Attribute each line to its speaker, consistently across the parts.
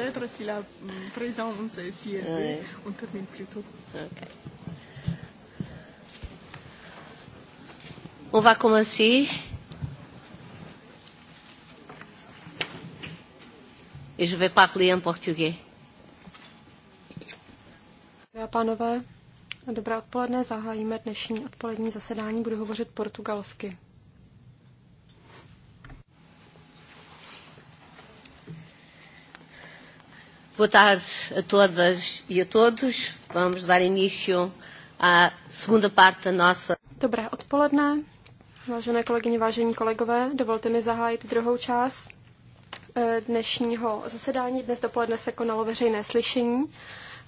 Speaker 1: peut-être si la mm, présence, si élevée, ouais. on termine plus tôt. Okay. On va commencer.
Speaker 2: Et je vais parler en portugais.
Speaker 1: Dámy a pánové, dobré odpoledne. Zahájíme dnešní odpolední zasedání. Budu hovořit portugalsky.
Speaker 2: Boa tarde a todas e a todos. Vamos dar início à segunda parte da nossa. Dobré odpoledne,
Speaker 1: vážené kolegyně, vážení kolegové. Dovolte mi zahájit druhou část eh, dnešního zasedání. Dnes dopoledne se konalo veřejné slyšení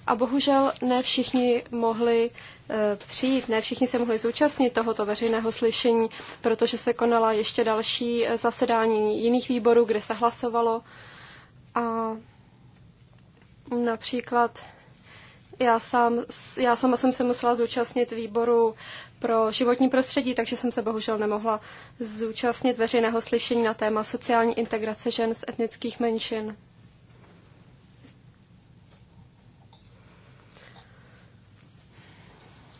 Speaker 1: a bohužel ne všichni mohli eh, přijít, ne všichni se mohli zúčastnit tohoto veřejného slyšení, protože se konala ještě další eh, zasedání jiných výborů, kde se hlasovalo a Například já, sám, já sama jsem se musela zúčastnit výboru pro životní prostředí, takže jsem se bohužel nemohla zúčastnit veřejného slyšení na téma sociální integrace žen z etnických menšin.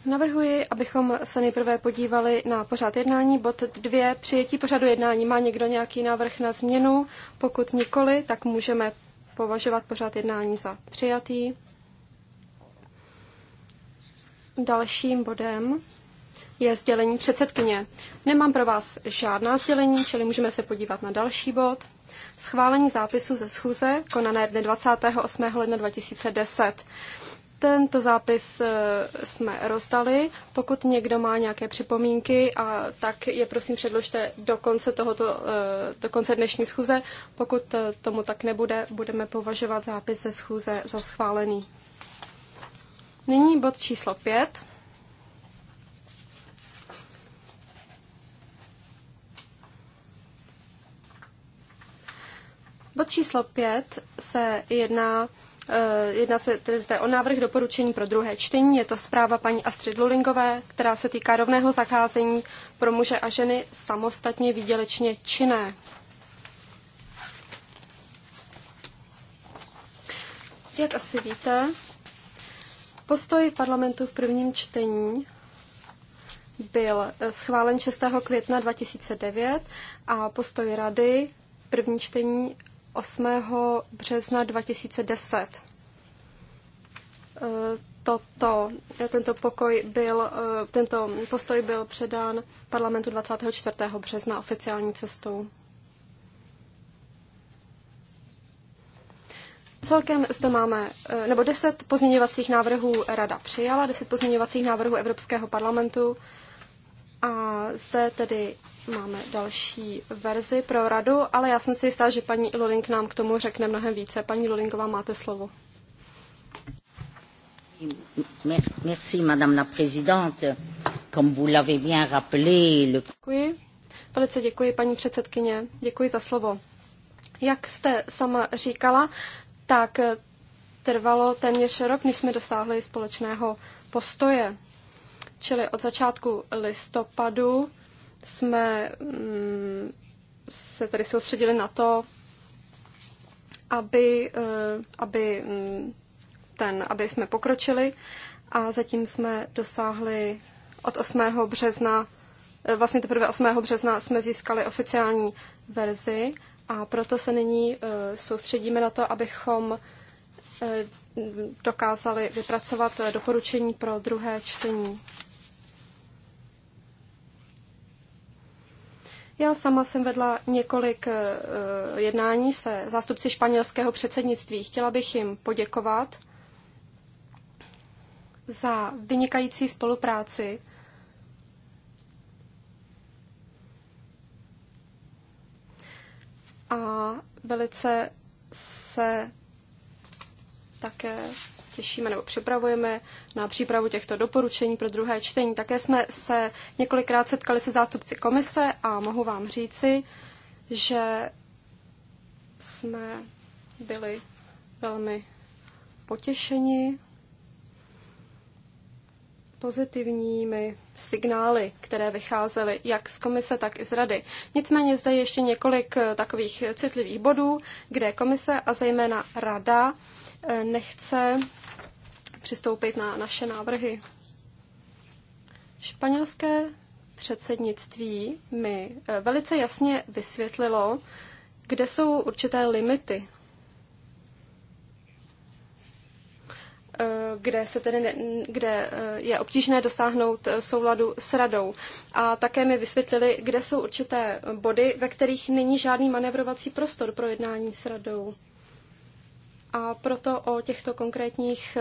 Speaker 1: Navrhuji, abychom se nejprve podívali na pořád jednání. Bod 2. Přijetí pořadu jednání. Má někdo nějaký návrh na změnu? Pokud nikoli, tak můžeme považovat pořád jednání za přijatý. Dalším bodem je sdělení předsedkyně. Nemám pro vás žádná sdělení, čili můžeme se podívat na další bod. Schválení zápisu ze schůze konané dne 28. ledna 2010. Tento zápis eh, jsme rozdali. Pokud někdo má nějaké připomínky, a tak je prosím předložte do konce, tohoto, eh, do konce dnešní schůze. Pokud eh, tomu tak nebude, budeme považovat zápis ze schůze za schválený. Nyní bod číslo 5. Bod číslo 5 se jedná Eh, jedná se tedy zde o návrh doporučení pro druhé čtení. Je to zpráva paní Astrid Lulingové, která se týká rovného zacházení pro muže a ženy samostatně výdělečně činné. Jak asi víte, postoj parlamentu v prvním čtení byl eh, schválen 6. května 2009 a postoj rady první čtení 8. března 2010. E, toto, e, tento, pokoj byl, e, tento postoj byl předán parlamentu 24. března oficiální cestou. Celkem zde máme, nebo 10 pozměňovacích návrhů Rada přijala, 10 pozměňovacích návrhů Evropského parlamentu a zde tedy máme další verzi pro radu, ale já jsem si jistá, že paní Lulink nám k tomu řekne mnohem více. Paní Lulinková, máte slovo.
Speaker 2: Merci, madame la présidente. Comme vous l'avez bien rappelé, le...
Speaker 1: Děkuji. Velice děkuji, paní předsedkyně. Děkuji za slovo. Jak jste sama říkala, tak trvalo téměř rok, než jsme dosáhli společného postoje. Čili od začátku listopadu jsme mm, se tady soustředili na to, aby, eh, aby, mm, ten, aby jsme pokročili a zatím jsme dosáhli od 8. března, eh, vlastně teprve 8. března jsme získali oficiální verzi a proto se nyní eh, soustředíme na to, abychom dokázali vypracovat doporučení pro druhé čtení. Já sama jsem vedla několik eh, jednání se zástupci španělského předsednictví. Chtěla bych jim poděkovat za vynikající spolupráci. A velice se také těšíme nebo připravujeme na přípravu těchto doporučení pro druhé čtení. Také jsme se několikrát setkali se zástupci komise a mohu vám říci, že jsme byli velmi potěšeni pozitivními signály, které vycházely jak z komise, tak i z rady. Nicméně zde je ještě několik eh, takových citlivých bodů, kde komise a zejména rada eh, nechce přistoupit na naše návrhy. Španělské předsednictví mi eh, velice jasně vysvětlilo, kde jsou určité limity, eh, kde, se tedy ne, kde eh, je obtížné dosáhnout souladu s radou. A také mi vysvětlili, kde jsou určité body, ve kterých není žádný manevrovací prostor pro jednání s radou. A proto o těchto konkrétních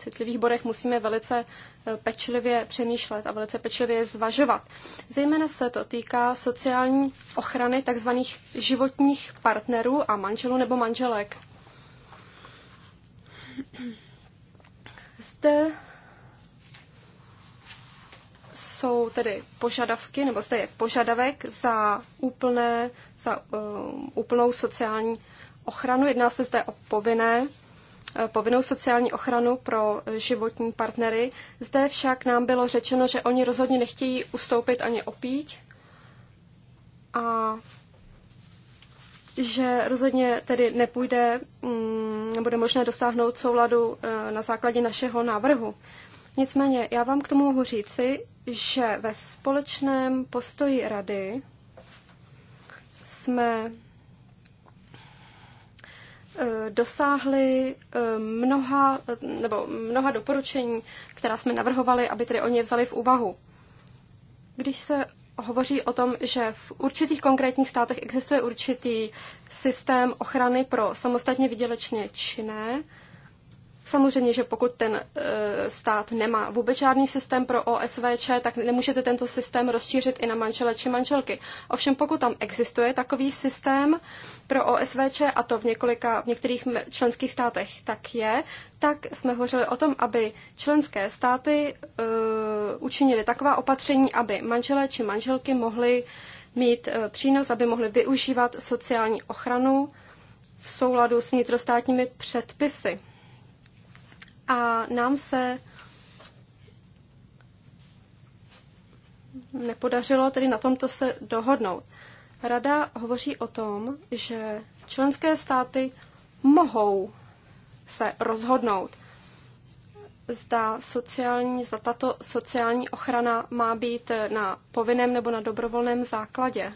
Speaker 1: citlivých bodech musíme velice eh, pečlivě přemýšlet a velice pečlivě zvažovat. Zejména se to týká sociální ochrany tzv. životních partnerů a manželů nebo manželek. Zde jsou tedy požadavky, nebo zde je požadavek za, úplné, za uh, úplnou sociální ochranu. Jedná se zde o povinné povinnou sociální ochranu pro životní partnery. Zde však nám bylo řečeno, že oni rozhodně nechtějí ustoupit ani opít a že rozhodně tedy nepůjde, mm, nebude možné dosáhnout souladu e, na základě našeho návrhu. Nicméně, já vám k tomu mohu říci, že ve společném postoji rady jsme Eh, dosáhli eh, mnoha, eh, nebo mnoha doporučení, která jsme navrhovali, aby tedy oni je vzali v úvahu. Když se hovoří o tom, že v určitých konkrétních státech existuje určitý systém ochrany pro samostatně vydělečně činné, Samozřejmě, že pokud ten e, stát nemá vůbec žádný systém pro OSVČ, tak nemůžete tento systém rozšířit i na manžele či manželky. Ovšem, pokud tam existuje takový systém pro OSVČ, a to v, několika, v některých členských státech tak je, tak jsme hovořili o tom, aby členské státy uh, učinili taková opatření, aby manželé či manželky mohli mít uh, přínos, aby mohli využívat sociální ochranu v souladu s vnitrostátními předpisy a nám se nepodařilo tedy na tomto se dohodnout. Rada hovoří o tom, že členské státy mohou se rozhodnout, zda, sociální, zda tato sociální ochrana má být na povinném nebo na dobrovolném základě.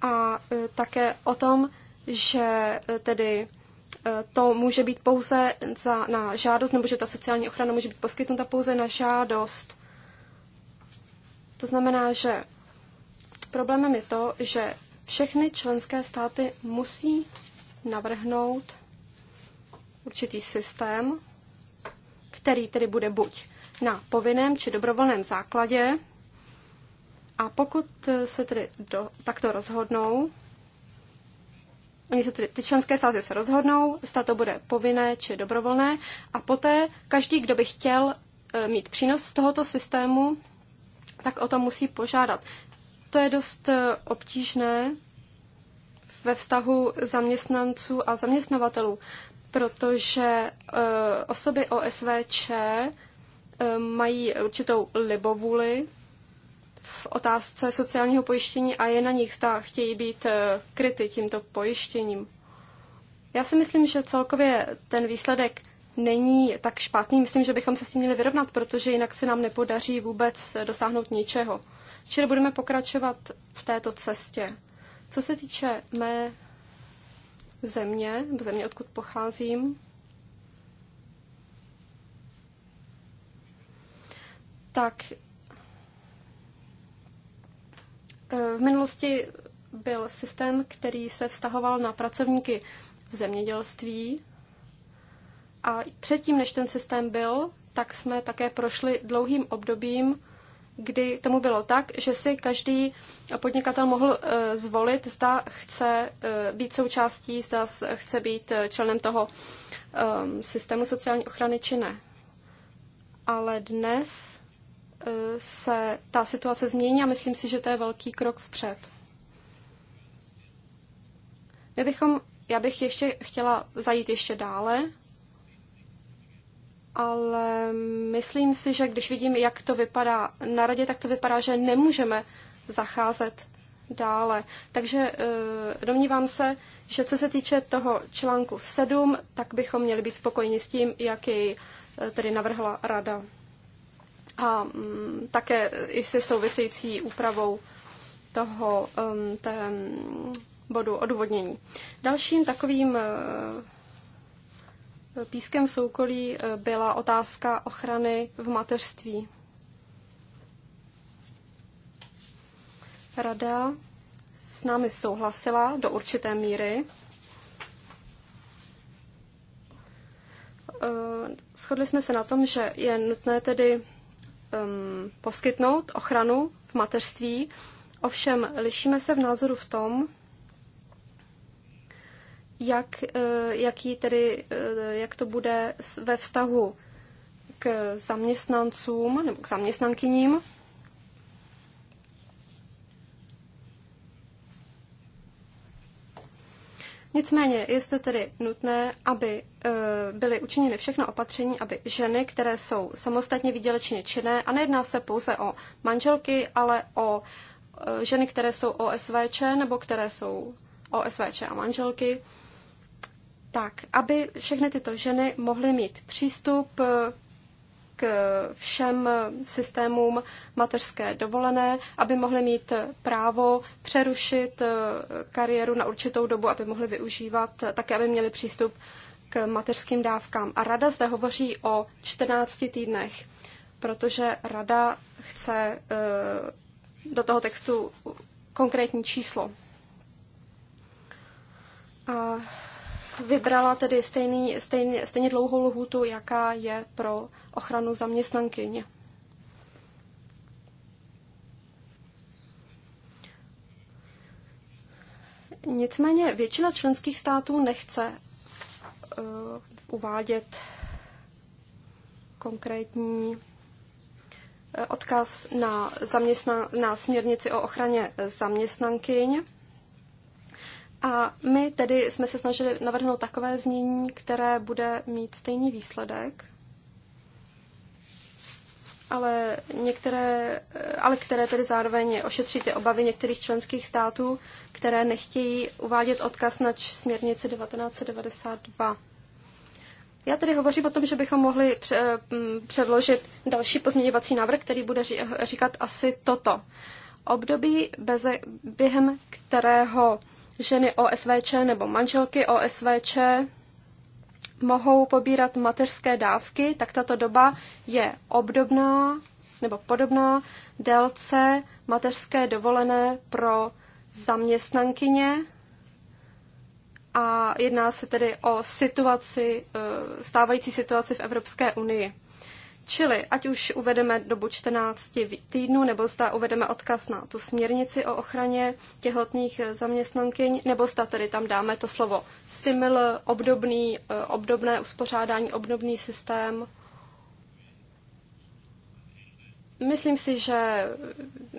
Speaker 1: A e, také o tom, že e, tedy E, to může být pouze za, na žádost, nebo že ta sociální ochrana může být poskytnuta pouze na žádost. To znamená, že problémem je to, že všechny členské státy musí navrhnout určitý systém, který tedy bude buď na povinném či dobrovolném základě. A pokud se tedy do, takto rozhodnou, Oni se tedy, ty členské státy se rozhodnou, zda to bude povinné či dobrovolné a poté každý, kdo by chtěl e, mít přínos z tohoto systému, tak o to musí požádat. To je dost e, obtížné ve vztahu zaměstnanců a zaměstnavatelů, protože e, osoby OSVČ mají určitou libovůli v otázce sociálního pojištění a je na nich, zda chtějí být eh, kryty tímto pojištěním. Já si myslím, že celkově ten výsledek není tak špatný. Myslím, že bychom se s tím měli vyrovnat, protože jinak se nám nepodaří vůbec eh, dosáhnout ničeho. Čili budeme pokračovat v této cestě. Co se týče mé země, země, odkud pocházím, tak Eh, v minulosti byl systém, který se vztahoval na pracovníky v zemědělství. A předtím, než ten systém byl, tak jsme také prošli dlouhým obdobím, kdy tomu bylo tak, že si každý podnikatel mohl eh, zvolit, zda chce eh, být součástí, zda chce být členem toho ehm, systému sociální ochrany či ne. Ale dnes se ta situace změní a myslím si, že to je velký krok vpřed. My bychom, já bych ještě chtěla zajít ještě dále, ale myslím si, že když vidím, jak to vypadá na radě, tak to vypadá, že nemůžeme zacházet dále. Takže eh, domnívám se, že co se týče toho článku 7, tak bychom měli být spokojeni s tím, jak jej eh, tedy navrhla rada a mm, také i se související úpravou toho mm, té, mm, bodu odvodnění. Dalším takovým e, pískem soukolí e, byla otázka ochrany v mateřství. Rada s námi souhlasila do určité míry. E, shodli jsme se na tom, že je nutné tedy um, poskytnout ochranu v mateřství, ovšem lišíme se v názoru v tom, jak, eh, jaký tedy, eh, jak to bude ve vztahu k zaměstnancům nebo k zaměstnankyním. Nicméně je zde tedy nutné, aby e, byly učiněny všechna opatření, aby ženy, které jsou samostatně výdělečně činné, a nejedná se pouze o manželky, ale o e, ženy, které jsou OSVČ nebo které jsou OSVČ a manželky, tak aby všechny tyto ženy mohly mít přístup e, k všem systémům mateřské dovolené, aby mohly mít právo přerušit eh, kariéru na určitou dobu, aby mohly využívat, eh, také aby měli přístup k mateřským dávkám. A rada zde hovoří o 14 týdnech, protože rada chce eh, do toho textu konkrétní číslo. A vybrala tedy stejný, stejný stejně dlouhou lhůtu, jaká je pro ochranu zaměstnankyň. Nicméně většina členských států nechce uh, uvádět konkrétní eh, odkaz na, zaměstna- na směrnici o ochraně zaměstnankyň. A my tedy jsme se snažili navrhnout takové znění, které bude mít stejný výsledek, ale, některé, ale které tedy zároveň ošetří ty obavy některých členských států, které nechtějí uvádět odkaz na směrnici 1992. Já tedy hovořím o tom, že bychom mohli mm, předložit další pozměňovací návrh, který bude říkat asi toto. Období, beze, během kterého ženy OSVČ nebo manželky OSVČ mohou pobírat mateřské dávky, tak tato doba je obdobná nebo podobná délce mateřské dovolené pro zaměstnankyně a jedná se tedy o situaci, e, stávající situaci v Evropské unii. Čili ať už uvedeme dobu 14 týdnů, nebo zda uvedeme odkaz na tu směrnici o ochraně těhotných eh, zaměstnankyň, nebo zda tedy tam dáme to slovo simil, obdobný, eh, obdobné uspořádání, obdobný systém. Myslím si, že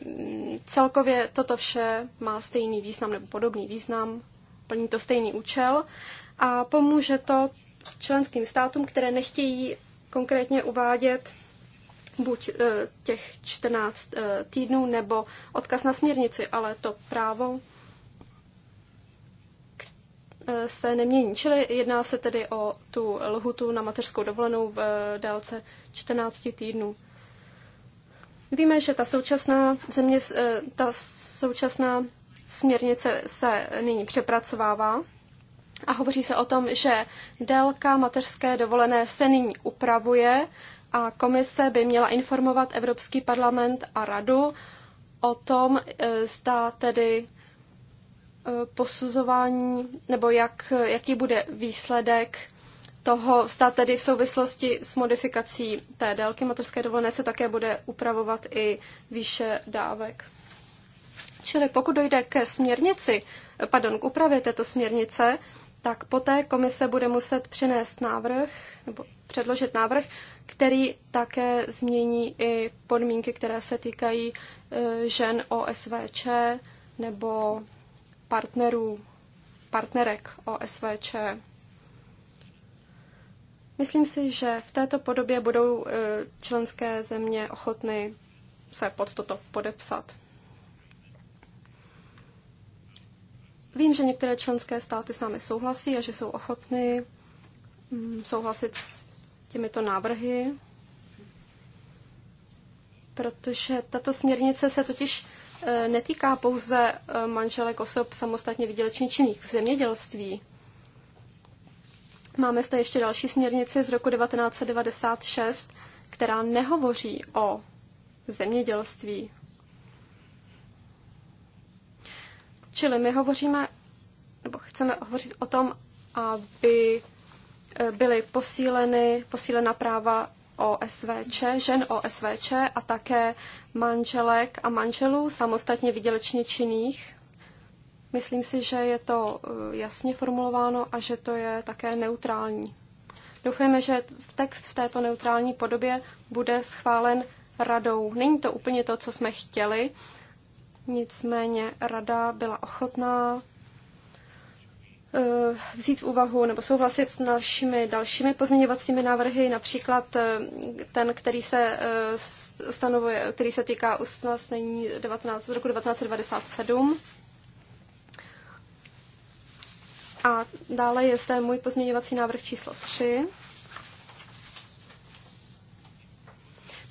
Speaker 1: mm, celkově toto vše má stejný význam nebo podobný význam, plní to stejný účel a pomůže to členským státům, které nechtějí konkrétně uvádět buď eh, těch 14 eh, týdnů nebo odkaz na směrnici, ale to právo eh, se nemění. Čili jedná se tedy o tu lhutu na mateřskou dovolenou v délce 14 týdnů. Víme, že ta současná, země, ta současná směrnice se nyní přepracovává a hovoří se o tom, že délka mateřské dovolené se nyní upravuje a komise by měla informovat Evropský parlament a radu o tom, e, zda tedy e, posuzování nebo jak, jaký bude výsledek toho, zda tedy v souvislosti s modifikací té délky materské dovolené se také bude upravovat i výše dávek. Čili pokud dojde ke směrnici, pardon, k úpravě této směrnice, tak poté komise bude muset přinést návrh, nebo předložit návrh, který také změní i podmínky, které se týkají e, žen OSVČ nebo partnerů, partnerek OSVČ. Myslím si, že v této podobě budou e, členské země ochotny se pod toto podepsat. Vím, že některé členské státy s námi souhlasí a že jsou ochotny mm, souhlasit s těmito návrhy, protože tato směrnice se totiž e, netýká pouze e, manželek osob samostatně výdělečně činných v zemědělství. Máme zde ještě další směrnici z roku 1996, která nehovoří o zemědělství, Čili my hovoříme, nebo chceme hovořit o tom, aby e, byly posíleny, posílena práva OSVČ, žen OSVČ a také manželek a manželů samostatně vydělečně činných. Myslím si, že je to e, jasně formulováno a že to je také neutrální. Doufujeme, že text v této neutrální podobě bude schválen radou. Není to úplně to, co jsme chtěli, Nicméně rada byla ochotná eh, vzít v úvahu nebo souhlasit s dalšími, dalšími pozměňovacími návrhy, například eh, ten, který se eh, stanovuje, který se týká usnesení 19, z roku 1997. A dále je zde můj pozměňovací návrh číslo 3.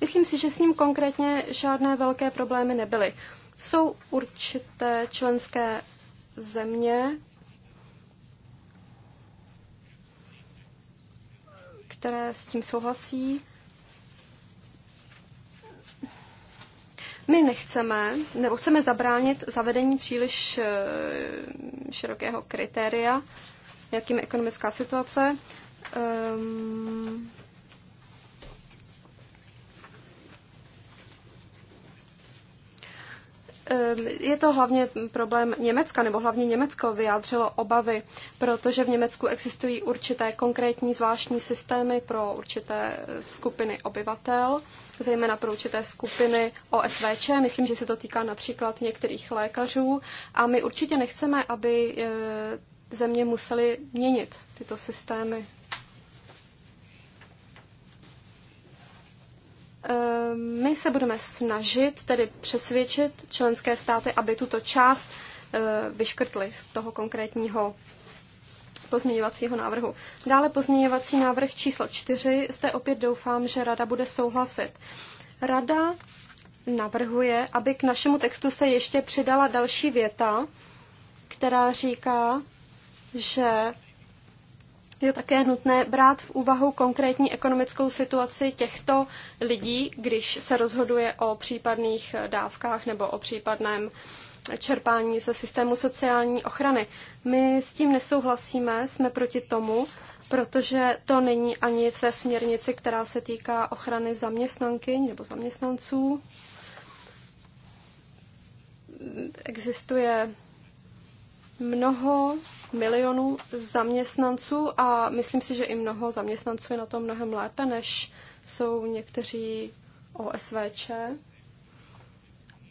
Speaker 1: Myslím si, že s ním konkrétně žádné velké problémy nebyly. Jsou určité členské země, které s tím souhlasí. My nechceme, nebo chceme zabránit zavedení příliš eh, širokého kritéria, jakým je ekonomická situace. Um, Ehm, je to hlavně problém Německa, nebo hlavně Německo vyjádřilo obavy, protože v Německu existují určité konkrétní zvláštní systémy pro určité eh, skupiny obyvatel, zejména pro určité skupiny OSVČ. Myslím, že se to týká například některých lékařů a my určitě nechceme, aby eh, země musely měnit tyto systémy. Ehm, my se budeme snažit tedy přesvědčit členské státy, aby tuto část eh, vyškrtly z toho konkrétního pozměňovacího návrhu. Dále pozměňovací návrh číslo čtyři. Zde opět doufám, že Rada bude souhlasit. Rada navrhuje, aby k našemu textu se ještě přidala další věta, která říká, že je také nutné brát v úvahu konkrétní ekonomickou situaci těchto lidí, když se rozhoduje o případných dávkách nebo o případném čerpání ze systému sociální ochrany. My s tím nesouhlasíme, jsme proti tomu, protože to není ani ve směrnici, která se týká ochrany zaměstnanky nebo zaměstnanců. Existuje mnoho milionů zaměstnanců a myslím si, že i mnoho zaměstnanců je na tom mnohem lépe, než jsou někteří OSVČ.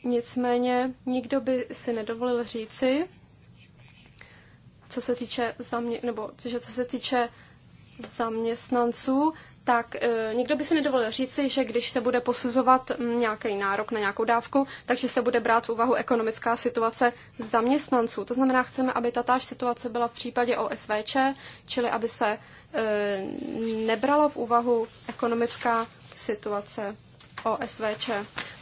Speaker 1: Nicméně nikdo by si nedovolil říci, co se týče, zamě- nebo, co se týče zaměstnanců, tak e, nikdo by si nedovolil říci, že když se bude posuzovat nějaký nárok na nějakou dávku, takže se bude brát v úvahu ekonomická situace zaměstnanců. To znamená, chceme, aby tatáž situace byla v případě OSVČ, čili aby se e, nebralo v úvahu ekonomická situace OSVČ.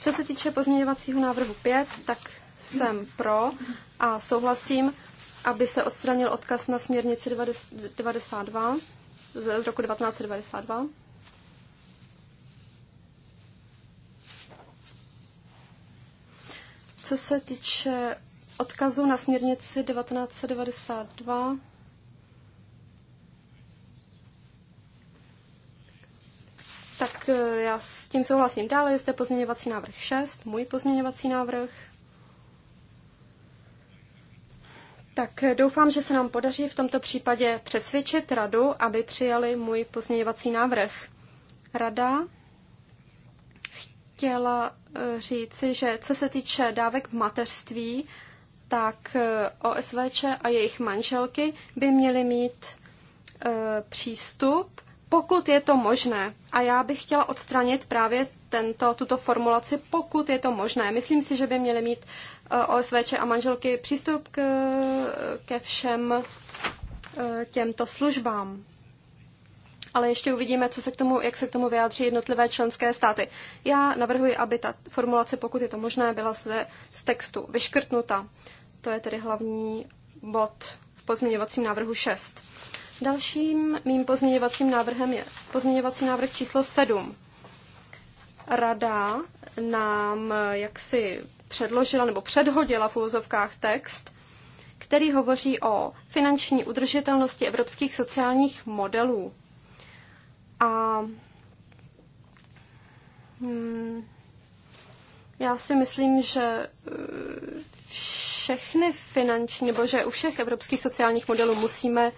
Speaker 1: Co se týče pozměňovacího návrhu 5, tak jsem pro a souhlasím, aby se odstranil odkaz na směrnici 92 z roku 1992. Co se týče odkazu na směrnici 1992, tak eh, já s tím souhlasím. Dále je zde pozměňovací návrh 6, můj pozměňovací návrh. Tak doufám, že se nám podaří v tomto případě přesvědčit radu, aby přijali můj pozměňovací návrh. Rada chtěla eh, říci, že co se týče dávek v mateřství, tak eh, OSVČ a jejich manželky by měly mít eh, přístup, pokud je to možné. A já bych chtěla odstranit právě tento, tuto formulaci, pokud je to možné. Myslím si, že by měly mít eh, OSVČ a manželky přístup k, ke všem eh, těmto službám. Ale ještě uvidíme, co se k tomu, jak se k tomu vyjádří jednotlivé členské státy. Já navrhuji, aby ta formulace, pokud je to možné, byla ze, z textu vyškrtnuta. To je tedy hlavní bod v pozměňovacím návrhu 6. Dalším mým pozměňovacím návrhem je pozměňovací návrh číslo 7. Rada nám jaksi předložila nebo předhodila v úvozovkách text, který hovoří o finanční udržitelnosti evropských sociálních modelů. A hmm, já si myslím, že eh, všechny finanční, nebo že u všech evropských sociálních modelů musíme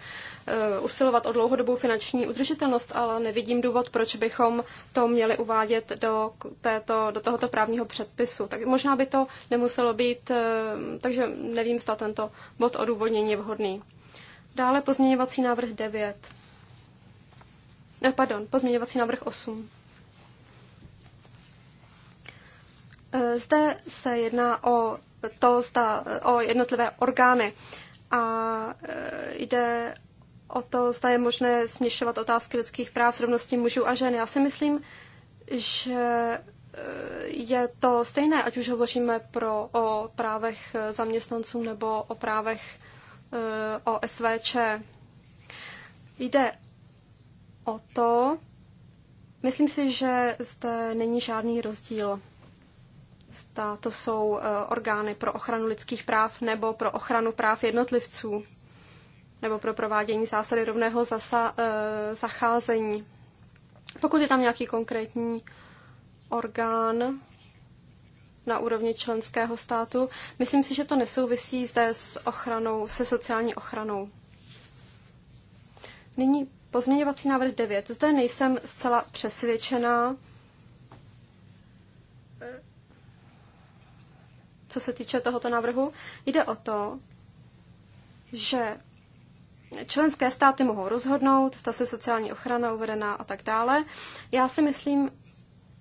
Speaker 1: Eh, usilovat o dlouhodobou finanční udržitelnost, ale nevidím důvod, proč bychom to měli uvádět do, této, do tohoto právního předpisu. Tak možná by to nemuselo být, eh, takže nevím, zda tento bod odůvodnění je vhodný. Dále pozměňovací návrh 9. Ne, eh, pardon, pozměňovací návrh 8. Zde se jedná o to, zda, o jednotlivé orgány a jde o to, zda je možné směšovat otázky lidských práv s rovností mužů a žen. Já si myslím, že eh, je to stejné, ať už hovoříme pro, o právech eh, zaměstnanců nebo o právech eh, o SVČ. Jde o to, myslím si, že zde není žádný rozdíl. Zda to jsou orgány pro ochranu lidských práv nebo pro ochranu práv jednotlivců nebo pro provádění zásady rovného zasa, e, zacházení. Pokud je tam nějaký konkrétní orgán na úrovni členského státu, myslím si, že to nesouvisí zde s ochranou, se sociální ochranou. Nyní pozměňovací návrh 9. Zde nejsem zcela přesvědčená, co se týče tohoto návrhu. Jde o to, že Členské státy mohou rozhodnout, zda se sociální ochrana uvedená a tak dále. Já si myslím,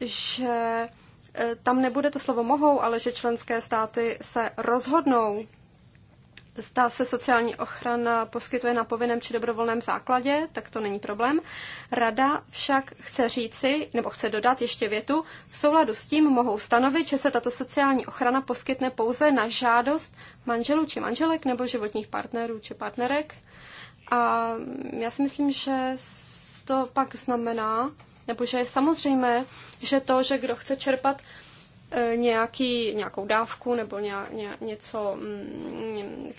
Speaker 1: že e, tam nebude to slovo mohou, ale že členské státy se rozhodnou, zda se sociální ochrana poskytuje na povinném či dobrovolném základě, tak to není problém. Rada však chce říci, nebo chce dodat ještě větu, v souladu s tím mohou stanovit, že se tato sociální ochrana poskytne pouze na žádost manželů či manželek nebo životních partnerů či partnerek a já si myslím, že to pak znamená, nebo že je samozřejmé, že to, že kdo chce čerpat e, nějaký, nějakou dávku nebo ně, ně, něco, mm,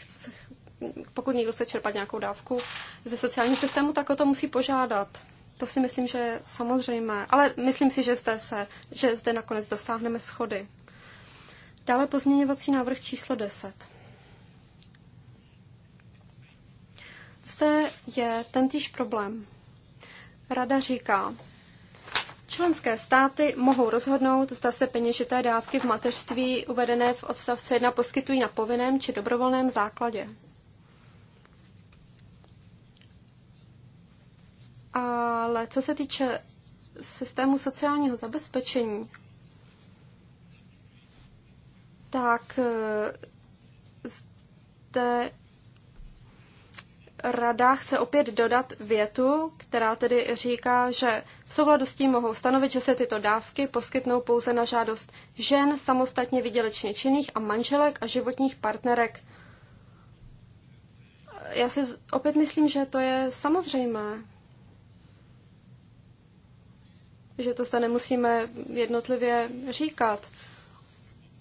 Speaker 1: pokud někdo chce čerpat nějakou dávku ze sociálního systému, tak o to musí požádat. To si myslím, že je samozřejmé. Ale myslím si, že zde, se, že zde nakonec dosáhneme schody. Dále pozměňovací návrh číslo 10. Zde je tentýž problém. Rada říká, Členské státy mohou rozhodnout, zda se peněžité dávky v mateřství uvedené v odstavci 1 poskytují na povinném či dobrovolném základě. Ale co se týče systému sociálního zabezpečení, tak eh, zde Rada chce opět dodat větu, která tedy říká, že v souhladu s tím mohou stanovit, že se tyto dávky poskytnou pouze na žádost žen samostatně vydělečně činných a manželek a životních partnerek. Já si opět myslím, že to je samozřejmé, že to se nemusíme jednotlivě říkat.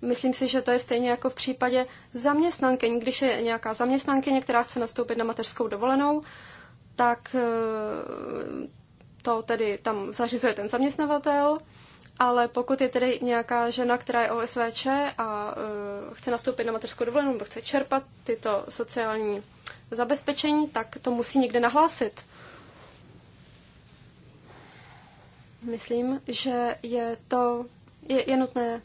Speaker 1: Myslím si, že to je stejně jako v případě zaměstnankyň. Když je nějaká zaměstnankyně, která chce nastoupit na mateřskou dovolenou, tak e, to tedy tam zařizuje ten zaměstnavatel, ale pokud je tedy nějaká žena, která je OSVČ a uh, chce nastoupit na mateřskou dovolenou nebo chce čerpat tyto sociální zabezpečení, tak to musí někde nahlásit. Myslím, že je to je, je nutné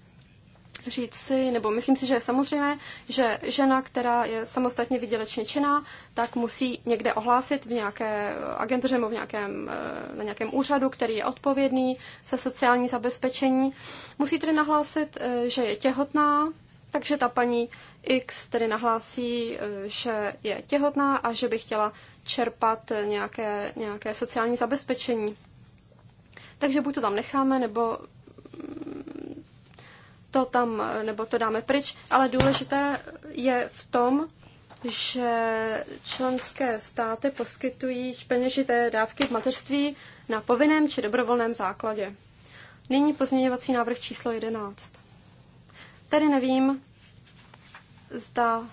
Speaker 1: říct si, nebo myslím si, že je samozřejmé, že žena, která je samostatně vydělečně činná, tak musí někde ohlásit v nějaké agentuře nebo v nějakém, eh, na nějakém úřadu, který je odpovědný za sociální zabezpečení. Musí tedy nahlásit, eh, že je těhotná, takže ta paní X tedy nahlásí, eh, že je těhotná a že by chtěla čerpat nějaké, nějaké sociální zabezpečení. Takže buď to tam necháme, nebo to tam, nebo to dáme pryč, ale důležité je v tom, že členské státy poskytují peněžité dávky v mateřství na povinném či dobrovolném základě. Nyní pozměňovací návrh číslo 11. Tady nevím, zda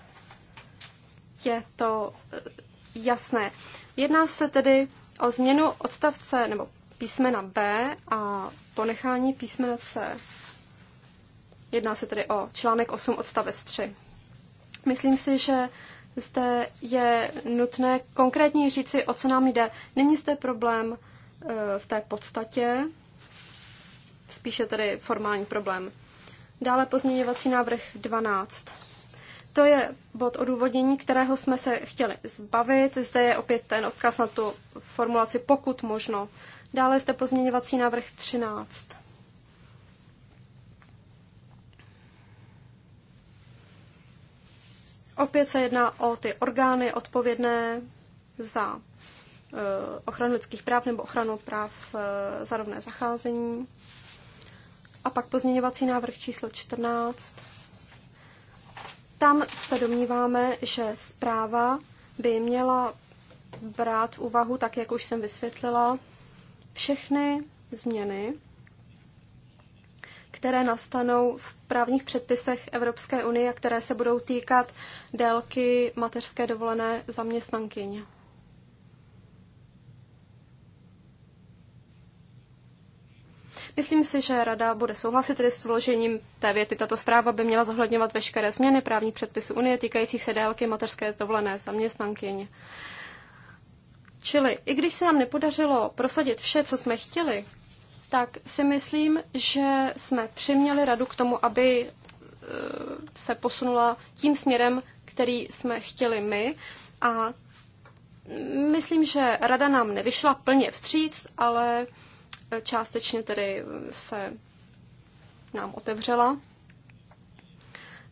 Speaker 1: je to eh, jasné. Jedná se tedy o změnu odstavce nebo písmena B a ponechání písmena C. Jedná se tedy o článek 8 odstavec 3. Myslím si, že zde je nutné konkrétně říci, o co nám jde. Není zde problém e, v té podstatě, spíše tedy formální problém. Dále pozměňovací návrh 12. To je bod odůvodnění, kterého jsme se chtěli zbavit. Zde je opět ten odkaz na tu formulaci pokud možno. Dále zde pozměňovací návrh 13. Opět se jedná o ty orgány odpovědné za eh, ochranu lidských práv nebo ochranu práv eh, za rovné zacházení. A pak pozměňovací návrh číslo 14. Tam se domníváme, že zpráva by měla brát v úvahu, tak jak už jsem vysvětlila, všechny změny, které nastanou v právních předpisech Evropské unie, a které se budou týkat délky mateřské dovolené zaměstnankyň. Myslím si, že Rada bude souhlasit tedy s vložením té věty. Tato zpráva by měla zohledňovat veškeré změny právních předpisů Unie týkajících se délky mateřské dovolené zaměstnankyň. Čili i když se nám nepodařilo prosadit vše, co jsme chtěli, tak si myslím, že jsme přiměli radu k tomu, aby e, se posunula tím směrem, který jsme chtěli my. A myslím, že rada nám nevyšla plně vstříc, ale e, částečně tedy se nám otevřela.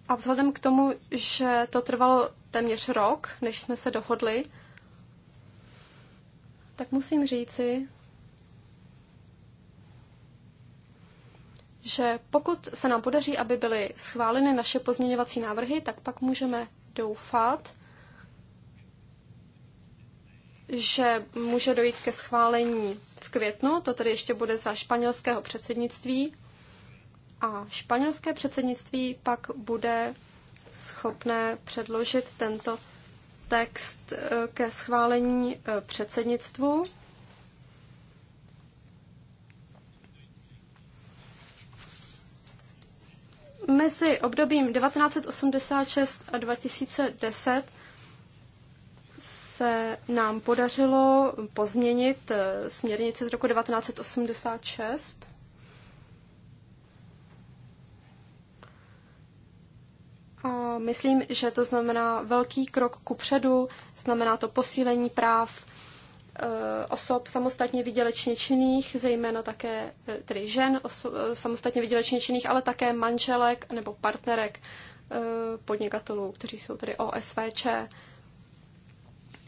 Speaker 1: A vzhledem k tomu, že to trvalo téměř rok, než jsme se dohodli, tak musím říci, že pokud se nám podaří, aby byly schváleny naše pozměňovací návrhy, tak pak můžeme doufat, že může dojít ke schválení v květnu, to tedy ještě bude za španělského předsednictví. A španělské předsednictví pak bude schopné předložit tento text eh, ke schválení eh, předsednictvu mezi obdobím 1986 a 2010 se nám podařilo pozměnit eh, směrnici z roku 1986. A myslím, že to znamená velký krok ku předu, znamená to posílení práv Eh, osob samostatně vydělečně činných, zejména také eh, tedy žen osob, eh, samostatně vydělečně činných, ale také manželek nebo partnerek podnikatelů, kteří jsou tedy OSVČ.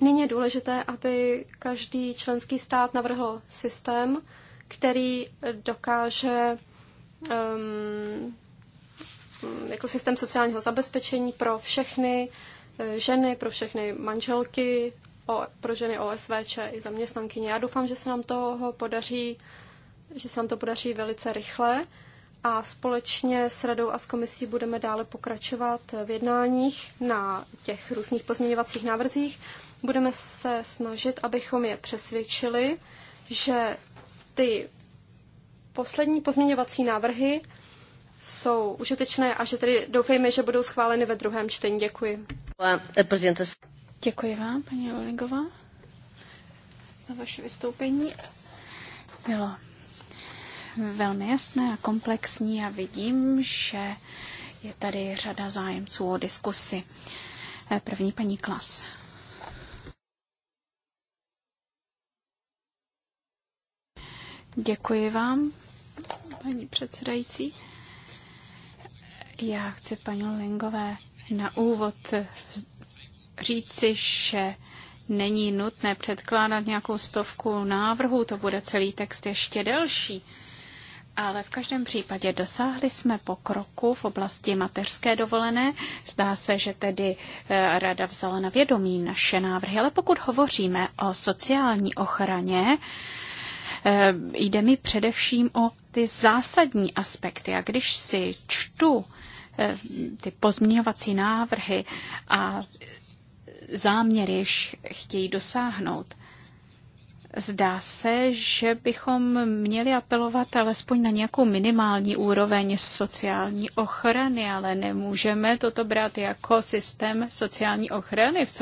Speaker 1: Nyní je důležité, aby každý členský stát navrhl systém, který dokáže um, jako systém sociálního zabezpečení pro všechny ženy, pro všechny manželky, o, pro ženy OSVČ i zaměstnankyně. Já doufám, že se nám toho podaří, že se nám to podaří velice rychle a společně s radou a s komisí budeme dále pokračovat v jednáních na těch různých pozměňovacích návrzích. Budeme se snažit, abychom je přesvědčili, že ty poslední pozměňovací návrhy jsou užitečné a že tedy doufejme, že budou schváleny ve druhém čtení. Děkuji.
Speaker 2: Děkuji vám, paní
Speaker 3: Lolingová,
Speaker 1: za vaše vystoupení.
Speaker 3: Bylo velmi jasné a komplexní a vidím, že je tady řada zájemců o diskusi. První paní Klas. Děkuji vám, paní předsedající. Já chci paní Lingové na úvod říci, že není nutné předkládat nějakou stovku návrhů, to bude celý text ještě delší. Ale v každém případě dosáhli jsme pokroku v oblasti mateřské dovolené. Zdá se, že tedy eh, rada vzala na vědomí naše návrhy. Ale pokud hovoříme o sociální ochraně, eh, jde mi především o ty zásadní aspekty. A když si čtu eh, ty pozměňovací návrhy a záměr, jež chtějí dosáhnout. Zdá se, že bychom měli apelovat alespoň na nějakou minimální úroveň sociální ochrany, ale nemůžeme toto brát jako systém sociální ochrany v,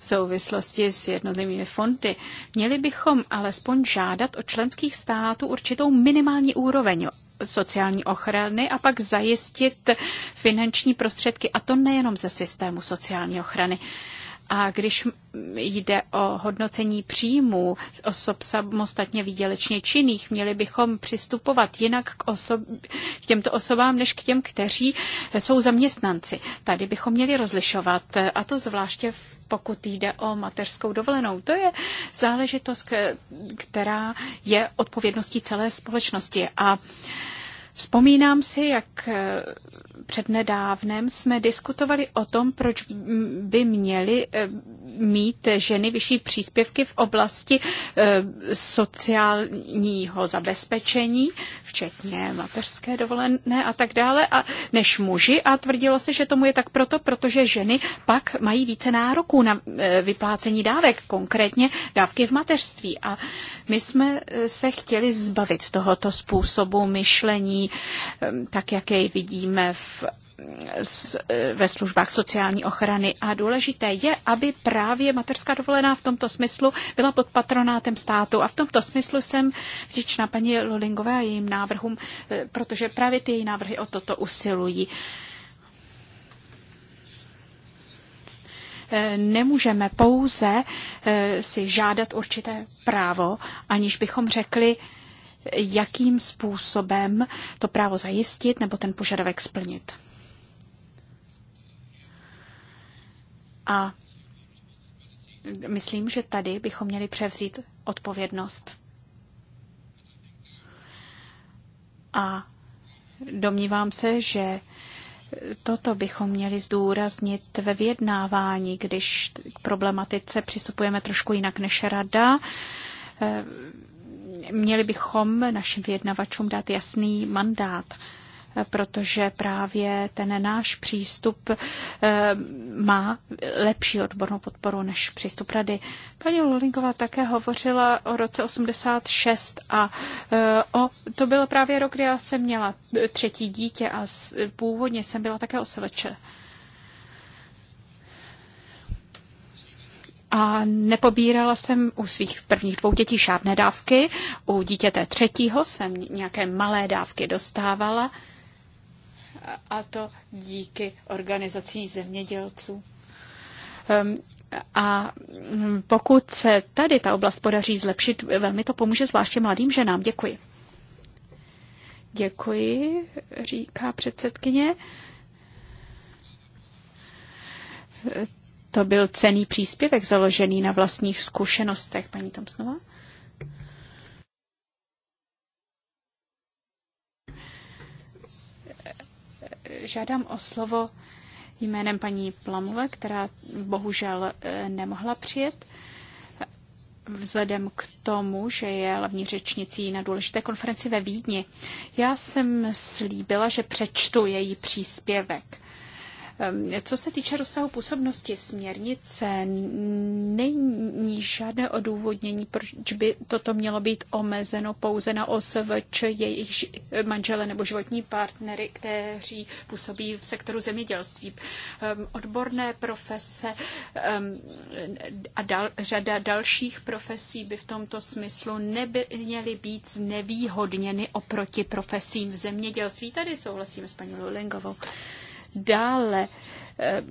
Speaker 3: souvislosti s jednotlivými fondy. Měli bychom alespoň žádat od členských států určitou minimální úroveň sociální ochrany a pak zajistit finanční prostředky, a to nejenom ze systému sociální ochrany. A když jde o hodnocení příjmů osob samostatně výdělečně činných, měli bychom přistupovat jinak k, osob, k těmto osobám, než k těm, kteří jsou zaměstnanci. Tady bychom měli rozlišovat, a to zvláště v pokud jde o mateřskou dovolenou. To je záležitost, která je odpovědností celé společnosti. A Vzpomínám si, jak eh, přednedávnem jsme diskutovali o tom, proč by měly eh, mít ženy vyšší příspěvky v oblasti eh, sociálního zabezpečení, včetně mateřské dovolené a tak dále, a než muži. A tvrdilo se, že tomu je tak proto, protože ženy pak mají více nároků na vyplácení dávek, konkrétně dávky v mateřství. A my jsme se chtěli zbavit tohoto způsobu myšlení Ehm, tak jak jej vidíme v eh, ve službách sociální ochrany. A důležité je, aby právě materská dovolená v tomto smyslu byla pod patronátem státu. A v tomto smyslu jsem vděčná paní Lulingové a jejím návrhům, eh, protože právě ty její návrhy o toto usilují. Eh, nemůžeme pouze si žádat určité právo, aniž bychom řekli, jakým způsobem to právo zajistit nebo ten požadavek splnit. A myslím, že tady bychom měli převzít odpovědnost. A domnívám se, že toto bychom měli zdůraznit ve vyjednávání, když k problematice přistupujeme trošku jinak než rada. Měli bychom našim vyjednavačům dát jasný mandát, protože právě ten náš přístup eh, má lepší odbornou podporu než přístup rady. Paní Lulinková také hovořila o roce 86 a eh, o, to byl právě rok, kdy já jsem měla třetí dítě a původně jsem byla také osvědčena. a nepobírala jsem u svých prvních dvou dětí žádné dávky. U dítěte třetího jsem nějaké malé dávky dostávala a to díky organizací zemědělců. Ehm, a hm, pokud se tady ta oblast podaří zlepšit, velmi to pomůže zvláště mladým ženám. Děkuji. Děkuji, říká předsedkyně to byl cený příspěvek založený na vlastních zkušenostech, paní Tomsnova. Žádám o slovo jménem paní Plamule, která bohužel eh, nemohla přijet vzhledem k tomu, že je hlavní řečnicí na důležité konferenci ve Vídni. Já jsem slíbila, že přečtu její příspěvek. Co se týče rozsahu působnosti směrnice, není žádné odůvodnění, proč by toto mělo být omezeno pouze na OSVČ, jejich manžele nebo životní partnery, kteří působí v sektoru zemědělství. Odborné profese a dal, řada dalších profesí by v tomto smyslu neměly být znevýhodněny oproti profesím v zemědělství. Tady souhlasím s paní Lulingovou. Dále eh,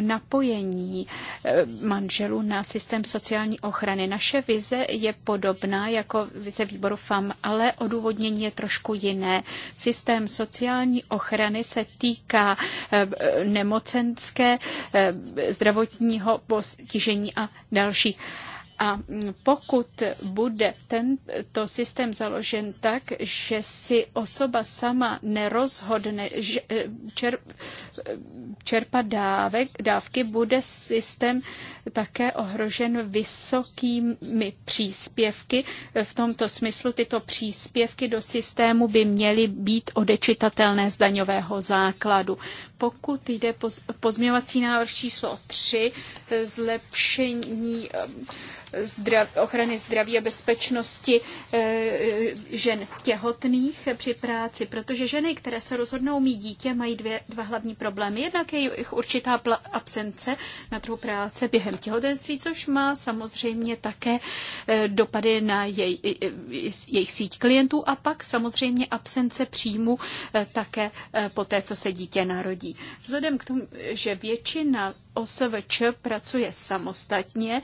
Speaker 3: napojení eh, manželů na systém sociální ochrany. Naše vize je podobná jako vize výboru FAM, ale odůvodnění je trošku jiné. Systém sociální ochrany se týká eh, nemocenské, zdravotního postižení a další. A pokud bude tento systém založen tak, že si osoba sama nerozhodne eh, čerp,
Speaker 1: eh,
Speaker 3: čerpat dávek, dávky, bude systém také ohrožen vysokými příspěvky. V tomto smyslu tyto příspěvky do systému by měly být odečitatelné z daňového základu. Pokud jde pozměvací návrh číslo 3, zlepšení eh, zdrav, ochrany zdraví a bezpečnosti eh, žen těhotných při práci, protože ženy, které se rozhodnou mít dítě, mají dvě, dva hlavní problémy. Jednak je jich určitá absence na trhu práce během těhotenství, což má samozřejmě také eh, dopady na jej, jejich síť klientů a pak samozřejmě absence příjmu také po té, co se dítě narodí. Vzhledem k tomu, že většina OSVČ pracuje samostatně,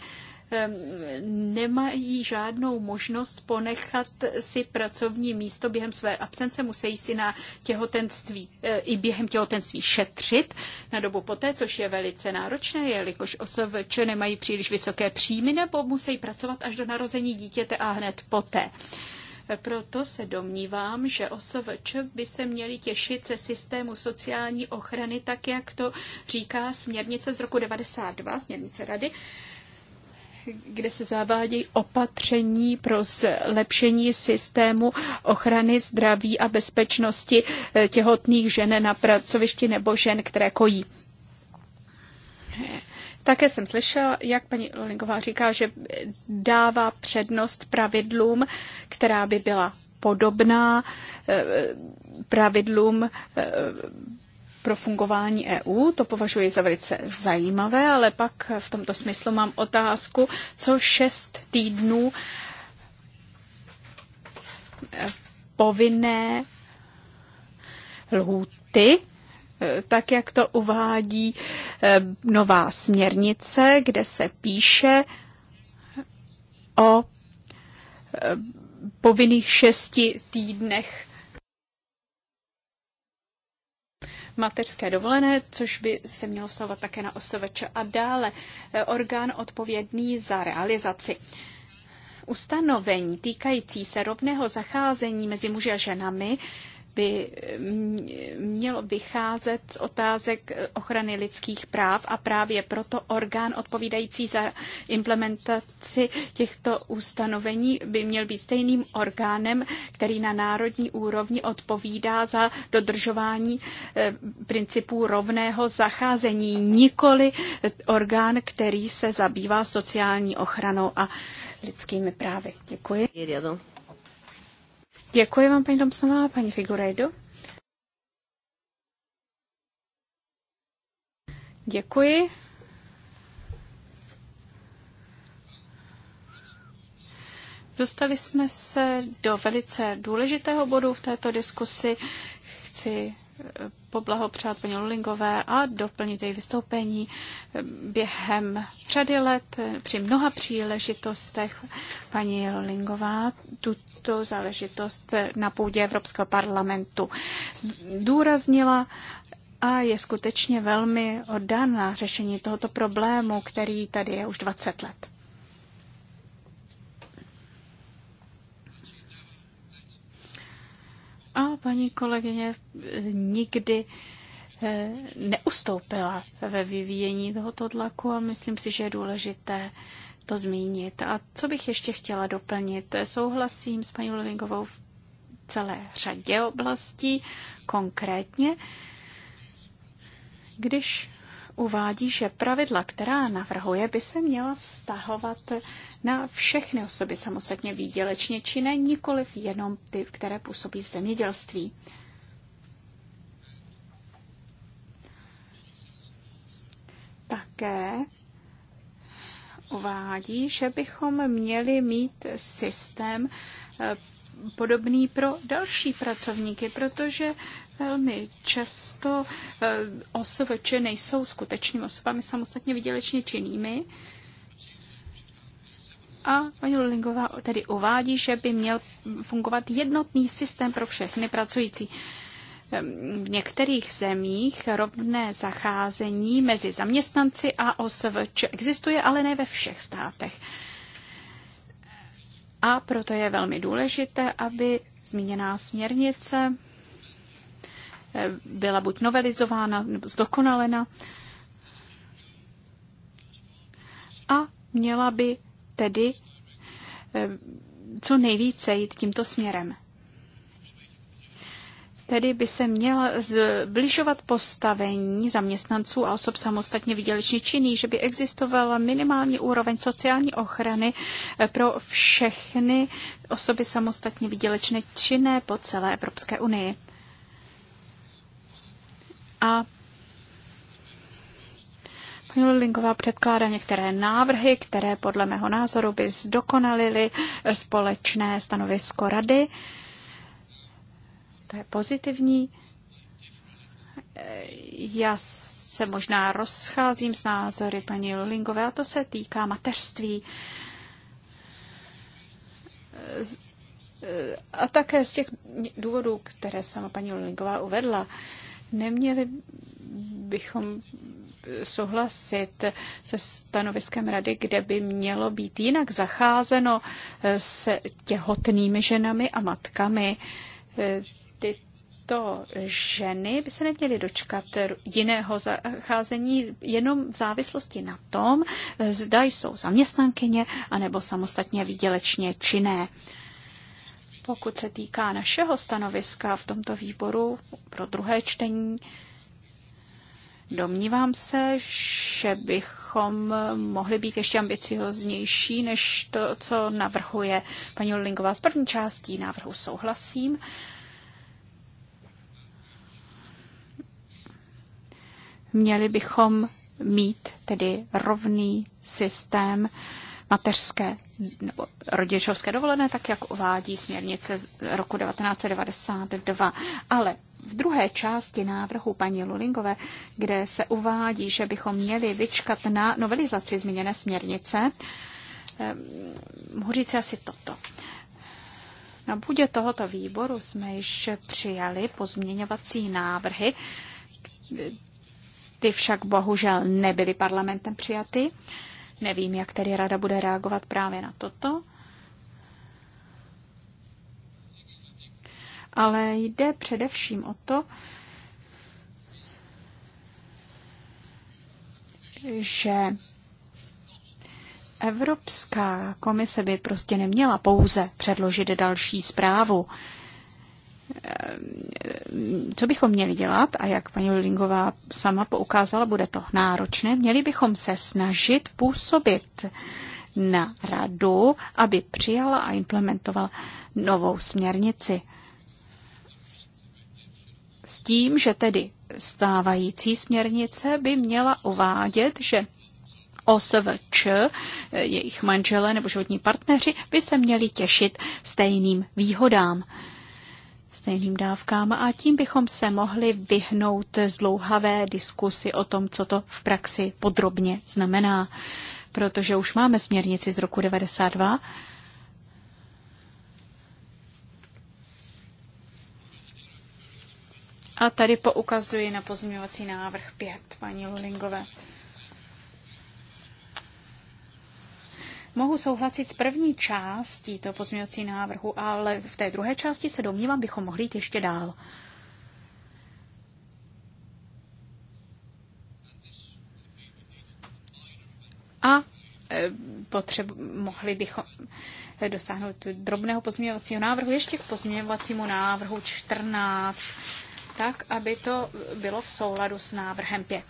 Speaker 3: nemají žádnou možnost ponechat si pracovní místo během své absence, musí si na těhotenství e, i během těhotenství šetřit na dobu poté, což je velice náročné, jelikož OSVČ nemají příliš vysoké příjmy nebo musí pracovat až do narození dítěte a hned poté. Proto se domnívám, že OSVČ by se měly těšit ze systému sociální ochrany, tak jak to říká směrnice z roku 92, směrnice rady, kde se zavádějí opatření pro zlepšení systému ochrany zdraví a bezpečnosti eh, těhotných žen na pracovišti nebo žen, které kojí. Také jsem slyšela, jak paní Lolingová říká, že dává přednost pravidlům, která by byla podobná eh, pravidlům eh, pro fungování EU. To považuji za velice zajímavé, ale pak v tomto smyslu mám otázku, co šest týdnů eh, povinné lhůty tak jak to uvádí eh, nová směrnice, kde se píše o eh, povinných šesti týdnech mateřské dovolené, což by se mělo stavovat také na OSVČ a dále eh, orgán odpovědný za realizaci. Ustanovení týkající se rovného zacházení mezi muži a ženami by eh, mělo vycházet z otázek eh, ochrany lidských práv a právě proto orgán odpovídající za implementaci těchto ustanovení by měl být stejným orgánem, který na národní úrovni odpovídá za dodržování eh, principů rovného zacházení, nikoli orgán, který se zabývá sociální ochranou a lidskými právy. Děkuji. Děkuji vám, paní Domsová, paní Figurejdu. Děkuji. Dostali jsme se do velice důležitého bodu v této diskusi. Chci eh, poblahopřát paní Lulingové a doplnit její vystoupení eh, během řady let eh, při mnoha příležitostech. Paní Lulingová tuto tuto záležitost na půdě Evropského parlamentu zdůraznila a je skutečně velmi oddaná řešení tohoto problému, který tady je už 20 let. A paní kolegyně nikdy eh, neustoupila ve vyvíjení tohoto tlaku a myslím si, že je důležité to zmínit. A co bych ještě chtěla doplnit? Souhlasím s paní Lovingovou v celé řadě oblastí, konkrétně, když uvádí, že pravidla, která navrhuje, by se měla vztahovat na všechny osoby samostatně výdělečně činné, nikoliv jenom ty, které působí v zemědělství. Také uvádí, že bychom měli mít systém eh, podobný pro další pracovníky, protože velmi často eh, OSVČ nejsou skutečnými osobami samostatně vydělečně činnými. A paní Lulingová tedy uvádí, že by měl fungovat jednotný systém pro všechny pracující v některých zemích rovné zacházení mezi zaměstnanci a OSVČ existuje, ale ne ve všech státech. A proto je velmi důležité, aby zmíněná směrnice eh, byla buď novelizována nebo zdokonalena a měla by tedy eh, co nejvíce jít tímto směrem. Tedy by se měl zbližovat postavení zaměstnanců a osob samostatně výdělečně činných, že by existovala minimální úroveň sociální ochrany eh, pro všechny osoby samostatně výdělečně činné po celé Evropské unii. A paní Lulingová předkládá některé návrhy, které podle mého názoru by zdokonalily eh, společné stanovisko rady. To je pozitivní. Já se možná rozcházím s názory paní Lulingové a to se týká mateřství a také z těch důvodů, které sama paní Lulingová uvedla, neměli bychom souhlasit se stanoviskem rady, kde by mělo být jinak zacházeno s těhotnými ženami a matkami tyto ženy by se neměly dočkat jiného zacházení jenom v závislosti na tom, zda jsou zaměstnankyně anebo samostatně výdělečně činné. Pokud se týká našeho stanoviska v tomto výboru pro druhé čtení, Domnívám se, že bychom mohli být ještě ambicioznější než to, co navrhuje paní Lingová z první částí návrhu souhlasím. Měli bychom mít tedy rovný systém mateřské nebo rodičovské dovolené, tak jak uvádí směrnice z roku 1992. Ale v druhé části návrhu paní Lulingové, kde se uvádí, že bychom měli vyčkat na novelizaci změněné směrnice, ehm, mohu říct asi toto. Na půdě tohoto výboru jsme již přijali pozměňovací návrhy, ty však bohužel nebyly parlamentem přijaty. Nevím, jak tedy rada bude reagovat právě na toto. Ale jde především o to, že Evropská komise by prostě neměla pouze předložit další zprávu. Ehm, co bychom měli dělat, a jak paní Lulingová sama poukázala, bude to náročné, měli bychom se snažit působit na radu, aby přijala a implementovala novou směrnici. S tím, že tedy stávající směrnice by měla uvádět, že OSVČ, jejich manželé nebo životní partneři by se měli těšit stejným výhodám stejným dávkám a tím bychom se mohli vyhnout zlouhavé diskusy o tom, co to v praxi podrobně znamená, protože už máme směrnici z roku 92, A tady poukazuji na pozměňovací návrh 5, paní Lulingové. Mohu souhlasit s první částí toho pozměňovací návrhu, ale v té druhé části se domnívám, bychom mohli jít ještě dál. A e, potřeb, mohli bychom dosáhnout drobného pozměňovacího návrhu ještě k pozměňovacímu návrhu 14, tak, aby to bylo v souladu s návrhem 5.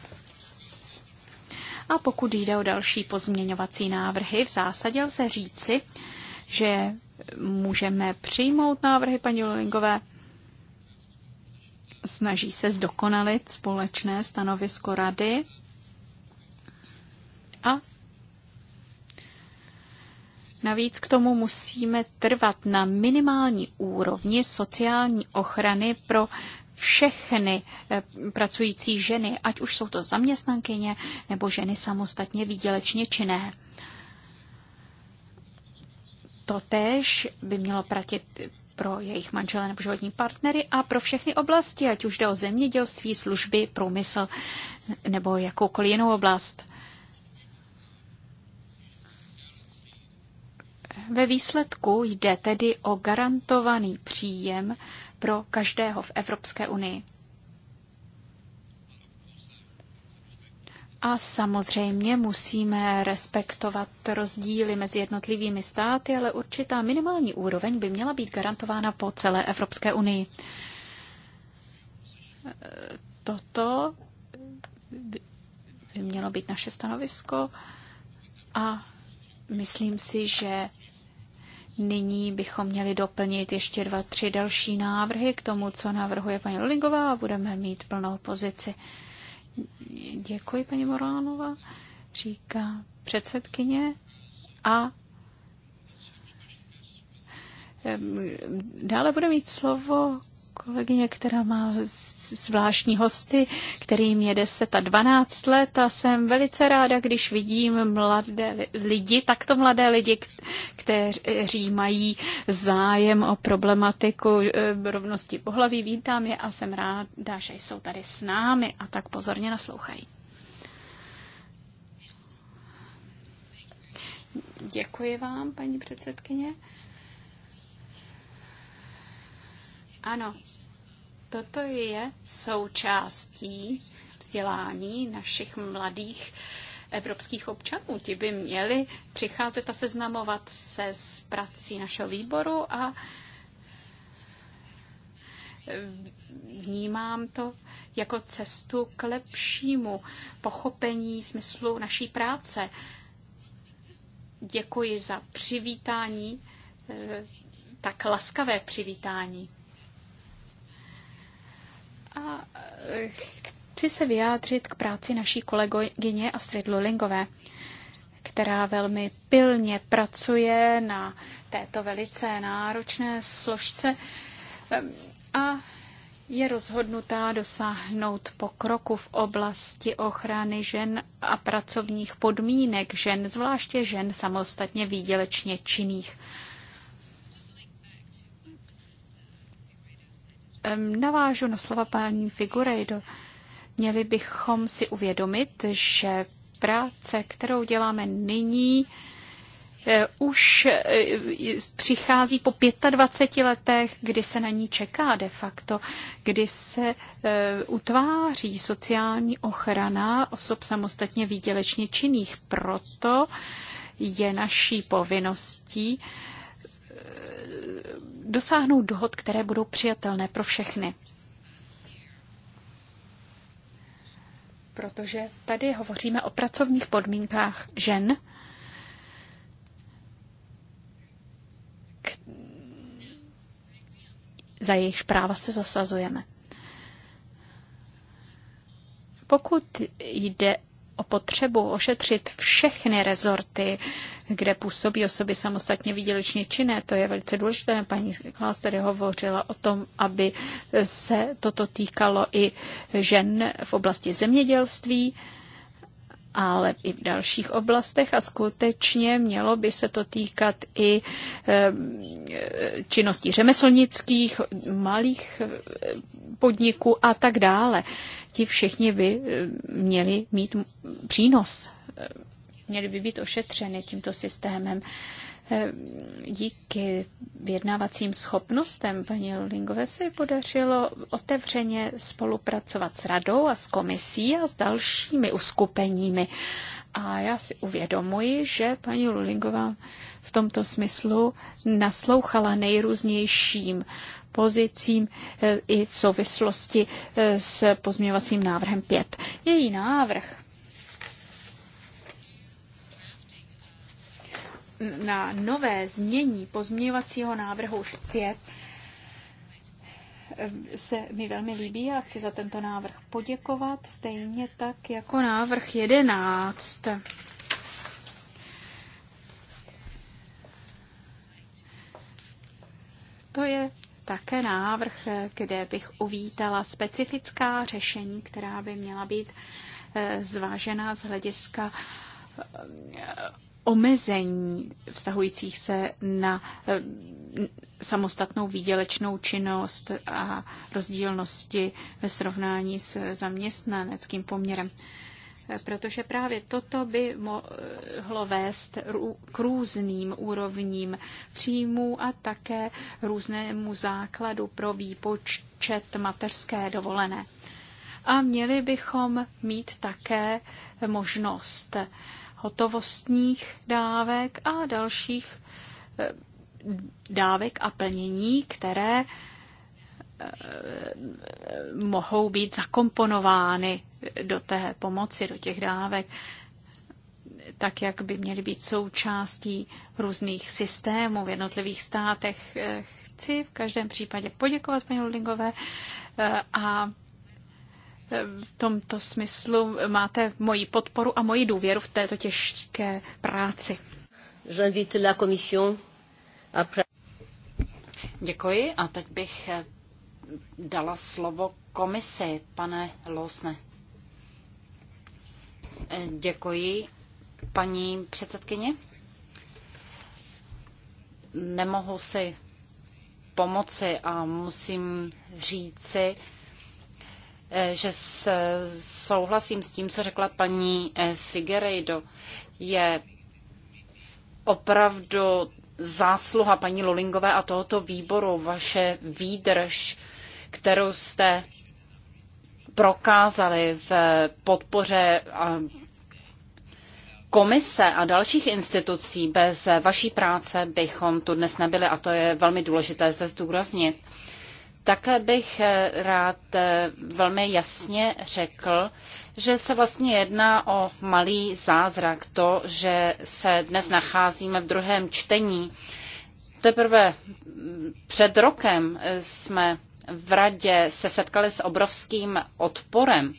Speaker 3: A pokud jde o další pozměňovací návrhy, v zásadě lze říci, že můžeme přijmout návrhy paní Lulingové. Snaží se zdokonalit společné stanovisko rady a Navíc k tomu musíme trvat na minimální úrovni sociální ochrany pro všechny eh, pracující ženy, ať už jsou to zaměstnankyně nebo ženy samostatně výdělečně činné. totež by mělo platit pro jejich manžele nebo životní partnery a pro všechny oblasti, ať už jde o zemědělství, služby, průmysl nebo jakoukoliv jinou oblast. Ve výsledku jde tedy o garantovaný příjem pro každého v Evropské unii. A samozřejmě musíme respektovat rozdíly mezi jednotlivými státy, ale určitá minimální úroveň by měla být garantována po celé Evropské unii. Toto by mělo být naše stanovisko a myslím si, že Nyní bychom měli doplnit ještě dva, tři další návrhy k tomu, co navrhuje paní Lulingová a budeme mít plnou pozici. Děkuji, paní Moránova, říká předsedkyně a dále bude mít slovo kolegyně, která má zvláštní hosty, kterým je 10 a 12 let a jsem velice ráda, když vidím mladé lidi, takto mladé lidi, kteří mají zájem o problematiku eh, rovnosti pohlaví. Vítám je a jsem ráda, že jsou tady s námi a tak pozorně naslouchají. Děkuji vám, paní předsedkyně. Ano, toto je součástí vzdělání našich mladých evropských občanů. Ti by měli přicházet a seznamovat se s prací našeho výboru a vnímám to jako cestu k lepšímu pochopení smyslu naší práce. Děkuji za přivítání, eh, tak laskavé přivítání. A e, chci se vyjádřit k práci naší kolegyně Astrid Lulingové, která velmi pilně pracuje na této velice náročné složce e, a je rozhodnutá dosáhnout pokroku v oblasti ochrany žen a pracovních podmínek žen, zvláště žen samostatně výdělečně činných. Navážu na slova paní Figurejdo. Měli bychom si uvědomit, že práce, kterou děláme nyní, e, už e, přichází po 25 letech, kdy se na ní čeká de facto, kdy se e, utváří sociální ochrana osob samostatně výdělečně činných. Proto je naší povinností dosáhnout dohod, které budou přijatelné pro všechny. Protože tady hovoříme o pracovních podmínkách žen, za jejichž práva se zasazujeme. Pokud jde o potřebu ošetřit všechny rezorty, kde působí osoby samostatně výdělečně činné. To je velice důležité. Paní Klaus tady hovořila o tom, aby se toto týkalo i žen v oblasti zemědělství ale i v dalších oblastech a skutečně mělo by se to týkat i činností řemeslnických, malých eh, podniků a tak dále. Ti všichni by eh, měli mít přínos, eh, měli by být ošetřeny tímto systémem. Eh, díky vyjednávacím schopnostem paní Lingové se podařilo otevřeně spolupracovat s radou a s komisí a s dalšími uskupeními. A já si uvědomuji, že paní Lulingová v tomto smyslu naslouchala nejrůznějším pozicím eh, i v souvislosti eh, s pozměňovacím návrhem 5. Její návrh na nové změní pozměňovacího návrhu 5 se mi velmi líbí a chci za tento návrh poděkovat, stejně tak jako návrh 11. To je také návrh, kde bych uvítala specifická řešení, která by měla být eh, zvážena z hlediska omezení vztahujících se na eh, samostatnou výdělečnou činnost a rozdílnosti ve srovnání s zaměstnaneckým poměrem. Eh, protože právě toto by mohlo vést k různým úrovním příjmů a také různému základu pro výpočet mateřské dovolené. A měli bychom mít také možnost hotovostních dávek a dalších eh, dávek a plnění, které eh, mohou být zakomponovány do té pomoci, do těch dávek, tak jak by měly být součástí různých systémů v jednotlivých státech. Eh, chci v každém případě poděkovat paní Ludingové a v tomto smyslu máte moji podporu a moji důvěru v této těžké práci.
Speaker 2: Děkuji a teď bych dala slovo komisi, pane Losne. Děkuji, paní předsedkyně. Nemohu si pomoci a musím říci, Eh, že souhlasím s tím, co řekla paní eh, Figueiredo. Je opravdu zásluha paní Lulingové a tohoto výboru, vaše výdrž, kterou jste prokázali v eh, podpoře komise a dalších institucí. Bez vaší práce bychom tu dnes nebyli a to je velmi důležité zde zdůraznit. Také bych eh, rád eh, velmi jasně řekl, že se vlastně jedná o malý zázrak, to, že se dnes nacházíme v druhém čtení. Teprve před rokem eh, jsme v radě se setkali s obrovským odporem.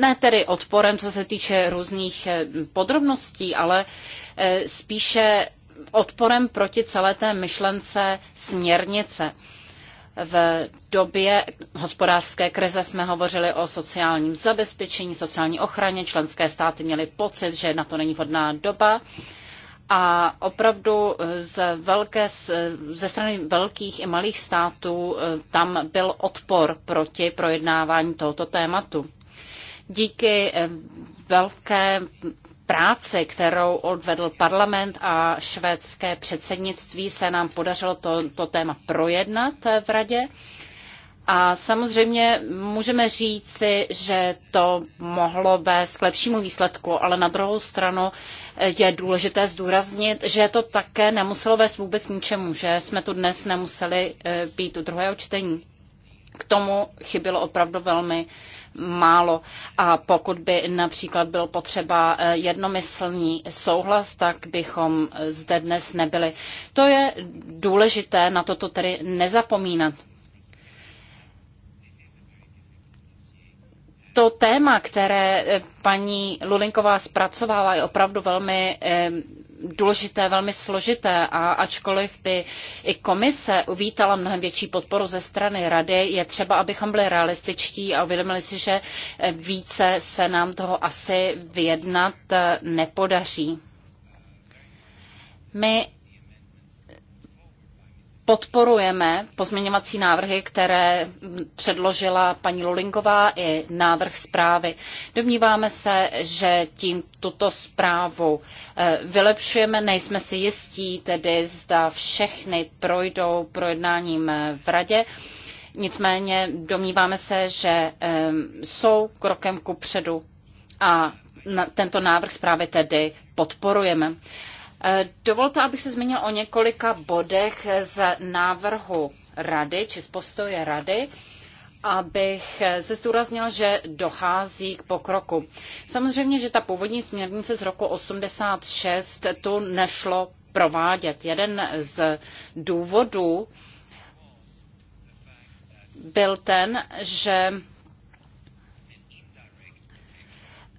Speaker 2: Ne tedy odporem, co se týče různých podrobností, ale spíše odporem proti celé té myšlence směrnice. V době hospodářské krize jsme hovořili o sociálním zabezpečení, sociální ochraně. Členské státy měly pocit, že na to není vhodná doba. A opravdu z velké, ze strany velkých i malých států e, tam byl odpor proti projednávání tohoto tématu. Díky e, velké práci, kterou odvedl parlament a švédské předsednictví, se nám podařilo to, to téma projednat v radě. A samozřejmě můžeme říci, že to mohlo vést k lepšímu výsledku, ale na druhou stranu je důležité zdůraznit, že to také nemuselo vést vůbec ničemu, že jsme tu dnes nemuseli eh, být u druhého čtení. K tomu chybělo opravdu velmi málo. A pokud by například byl potřeba eh, jednomyslný souhlas, tak bychom eh, zde dnes nebyli. To je důležité, na toto tedy nezapomínat. To téma, které eh, paní Lulinková zpracovala, je opravdu velmi důležité, velmi složité a ačkoliv by i komise uvítala mnohem větší podporu ze strany rady, je třeba, abychom byli realističtí a uvědomili si, že více se nám toho asi vyjednat nepodaří. My podporujeme pozměňovací návrhy, které předložila paní Lullingová, i návrh zprávy. Domníváme se, že tím tuto zprávu eh, vylepšujeme, nejsme si jistí, tedy zda všechny projdou projednáním eh, v radě. Nicméně domníváme se, že eh, jsou krokem ku předu a tento návrh zprávy tedy podporujeme. Eh, dovolte, abych se zmínil o několika bodech z návrhu rady, či z postoje rady, abych eh, se zdůraznil, že dochází k pokroku. Samozřejmě, že ta původní směrnice z roku 86 tu nešlo provádět. Jeden z důvodů byl ten, že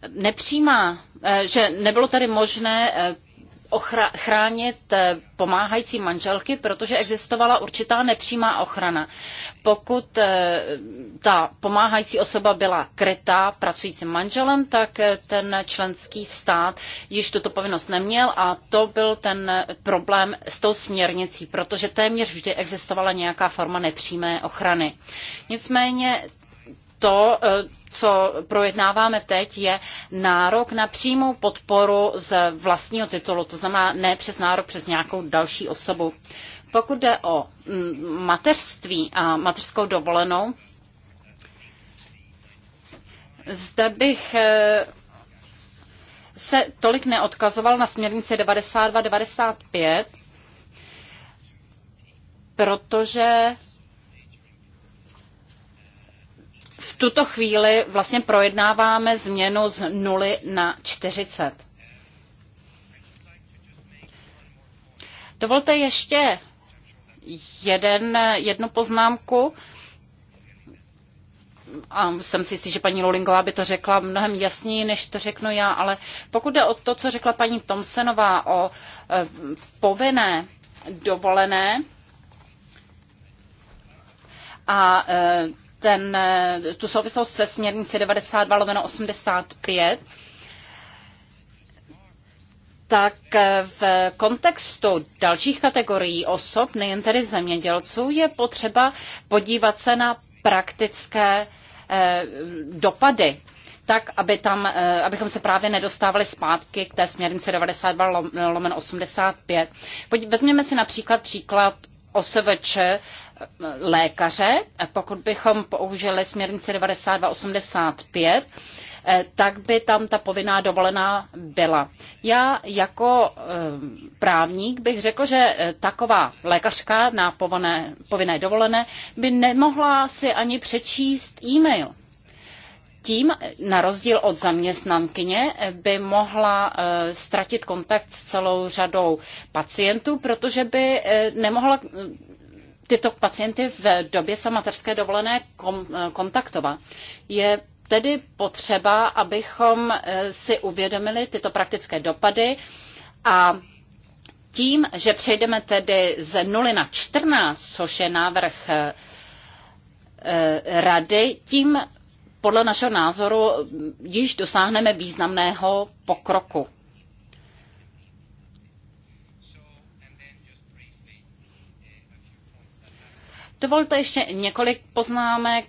Speaker 2: nepřímá, eh, že nebylo tady možné chránit eh, pomáhající manželky, protože existovala určitá nepřímá ochrana. Pokud eh, ta pomáhající osoba byla krytá pracujícím manželem, tak eh, ten členský stát již tuto povinnost neměl a to byl ten problém s tou směrnicí, protože téměř vždy existovala nějaká forma nepřímé ochrany. Nicméně to, eh, co projednáváme teď, je nárok na přímou podporu z vlastního titulu, to znamená ne přes nárok přes nějakou další osobu. Pokud jde o mm, mateřství a mateřskou dovolenou, zde bych eh, se tolik neodkazoval na směrnici 92-95, protože tuto chvíli vlastně projednáváme změnu z 0 na 40. Dovolte ještě jeden, jednu poznámku. A jsem si jistý, že paní Lulingová by to řekla mnohem jasněji, než to řeknu já, ale pokud jde o to, co řekla paní Tomsenová o e, povinné dovolené a e, ten, eh, tu souvislost se směrnici 92 lomeno 85, tak eh, v kontextu dalších kategorií osob, nejen tedy zemědělců, je potřeba podívat se na praktické eh, dopady tak, aby tam, abychom se právě nedostávali zpátky k té směrnici 92 lomen 85. Vezměme si například příklad OSVČ e, lékaře, e, pokud bychom použili směrnici 9285, e, tak by tam ta povinná dovolená byla. Já jako právník bych řekl, že taková lékařka na povinné, povinné dovolené by nemohla si ani přečíst e-mail tím, na rozdíl od zaměstnankyně, by mohla eh, ztratit kontakt s celou řadou pacientů, protože by eh, nemohla eh, tyto pacienty v době své dovolené kontaktovat. Je tedy potřeba, abychom si uvědomili tyto praktické dopady a tím, že přejdeme tedy z 0 na 14, což je návrh rady, tím podle našeho názoru již dosáhneme významného pokroku. Dovolte ještě několik poznámek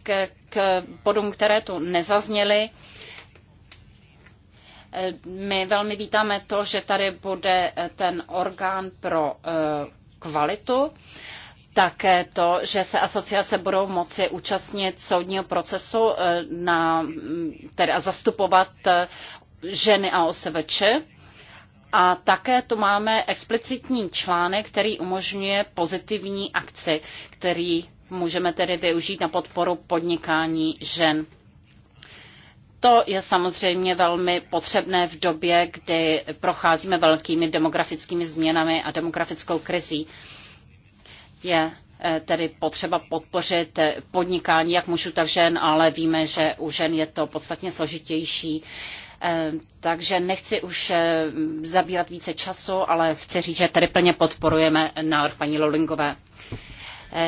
Speaker 2: k bodům, které tu nezazněly. My velmi vítáme to, že tady bude ten orgán pro eh, kvalitu také to, že se asociace budou moci účastnit soudního procesu eh, na, mm, tedy a zastupovat eh, ženy a OSVČ. A také tu máme explicitní článek, který umožňuje pozitivní akci, který můžeme tedy využít na podporu podnikání žen. To je samozřejmě velmi potřebné v době, kdy procházíme velkými demografickými změnami a demografickou krizí je eh, tedy potřeba podpořit podnikání jak mužů, tak žen, ale víme, že u žen je to podstatně složitější. Eh, takže nechci už eh, zabírat více času, ale chci říct, že tady plně podporujeme návrh paní Lolingové.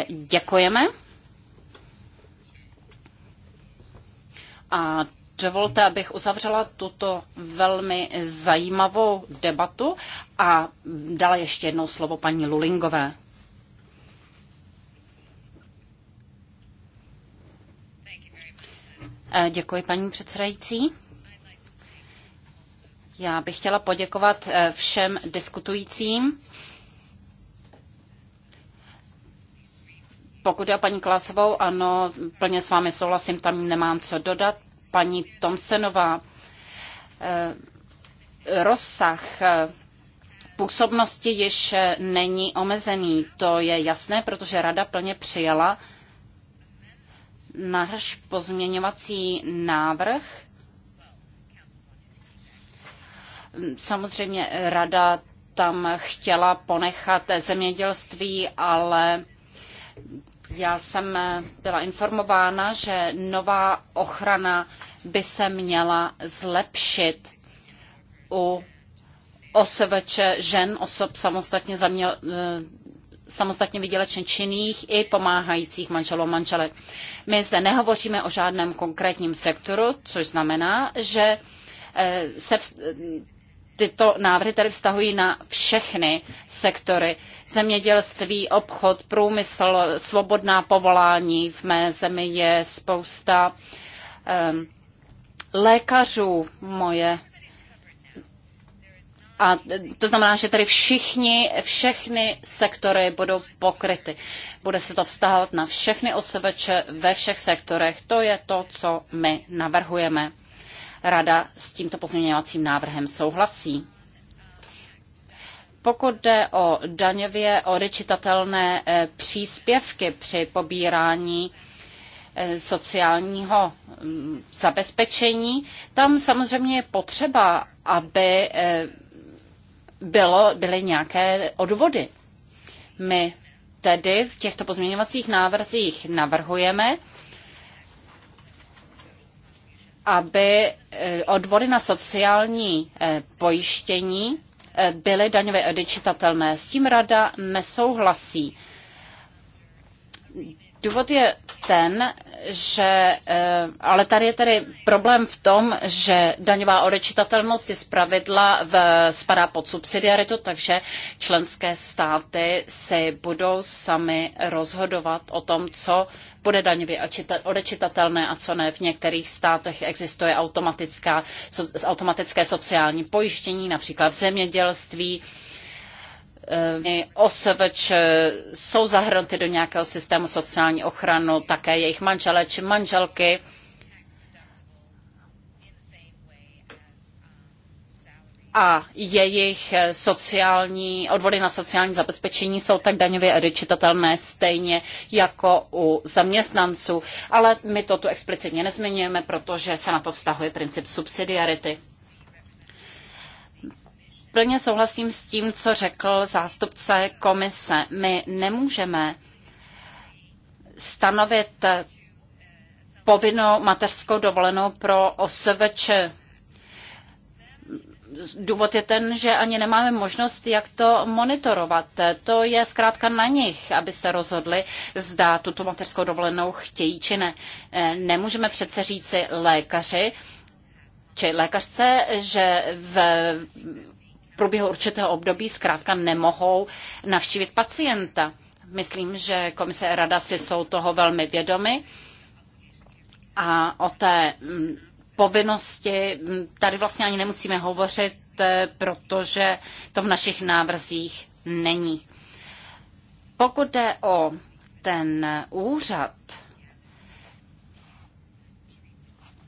Speaker 2: Děkujeme. A dovolte, abych uzavřela tuto velmi zajímavou debatu a dala ještě jednou slovo paní Lulingové. E, děkuji, paní předsedající. Já bych chtěla poděkovat e, všem diskutujícím. Pokud je o paní Klasovou, ano, plně s vámi souhlasím, tam nemám co dodat. Paní Tomsenová, e, rozsah působnosti již není omezený. To je jasné, protože rada plně přijala náš pozměňovací návrh. Samozřejmě rada tam chtěla ponechat zemědělství, ale já jsem byla informována, že nová ochrana by se měla zlepšit u OSVČ žen, osob samostatně samostatně vydělečně činných i pomáhajících manželů manželek. My zde nehovoříme o žádném konkrétním sektoru, což znamená, že eh, se tyto návrhy tady vztahují na všechny sektory. Zemědělství, obchod, průmysl, svobodná povolání. V mé zemi je spousta um, lékařů. Moje a to znamená, že tady všichni, všechny sektory budou pokryty. Bude se to vztahovat na všechny osobeče ve všech sektorech. To je to, co my navrhujeme. Rada s tímto pozměňovacím návrhem souhlasí. Pokud jde o daňově odečitatelné eh, příspěvky při pobírání eh, sociálního mm, zabezpečení, tam samozřejmě je potřeba, aby eh, bylo, byly nějaké odvody. My tedy v těchto pozměňovacích návrzích navrhujeme, aby eh, odvody na sociální eh, pojištění eh, byly daňově odečitatelné. S tím rada nesouhlasí. Důvod je ten, že, eh, ale tady je tedy problém v tom, že daňová odečitatelnost je zpravidla v, spadá pod subsidiaritu, takže členské státy si budou sami rozhodovat o tom, co bude daňově odečitatelné a co ne. V některých státech existuje automatická, automatické sociální pojištění, například v zemědělství, E, osvč jsou zahrnuty do nějakého systému sociální ochranu, také jejich manželé či manželky. A jejich sociální, odvody na sociální zabezpečení jsou tak daňově odečitatelné stejně jako u zaměstnanců. Ale my to tu explicitně nezmiňujeme, protože se na to vztahuje princip subsidiarity. Plně souhlasím s tím, co řekl zástupce komise. My nemůžeme stanovit povinnou mateřskou dovolenou pro OSVČ. Důvod je ten, že ani nemáme možnost, jak to monitorovat. To je zkrátka na nich, aby se rozhodli, zda tuto mateřskou dovolenou chtějí či ne. Eh, nemůžeme přece říci lékaři, či lékařce, že v průběhu určitého období zkrátka nemohou navštívit pacienta. Myslím, že komise a rada si jsou toho velmi vědomi a o té mm, povinnosti mm, tady vlastně ani nemusíme hovořit, eh, protože to v našich návrzích není. Pokud jde o ten úřad,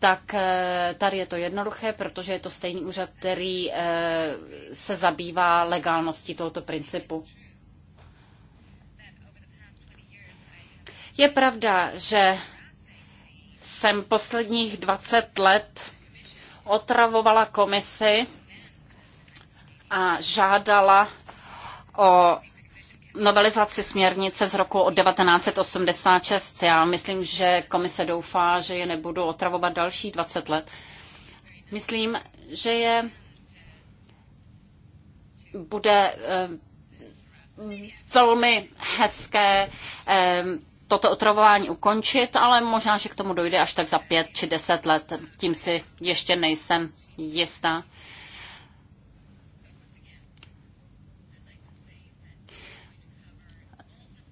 Speaker 2: tak eh, tady je to jednoduché, protože je to stejný úřad, který eh, se zabývá legálností tohoto principu. Je pravda, že jsem posledních 20 let otravovala komisi a žádala o novelizaci směrnice z roku 1986. Já myslím, že komise doufá, že je nebudu otravovat další 20 let. Myslím, že je bude eh, velmi hezké eh, toto otravování ukončit, ale možná, že k tomu dojde až tak za pět či deset let. Tím si ještě nejsem jistá.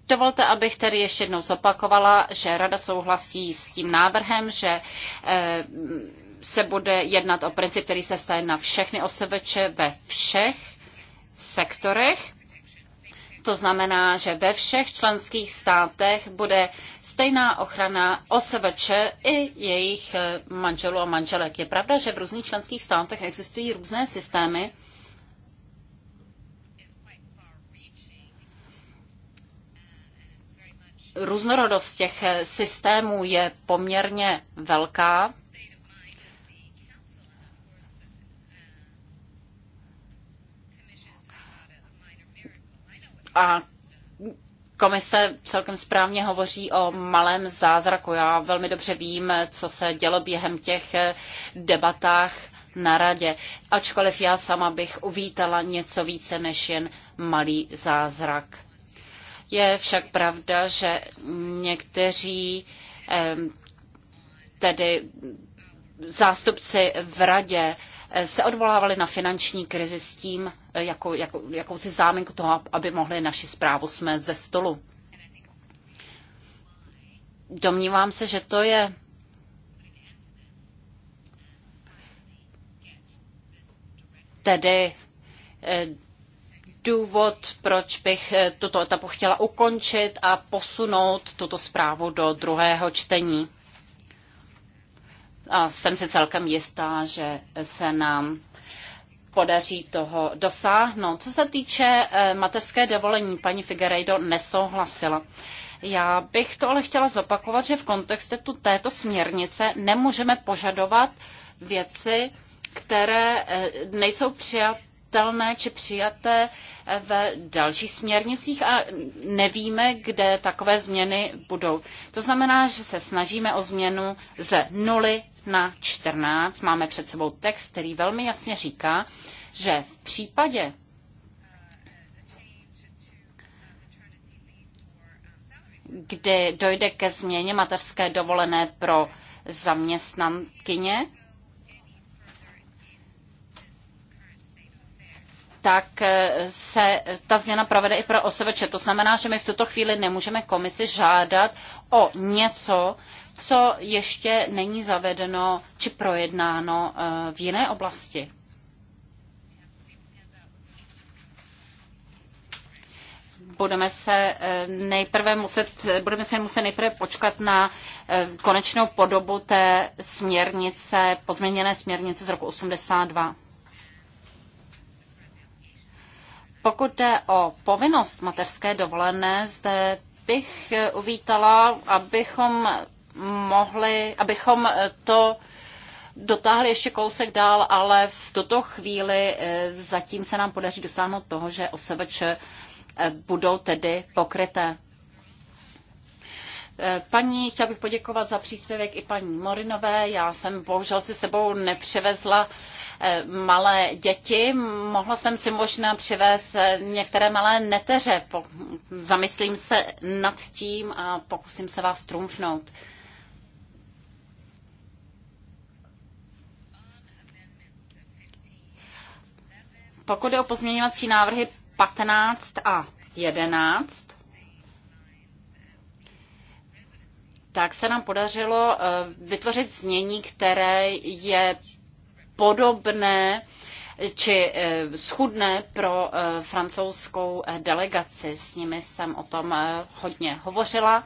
Speaker 2: Dovolte, abych tedy ještě jednou zopakovala, že Rada souhlasí s tím návrhem, že eh, se bude jednat o princip, který se stane na všechny osobeče ve všech sektorech. To znamená, že ve všech členských státech bude stejná ochrana OSVČ i jejich eh, manželů a manželek. Je pravda, že v různých členských státech existují různé systémy, různorodost těch systémů je poměrně velká. A komise celkem správně hovoří o malém zázraku. Já velmi dobře vím, co se dělo během těch debatách na radě. Ačkoliv já sama bych uvítala něco více než jen malý zázrak. Je však pravda, že někteří tedy zástupci v radě eh, se odvolávali na finanční krizi s tím, jako, jako, jakousi záminku toho, aby mohli naši zprávu jsme ze stolu. Domnívám se, že to je tedy eh, důvod, proč bych eh, tuto etapu chtěla ukončit a posunout tuto zprávu do druhého čtení. A jsem si celkem jistá, že se nám podaří toho dosáhnout. Co se týče eh, mateřské dovolení, paní Figueiredo nesouhlasila. Já bych to ale chtěla zopakovat, že v kontextu této směrnice nemůžeme požadovat věci, které eh, nejsou přijaty přijatelné či přijaté v dalších směrnicích a nevíme, kde takové změny budou. To znamená, že se snažíme o změnu ze 0 na 14. Máme před sebou text, který velmi jasně říká, že v případě kdy dojde ke změně mateřské dovolené pro zaměstnankyně, tak eh, se ta změna provede i pro OSVČ. To znamená, že my v tuto chvíli nemůžeme komisi žádat o něco, co ještě není zavedeno či projednáno eh, v jiné oblasti. budeme se eh, nejprve muset, budeme se muset nejprve počkat na konečnou podobu té směrnice, pozměněné směrnice z roku 82. Pokud jde o povinnost mateřské dovolené, zde bych uvítala, abychom mohli, abychom to dotáhli ještě kousek dál, ale v tuto chvíli eh, zatím se nám podaří dosáhnout toho, že OSVČ eh, budou tedy pokryté. Eh, paní, chtěla bych poděkovat za příspěvek i paní Morinové. Já jsem bohužel si sebou nepřivezla eh, malé děti. Mohla jsem si možná přivést eh, některé malé neteře. Zamyslím se nad tím a pokusím se vás trumfnout. Pokud je o pozměňovací návrhy 15 a 11, tak se nám podařilo eh, vytvořit znění, které je podobné či eh, schudné pro eh, francouzskou delegaci. S nimi jsem o tom hodně hovořila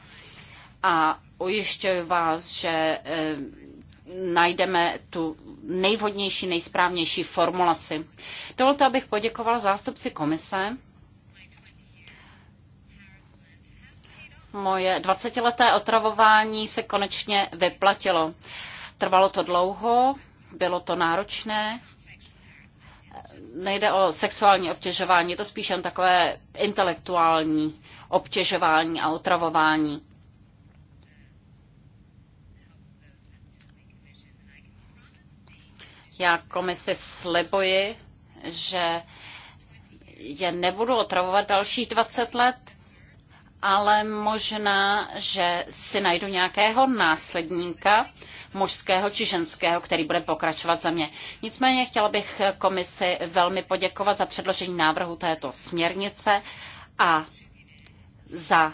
Speaker 2: a ujišťuji vás, že najdeme tu nejvhodnější, nejsprávnější formulaci. Dovolte, abych poděkovala zástupci komise Moje 20-leté otravování se konečně vyplatilo. Trvalo to dlouho, bylo to náročné. Nejde o sexuální obtěžování, je to spíš jen takové intelektuální obtěžování a otravování. Já komisi slibuji, že je nebudu otravovat dalších 20 let, ale možná, že si najdu nějakého následníka, mužského či ženského, který bude pokračovat za mě. Nicméně chtěla bych komisi velmi poděkovat za předložení návrhu této směrnice a za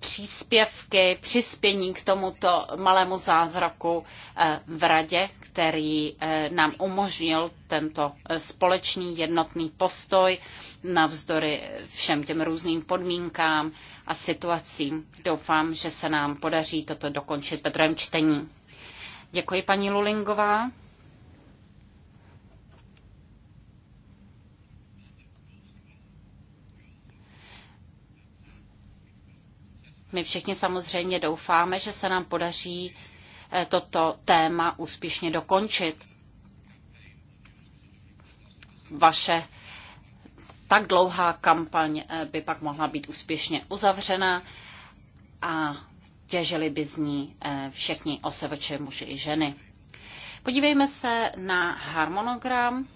Speaker 2: příspěvky, přispění k tomuto malému zázraku eh, v radě, který eh, nám umožnil tento eh, společný jednotný postoj navzdory všem těm různým podmínkám a situacím. Doufám, že se nám podaří toto dokončit ve druhém čtení. Děkuji paní Lulingová. My všichni samozřejmě doufáme, že se nám podaří eh, toto téma úspěšně dokončit. Vaše tak dlouhá kampaň eh, by pak mohla být úspěšně uzavřena a těžili by z ní eh, všichni osoveče muži i ženy. Podívejme se na harmonogram.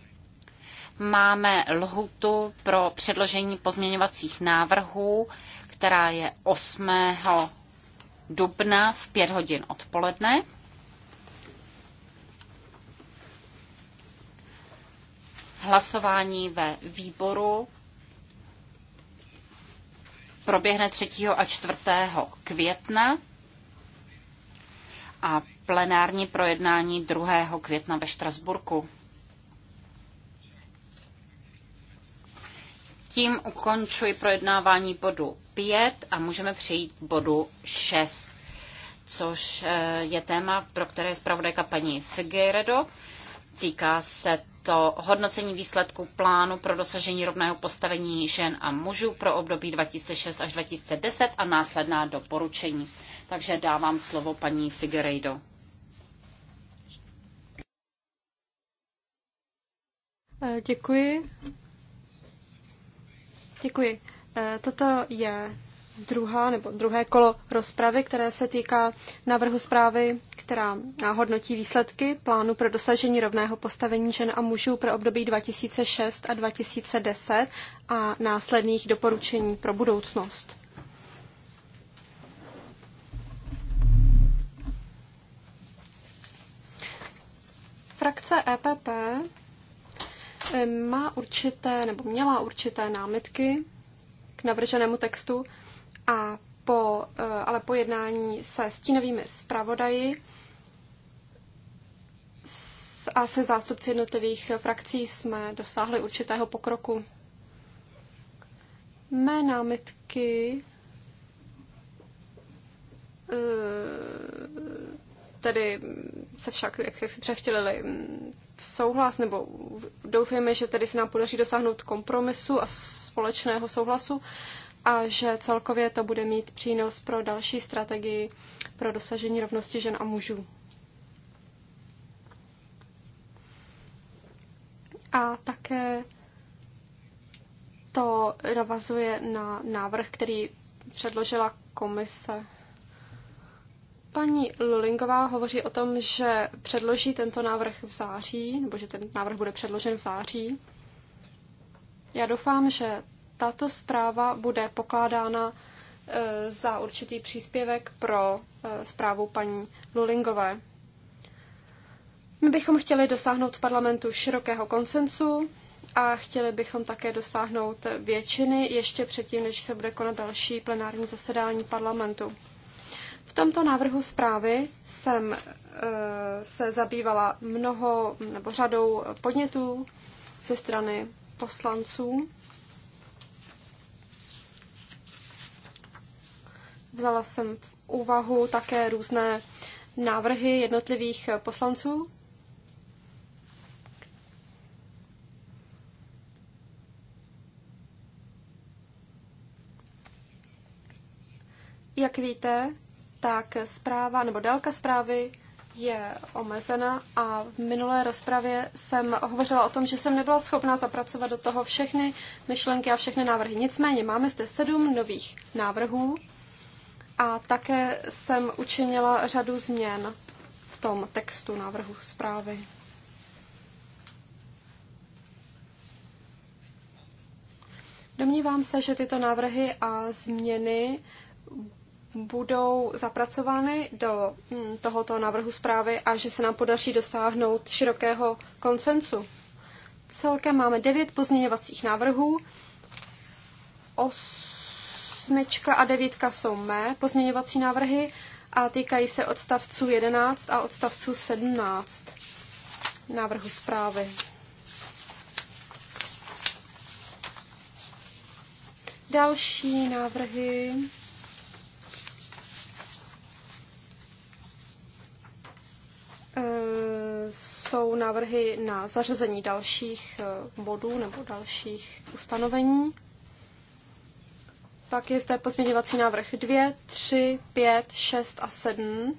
Speaker 2: Máme lhutu pro předložení pozměňovacích návrhů která je 8. dubna v 5 hodin odpoledne. Hlasování ve výboru proběhne 3. a 4. května a plenární projednání 2. května ve Štrasburku. Tím ukončuji projednávání bodu 5 a můžeme přejít k bodu 6, což eh, je téma, pro které je zpravodajka paní Figueiredo. Týká se to hodnocení výsledků plánu pro dosažení rovného postavení žen a mužů pro období 2006 až 2010 a následná doporučení. Takže dávám slovo paní Figueiredo.
Speaker 1: Eh, děkuji, Děkuji. Eh, toto je druhá, nebo druhé kolo rozpravy, které se týká návrhu zprávy, která hodnotí výsledky plánu pro dosažení rovného postavení žen a mužů pro období 2006 a 2010 a následných doporučení pro budoucnost. Frakce EPP má určité, nebo měla určité námitky k navrženému textu a po, eh, ale po jednání se stínovými zpravodaji a se zástupci jednotlivých frakcí jsme dosáhli určitého pokroku. Mé námitky eh, tedy se však, jak, jak se převtělili mm, souhlas, nebo doufáme, že tedy se nám podaří dosáhnout kompromisu a společného souhlasu a že celkově to bude mít přínos pro další strategii pro dosažení rovnosti žen a mužů. A také to navazuje na návrh, který předložila komise Paní Lulingová hovoří o tom, že předloží tento návrh v září, nebo že ten návrh bude předložen v září. Já doufám, že tato zpráva bude pokládána e, za určitý příspěvek pro e, zprávu paní Lulingové. My bychom chtěli dosáhnout v parlamentu širokého konsensu a chtěli bychom také dosáhnout většiny ještě předtím, než se bude konat další plenární zasedání parlamentu. V tomto návrhu zprávy jsem eh, se zabývala mnoho nebo řadou podnětů ze strany poslanců. Vzala jsem v úvahu také různé návrhy jednotlivých poslanců. Jak víte, tak zpráva nebo délka zprávy je omezena a v minulé rozpravě jsem hovořila o tom, že jsem nebyla schopná zapracovat do toho všechny myšlenky a všechny návrhy. Nicméně máme zde sedm nových návrhů a také jsem učinila řadu změn v tom textu návrhu zprávy. Domnívám se, že tyto návrhy a změny budou zapracovány do mm, tohoto návrhu zprávy a že se nám podaří dosáhnout širokého koncensu. Celkem máme devět pozměňovacích návrhů. Osmička a devítka jsou mé pozměňovací návrhy a týkají se odstavců 11 a odstavců 17 návrhu zprávy. Další návrhy Eh, jsou návrhy na zařazení dalších eh, bodů nebo dalších ustanovení. Pak je zde pozměňovací návrh 2, 3, 5, 6 a 7.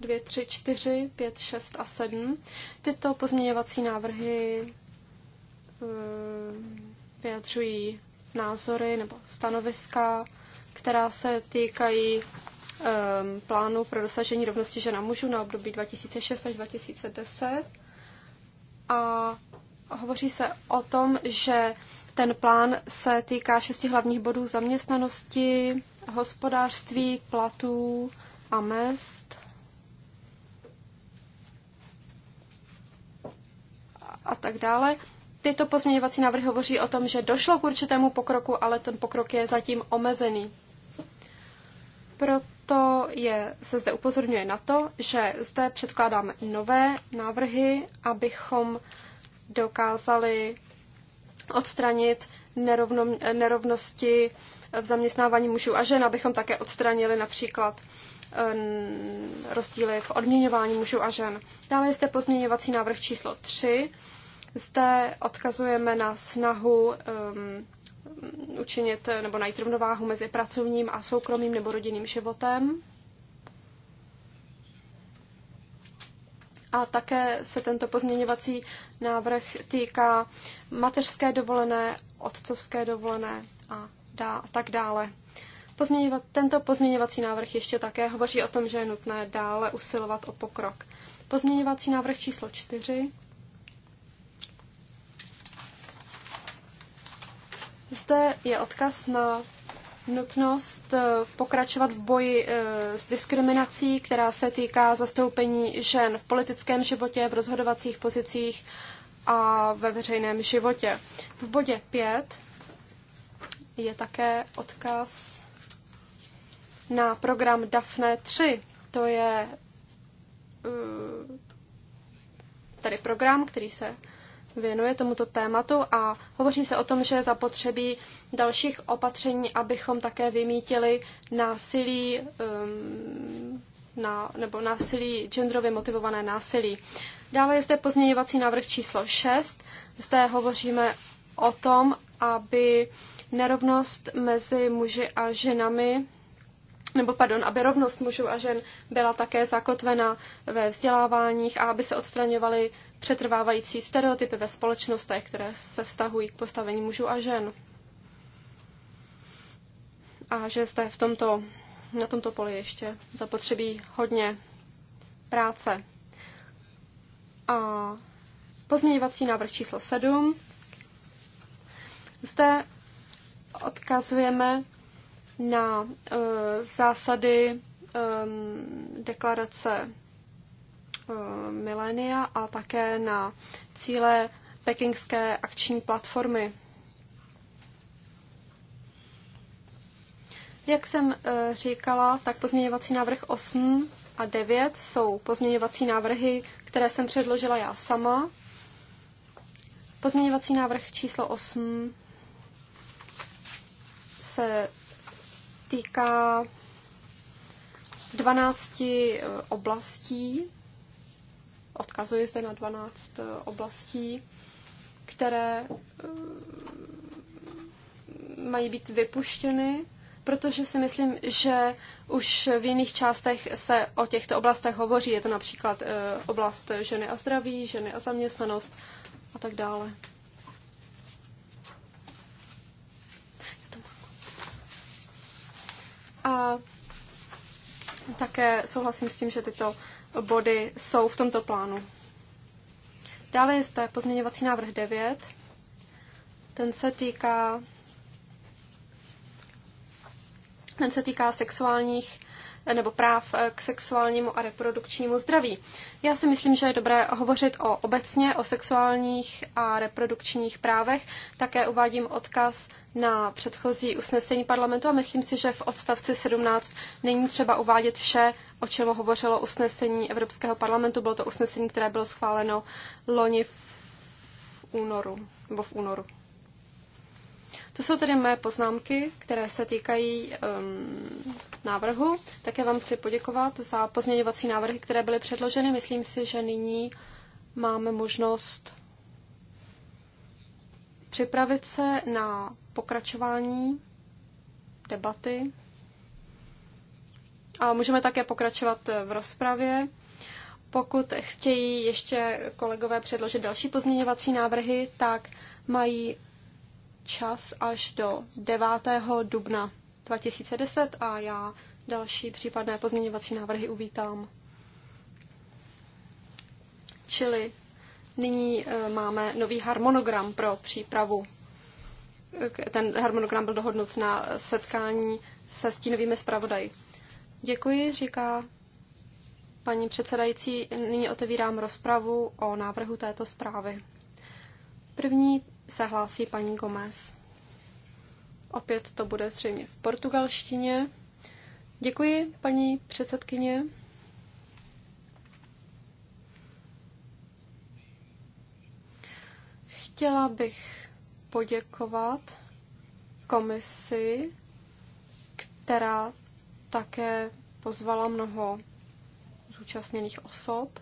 Speaker 1: 2, 3, 4, 5, 6 a 7. Tyto pozměňovací návrhy eh, vyjadřují názory nebo stanoviska, která se týkají Um, plánu pro dosažení rovnosti žen a mužů na období 2006 až 2010. A hovoří se o tom, že ten plán se týká šesti hlavních bodů zaměstnanosti, hospodářství, platů a mest. A tak dále. Tyto pozměňovací návrhy hovoří o tom, že došlo k určitému pokroku, ale ten pokrok je zatím omezený. Proto to je, se zde upozorňuje na to, že zde předkládáme nové návrhy, abychom dokázali odstranit nerovno, nerovnosti v zaměstnávání mužů a žen, abychom také odstranili například rozdíly v odměňování mužů a žen. Dále je zde pozměňovací návrh číslo 3. Zde odkazujeme na snahu um, učinit nebo najít rovnováhu mezi pracovním a soukromým nebo rodinným životem. A také se tento pozměňovací návrh týká mateřské dovolené, otcovské dovolené a, dá, a tak dále. Pozměňova, tento pozměňovací návrh ještě také hovoří o tom, že je nutné dále usilovat o pokrok. Pozměňovací návrh číslo 4 Zde je odkaz na nutnost eh, pokračovat v boji eh, s diskriminací, která se týká zastoupení žen v politickém životě, v rozhodovacích pozicích a ve veřejném životě. V bodě 5 je také odkaz na program DAFNE 3. To je eh, tady program, který se věnuje tomuto tématu a hovoří se o tom, že je zapotřebí dalších opatření, abychom také vymítili násilí um, na, nebo násilí, genderově motivované násilí. Dále je zde pozměňovací návrh číslo 6. Zde hovoříme o tom, aby nerovnost mezi muži a ženami nebo pardon, aby rovnost mužů a žen byla také zakotvena ve vzděláváních a aby se odstraňovaly přetrvávající stereotypy ve společnostech, které se vztahují k postavení mužů a žen. A že jste v tomto, na tomto poli ještě zapotřebí hodně práce. A pozměňovací návrh číslo 7. Zde odkazujeme na e, zásady e, deklarace Eh, milénia a také na cíle pekingské akční platformy. Jak jsem eh, říkala, tak pozměňovací návrh 8 a 9 jsou pozměňovací návrhy, které jsem předložila já sama. Pozměňovací návrh číslo 8 se týká 12 eh, oblastí, Odkazuji zde na 12 eh, oblastí, které eh, mají být vypuštěny, protože si myslím, že už v jiných částech se o těchto oblastech hovoří. Je to například eh, oblast ženy a zdraví, ženy a zaměstnanost a tak dále. A také souhlasím s tím, že tyto body jsou v tomto plánu. Dále je zde pozměňovací návrh 9. Ten se týká ten se týká sexuálních nebo práv eh, k sexuálnímu a reprodukčnímu zdraví. Já si myslím, že je dobré hovořit o obecně o sexuálních a reprodukčních právech. Také uvádím odkaz na předchozí usnesení parlamentu a myslím si, že v odstavci 17 není třeba uvádět vše, o čem hovořilo usnesení Evropského parlamentu. Bylo to usnesení, které bylo schváleno loni v únoru, nebo v únoru. To jsou tedy mé poznámky, které se týkají um, návrhu. Také vám chci poděkovat za pozměňovací návrhy, které byly předloženy. Myslím si, že nyní máme možnost připravit se na pokračování debaty. A můžeme také pokračovat v rozpravě. Pokud chtějí ještě kolegové předložit další pozměňovací návrhy, tak mají čas až do 9. dubna 2010 a já další případné pozměňovací návrhy uvítám. Čili nyní e, máme nový harmonogram pro přípravu. E, ten harmonogram byl dohodnut na setkání se stínovými zpravodaji. Děkuji, říká paní předsedající. Nyní otevírám rozpravu o návrhu této zprávy. První se hlásí paní Gomez. Opět to bude zřejmě v portugalštině. Děkuji, paní předsedkyně. Chtěla bych poděkovat komisi, která také pozvala mnoho zúčastněných osob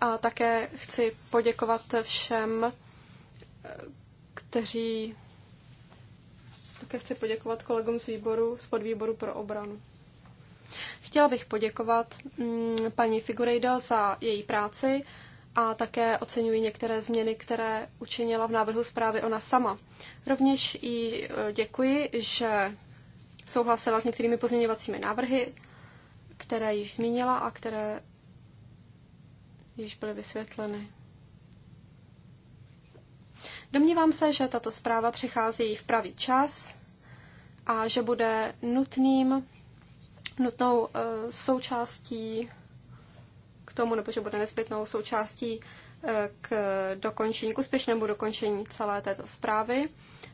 Speaker 1: A také chci poděkovat všem, kteří také chci poděkovat kolegům z výboru, z podvýboru pro obranu. Chtěla bych poděkovat mm, paní Figurejdo za její práci a také oceňuji některé změny, které učinila v návrhu zprávy ona sama. Rovněž jí e, děkuji, že souhlasila s některými pozměňovacími návrhy, které již zmínila a které již byly vysvětleny. Domnívám se, že tato zpráva přichází v pravý čas a že bude nutným, nutnou eh, součástí k tomu, nebo že bude nezbytnou součástí eh, k dokončení, k úspěšnému dokončení celé této zprávy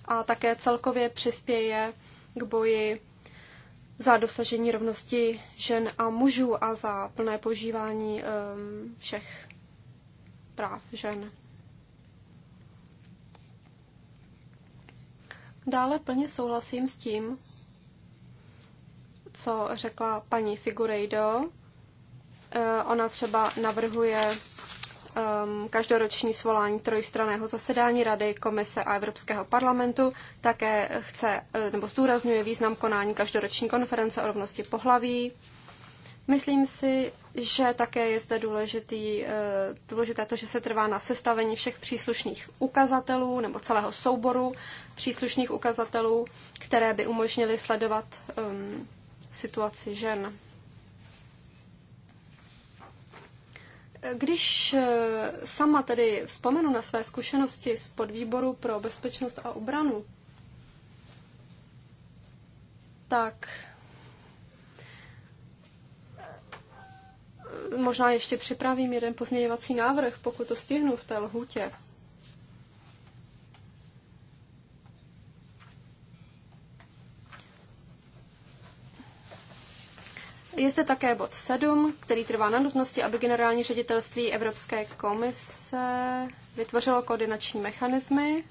Speaker 1: a také celkově přispěje k boji za dosažení rovnosti žen a mužů a za plné požívání um, ehm, všech práv žen. Dále plně souhlasím s tím, co řekla paní Figurejdo. Ehm, ona třeba navrhuje um, každoroční svolání trojstraného zasedání Rady, Komise a Evropského parlamentu. Také chce eh, nebo zdůrazňuje význam konání každoroční konference o rovnosti pohlaví. Myslím si, že také je zde důležitý, eh, důležité to, že se trvá na sestavení všech příslušných ukazatelů nebo celého souboru příslušných ukazatelů, které by umožnily sledovat um, situaci žen. Když eh, sama tedy vzpomenu na své zkušenosti z podvýboru pro bezpečnost a obranu, tak eh, možná ještě připravím jeden pozměňovací návrh, pokud to stihnu v té lhůtě. Je zde také bod 7, který trvá na nutnosti, aby generální ředitelství Evropské komise vytvořilo koordinační mechanismy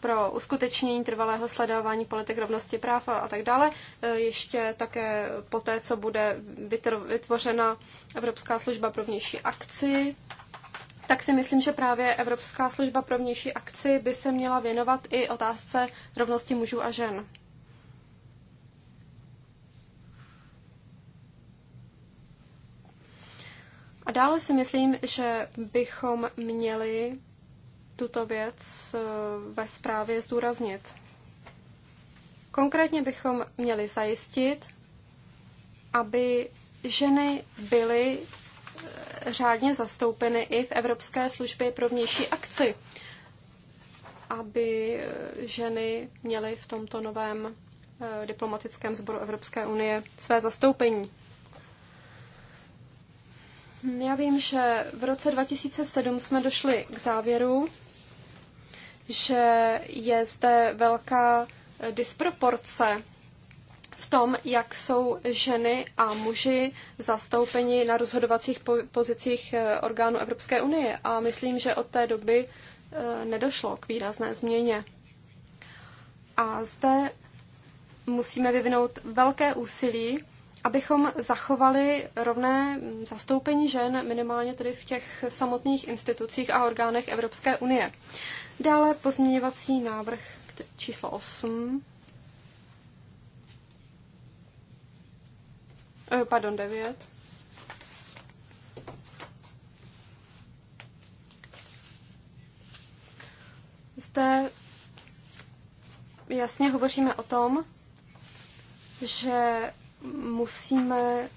Speaker 1: pro uskutečnění trvalého sledování politik rovnosti práv a tak dále. E, ještě také po té, co bude vytvořena Evropská služba pro vnější akci, tak si myslím, že právě Evropská služba pro vnější akci by se měla věnovat i otázce rovnosti mužů a žen. A dále si myslím, že bychom měli tuto věc eh, ve zprávě zdůraznit. Konkrétně bychom měli zajistit, aby ženy byly eh, řádně zastoupeny i v Evropské službě pro vnější akci, aby eh, ženy měly v tomto novém diplomatickém sboru Evropské unie své zastoupení. Já vím, že v roce 2007 jsme došli k závěru, že je zde velká eh, disproporce v tom, jak jsou ženy a muži zastoupeni na rozhodovacích pozicích eh, orgánů Evropské unie. A myslím, že od té doby eh, nedošlo k výrazné změně. A zde musíme vyvinout velké úsilí abychom zachovali rovné zastoupení žen minimálně tedy v těch samotných institucích a orgánech Evropské unie. Dále pozměňovací návrh číslo 8. Eh, pardon, 9. Zde jasně hovoříme o tom, že musíme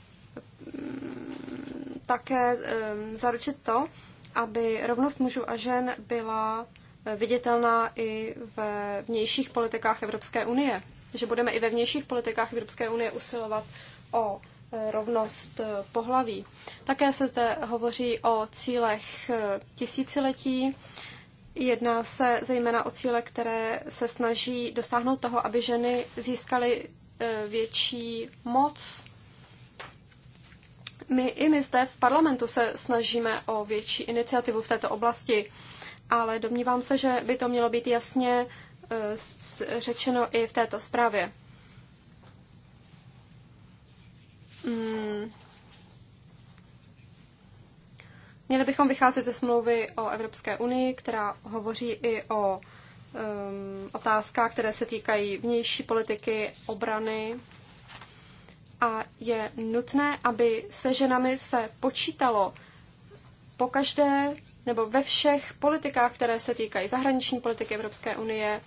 Speaker 1: mm, také mm, zaručit to, aby rovnost mužů a žen byla eh, viditelná i ve vnějších politikách Evropské unie. Že budeme i ve vnějších politikách Evropské unie usilovat o eh, rovnost eh, pohlaví. Také se zde hovoří o cílech tisíciletí. Jedná se zejména o cíle, které se snaží dosáhnout toho, aby ženy získaly E, větší moc. My i my zde v parlamentu se snažíme o větší iniciativu v této oblasti, ale domnívám se, že by to mělo být jasně e, řečeno i v této zprávě. Hmm. Měli bychom vycházet ze smlouvy o Evropské unii, která hovoří i o Um, otázka, které se týkají vnější politiky, obrany. A je nutné, aby se ženami se počítalo po každé nebo ve všech politikách, které se týkají zahraniční politiky Evropské unie,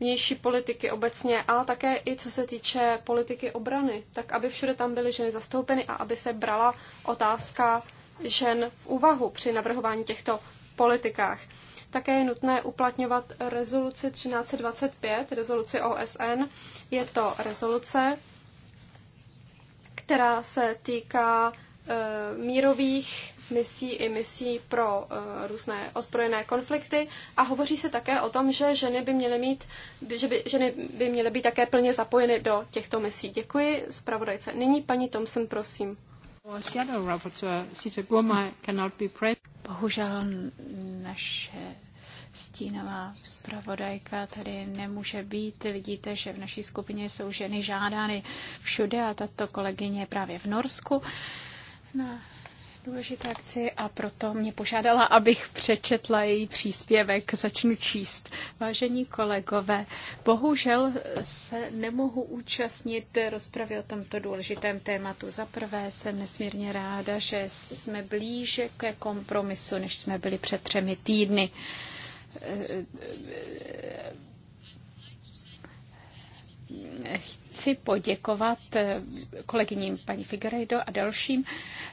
Speaker 1: vnější politiky obecně, ale také i co se týče politiky obrany, tak aby všude tam byly ženy zastoupeny a aby se brala otázka žen v úvahu při navrhování těchto politikách. Také je nutné uplatňovat rezoluci 1325, rezoluci OSN. Je to rezoluce, která se týká eh, mírových misí i misí pro eh, různé ozbrojené konflikty a hovoří se také o tom, že ženy by měly, mít, že by, ženy by měly být také plně zapojeny do těchto misí. Děkuji, zpravodajce. Nyní paní Thompson, prosím.
Speaker 3: Bohužel naše stínová zpravodajka tady nemůže být. Vidíte, že v naší skupině jsou ženy žádány všude a tato kolegyně je právě v Norsku na důležité akci a proto mě požádala, abych přečetla její příspěvek. Začnu číst. Vážení kolegové, bohužel se nemohu účastnit rozpravy o tomto důležitém tématu. Za prvé jsem nesmírně ráda, že jsme blíže ke kompromisu, než jsme byli před třemi týdny chci poděkovat kolegyním paní Figueiredo a dalším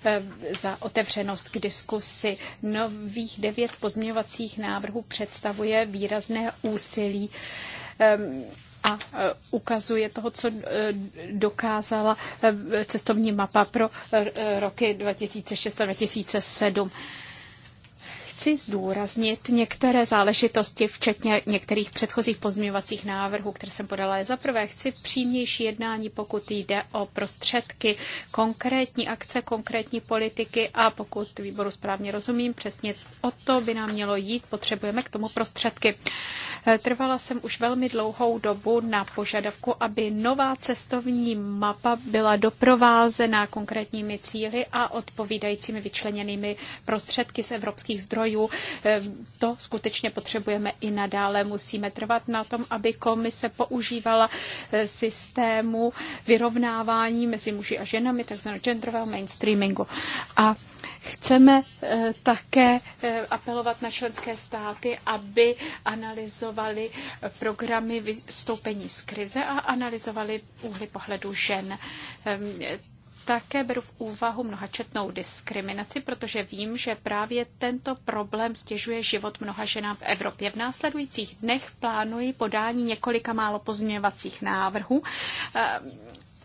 Speaker 3: eh, za otevřenost k diskusi. Nových devět pozměňovacích návrhů představuje výrazné úsilí eh, a eh, ukazuje toho, co dokázala cestovní mapa pro roky 2006 a 2007 chci zdůraznit některé záležitosti, včetně některých předchozích pozměňovacích návrhů, které jsem podala. Za prvé chci přímější jednání, pokud jde o prostředky, konkrétní akce, konkrétní politiky a pokud výboru správně rozumím, přesně o to by nám mělo jít, potřebujeme k tomu prostředky. Eh, trvala jsem už velmi dlouhou dobu na požadavku, aby nová cestovní mapa byla doprovázená konkrétními cíly a odpovídajícími vyčleněnými prostředky z evropských zdrojů zdrojů. Eh, to skutečně potřebujeme i nadále. Musíme trvat na tom, aby komise používala eh, systému vyrovnávání mezi muži a ženami, takzvaného genderového mainstreamingu. A Chceme eh, také apelovat na členské státy, aby analyzovali programy vystoupení z krize a analyzovali úhly pohledu žen. Ehm, také beru v úvahu mnohačetnou diskriminaci, protože vím, že právě tento problém stěžuje život mnoha ženám v Evropě. V následujících dnech plánuji podání několika málo pozměňovacích návrhů.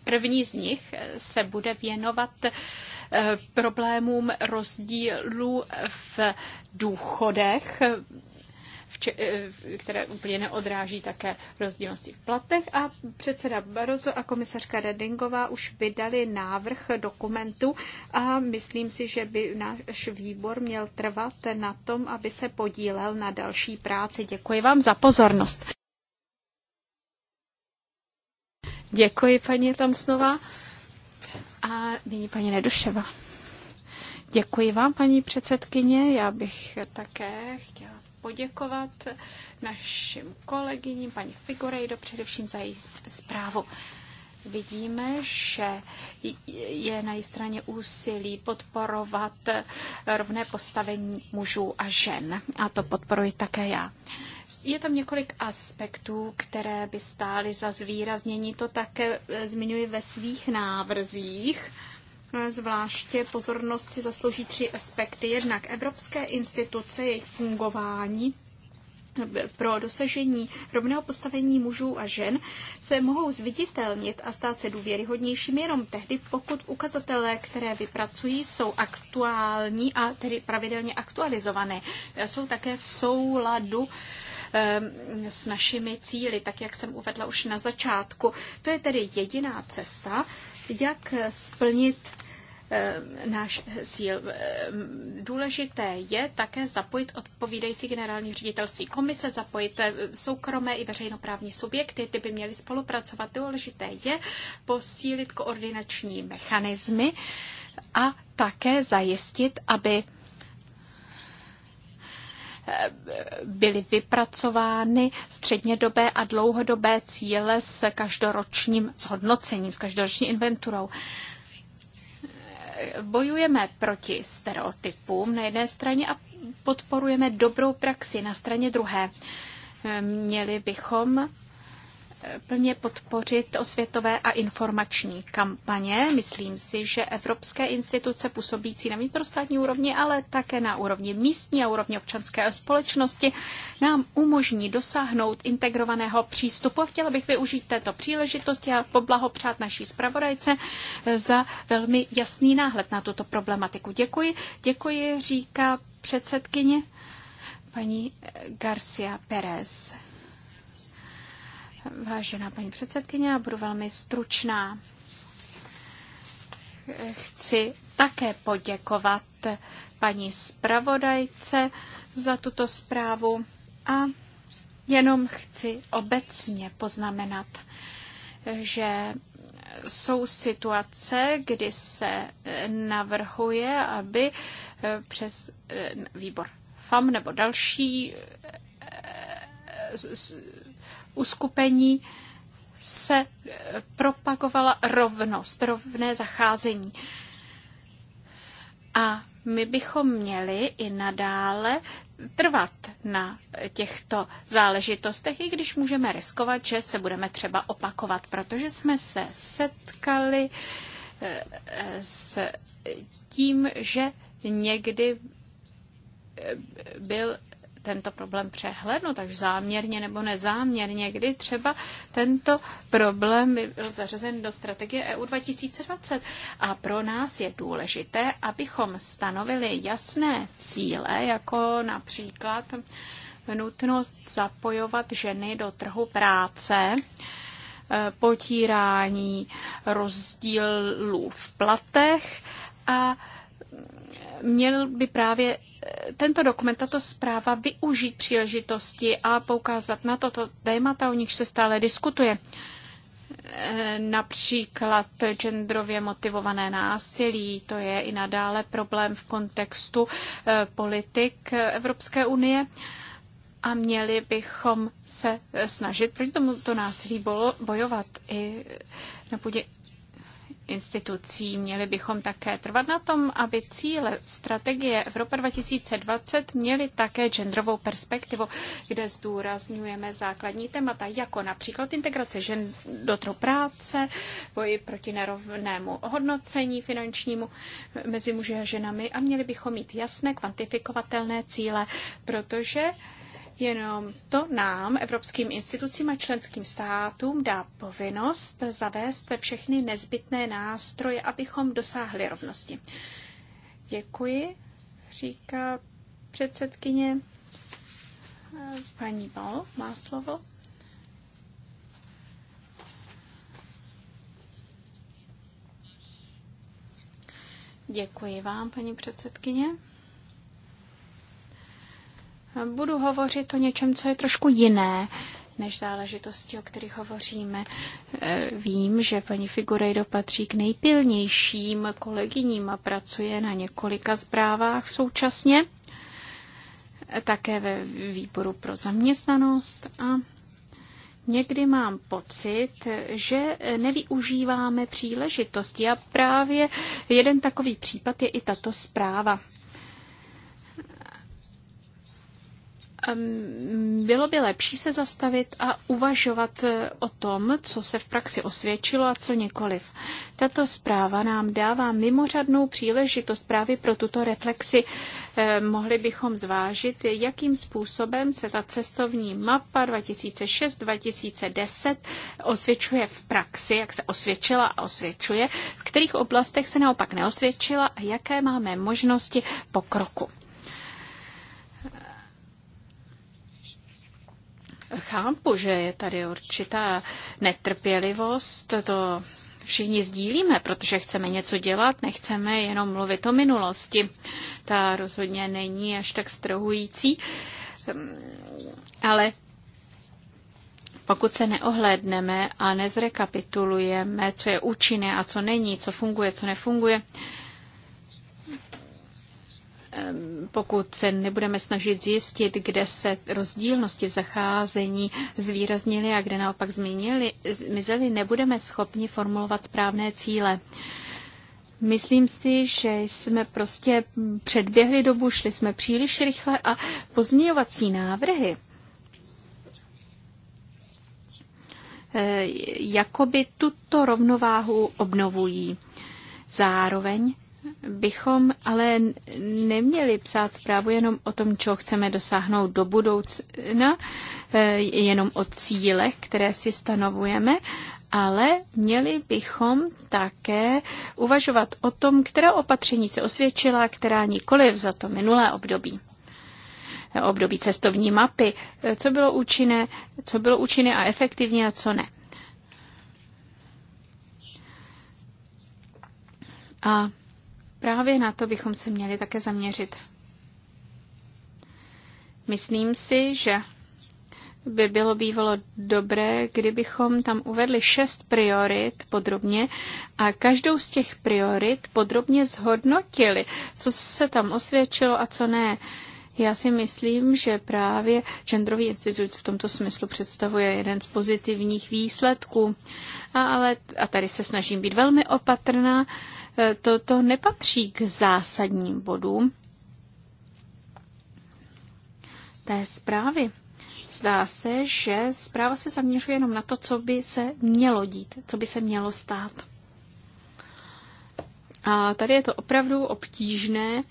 Speaker 3: První z nich se bude věnovat eh, problémům rozdílů v důchodech Eh, které úplně neodráží také rozdílnosti v platech. A předseda Barozo a komisařka Redingová už vydali návrh dokumentu a myslím si, že by náš výbor měl trvat na tom, aby se podílel na další práci. Děkuji vám za pozornost. Děkuji, paní Tomsnova. A nyní paní Neduševa. Děkuji vám, paní předsedkyně. Já bych také chtěla poděkovat našim kolegyním, paní Figurejdo, především za její zprávu. Vidíme, že je na její straně úsilí podporovat rovné postavení mužů a žen. A to podporuji také já. Je tam několik aspektů, které by stály za zvýraznění. To také zmiňuji ve svých návrzích. Zvláště pozornost si zaslouží tři aspekty. Jednak evropské instituce, jejich fungování, pro dosažení rovného postavení mužů a žen se mohou zviditelnit a stát se důvěryhodnějšími jenom tehdy, pokud ukazatelé, které vypracují, jsou aktuální a tedy pravidelně aktualizované. Jsou také v souladu ehm, s našimi cíly, tak jak jsem uvedla už na začátku. To je tedy jediná cesta, jak splnit eh, náš cíl, eh, Důležité je také zapojit odpovídající generální ředitelství komise, zapojit eh, soukromé i veřejnoprávní subjekty, ty by měly spolupracovat. Důležité je posílit koordinační mechanismy a také zajistit, aby byly vypracovány střednědobé a dlouhodobé cíle s každoročním zhodnocením, s každoroční inventurou bojujeme proti stereotypům na jedné straně a podporujeme dobrou praxi na straně druhé. Měli bychom plně podpořit osvětové a informační kampaně. Myslím si, že evropské instituce působící na vnitrostátní úrovni, ale také na úrovni místní a úrovni občanské společnosti nám umožní dosáhnout integrovaného přístupu. Chtěla bych využít této příležitosti a poblahopřát naší zpravodajce za velmi jasný náhled na tuto problematiku. Děkuji, děkuji, říká předsedkyně paní Garcia Pérez. Vážená paní předsedkyně, já budu velmi stručná. Chci také poděkovat paní zpravodajce za tuto zprávu a jenom chci obecně poznamenat, že jsou situace, kdy se navrhuje, aby přes výbor FAM nebo další uskupení se eh, propagovala rovnost, rovné zacházení. A my bychom měli i nadále trvat na těchto záležitostech, i když můžeme riskovat, že se budeme třeba opakovat, protože jsme se setkali eh, s tím, že někdy eh, byl tento problém přehlednu, takže záměrně nebo nezáměrně, kdy třeba tento problém byl zařazen do strategie EU 2020. A pro nás je důležité, abychom stanovili jasné cíle, jako například nutnost zapojovat ženy do trhu práce, potírání rozdílů v platech a měl by právě tento dokument, tato zpráva využít příležitosti a poukázat na toto témata, o nich se stále diskutuje. Například genderově motivované násilí, to je i nadále problém v kontextu eh, politik Evropské unie a měli bychom se snažit proti tomuto násilí bojovat i na půdě institucí. Měli bychom také trvat na tom, aby cíle strategie Evropa 2020 měly také genderovou perspektivu, kde zdůrazňujeme základní témata, jako například integrace žen do trhu práce, boji proti nerovnému hodnocení finančnímu mezi muži a ženami a měli bychom mít jasné kvantifikovatelné cíle, protože Jenom to nám, evropským institucím a členským státům, dá povinnost zavést všechny nezbytné nástroje, abychom dosáhli rovnosti. Děkuji, říká předsedkyně. Paní Bal má slovo. Děkuji vám, paní předsedkyně. Budu hovořit o něčem, co je trošku jiné než záležitosti, o kterých hovoříme. E, vím, že paní Figurejdo patří k nejpilnějším kolegyním a pracuje na několika zprávách současně, také ve výboru pro zaměstnanost a Někdy mám pocit, že nevyužíváme příležitosti a právě jeden takový případ je i tato zpráva. Bylo by lepší se zastavit a uvažovat eh, o tom, co se v praxi osvědčilo a co nikoliv. Tato zpráva nám dává mimořadnou příležitost právě pro tuto reflexi. Eh, mohli bychom zvážit, jakým způsobem se ta cestovní mapa 2006-2010 osvědčuje v praxi, jak se osvědčila a osvědčuje, v kterých oblastech se naopak neosvědčila a jaké máme možnosti pokroku. Chápu, že je tady určitá netrpělivost, to všichni sdílíme, protože chceme něco dělat, nechceme jenom mluvit o minulosti. Ta rozhodně není až tak strohující, ale pokud se neohlédneme a nezrekapitulujeme, co je účinné a co není, co funguje, co nefunguje, pokud se nebudeme snažit zjistit, kde se rozdílnosti v zacházení zvýraznily a kde naopak zmínili, zmizely, nebudeme schopni formulovat správné cíle. Myslím si, že jsme prostě předběhli dobu, šli jsme příliš rychle a pozměňovací návrhy eh, jakoby tuto rovnováhu obnovují. Zároveň bychom ale neměli psát zprávu jenom o tom, čeho chceme dosáhnout do budoucna, eh, jenom o cílech, které si stanovujeme, ale měli bychom také uvažovat o tom, která opatření se osvědčila, která nikoliv za to minulé období eh, období cestovní mapy, eh, co bylo účinné, co bylo účinné a efektivní a co ne. A Právě na to bychom se měli také zaměřit. Myslím si, že by bylo bývalo dobré, kdybychom tam uvedli šest priorit podrobně a každou z těch priorit podrobně zhodnotili, co se tam osvědčilo a co ne. Já si myslím, že právě Genderový institut v tomto smyslu představuje jeden z pozitivních výsledků. A, ale, a tady se snažím být velmi opatrná, E, to, to nepatří k zásadním bodům té zprávy. Zdá se, že zpráva se zaměřuje jenom na to, co by se mělo dít, co by se mělo stát. A tady je to opravdu obtížné,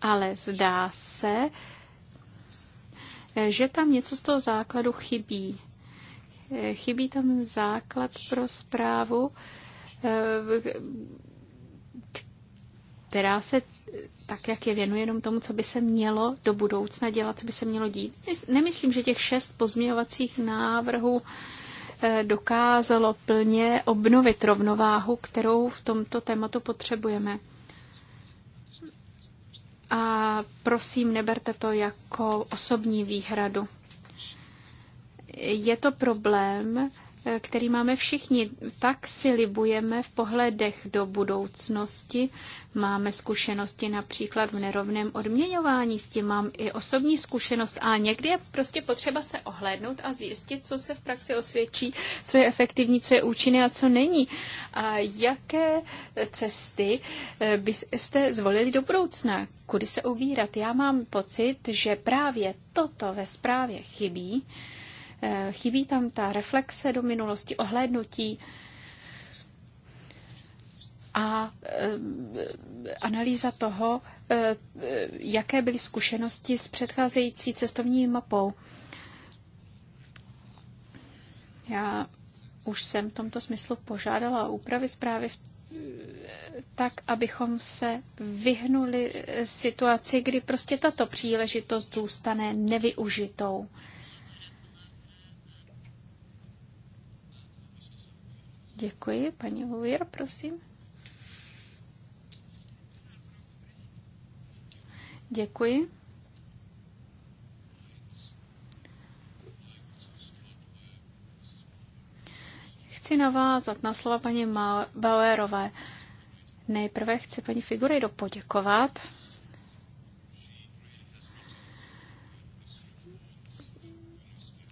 Speaker 3: ale zdá se, e, že tam něco z toho základu chybí. E, chybí tam základ pro zprávu, Eh, která se tak, jak je věnuje jenom tomu, co by se mělo do budoucna dělat, co by se mělo dít. Nemyslím, že těch šest pozměňovacích návrhů eh, dokázalo plně obnovit rovnováhu, kterou v tomto tématu potřebujeme. A prosím, neberte to jako osobní výhradu. Je to problém, Eh, který máme všichni. Tak si libujeme v pohledech do budoucnosti. Máme zkušenosti například v nerovném odměňování, s tím mám i osobní zkušenost a někdy je prostě potřeba se ohlédnout a zjistit, co se v praxi osvědčí, co je efektivní, co je účinné a co není. A jaké cesty eh, byste zvolili do budoucna, kudy se ubírat. Já mám pocit, že právě toto ve zprávě chybí, Eh, chybí tam ta reflexe do minulosti, ohlédnutí a eh, analýza toho, eh, jaké byly zkušenosti s předcházející cestovní mapou. Já už jsem v tomto smyslu požádala úpravy zprávy v tak, abychom se vyhnuli situaci, kdy prostě tato příležitost zůstane nevyužitou. Děkuji. Paní Uvěr, prosím. Děkuji. Chci navázat na slova paní Bauerové. Nejprve chci paní Figurejdo poděkovat.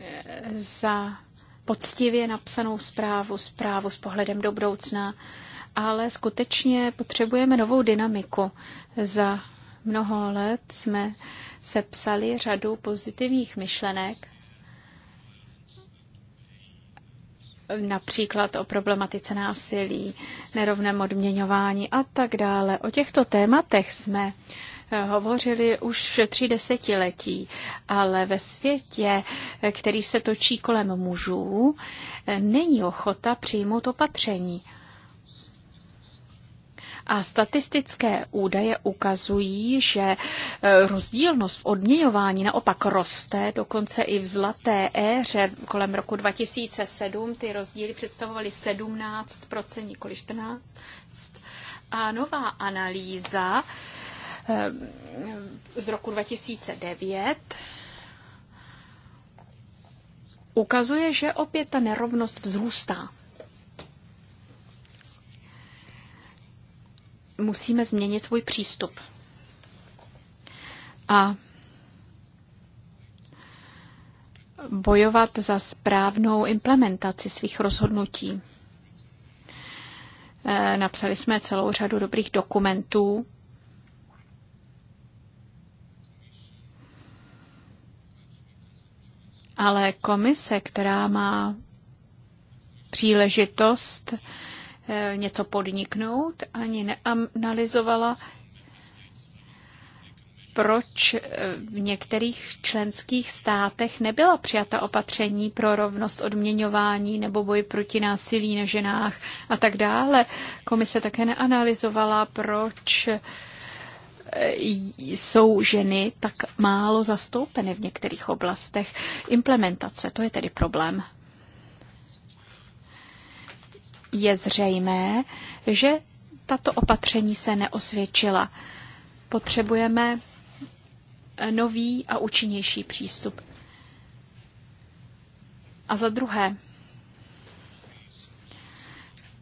Speaker 3: Eh, za poctivě napsanou zprávu, zprávu s pohledem do budoucna, ale skutečně potřebujeme novou dynamiku. Za mnoho let jsme sepsali řadu pozitivních myšlenek, například o problematice násilí, nerovném odměňování a tak dále. O těchto tématech jsme uh, hovořili už tři desetiletí, ale ve světě, který se točí kolem mužů, není ochota přijmout opatření. A statistické údaje ukazují, že e, rozdílnost v odměňování naopak roste, dokonce i v zlaté éře kolem roku 2007 ty rozdíly představovaly 17%, nikoli 14%. A nová analýza z roku 2009 ukazuje, že opět ta nerovnost vzrůstá. Musíme změnit svůj přístup. A bojovat za správnou implementaci svých rozhodnutí. E, napsali jsme celou řadu dobrých dokumentů ale komise, která má příležitost eh, něco podniknout, ani neanalizovala, proč eh, v některých členských státech nebyla přijata opatření pro rovnost odměňování nebo boj proti násilí na ženách a tak dále. Komise také neanalizovala, proč E, jsou ženy tak málo zastoupeny v některých oblastech. Implementace, to je tedy problém. Je zřejmé, že tato opatření se neosvědčila. Potřebujeme nový a účinnější přístup. A za druhé,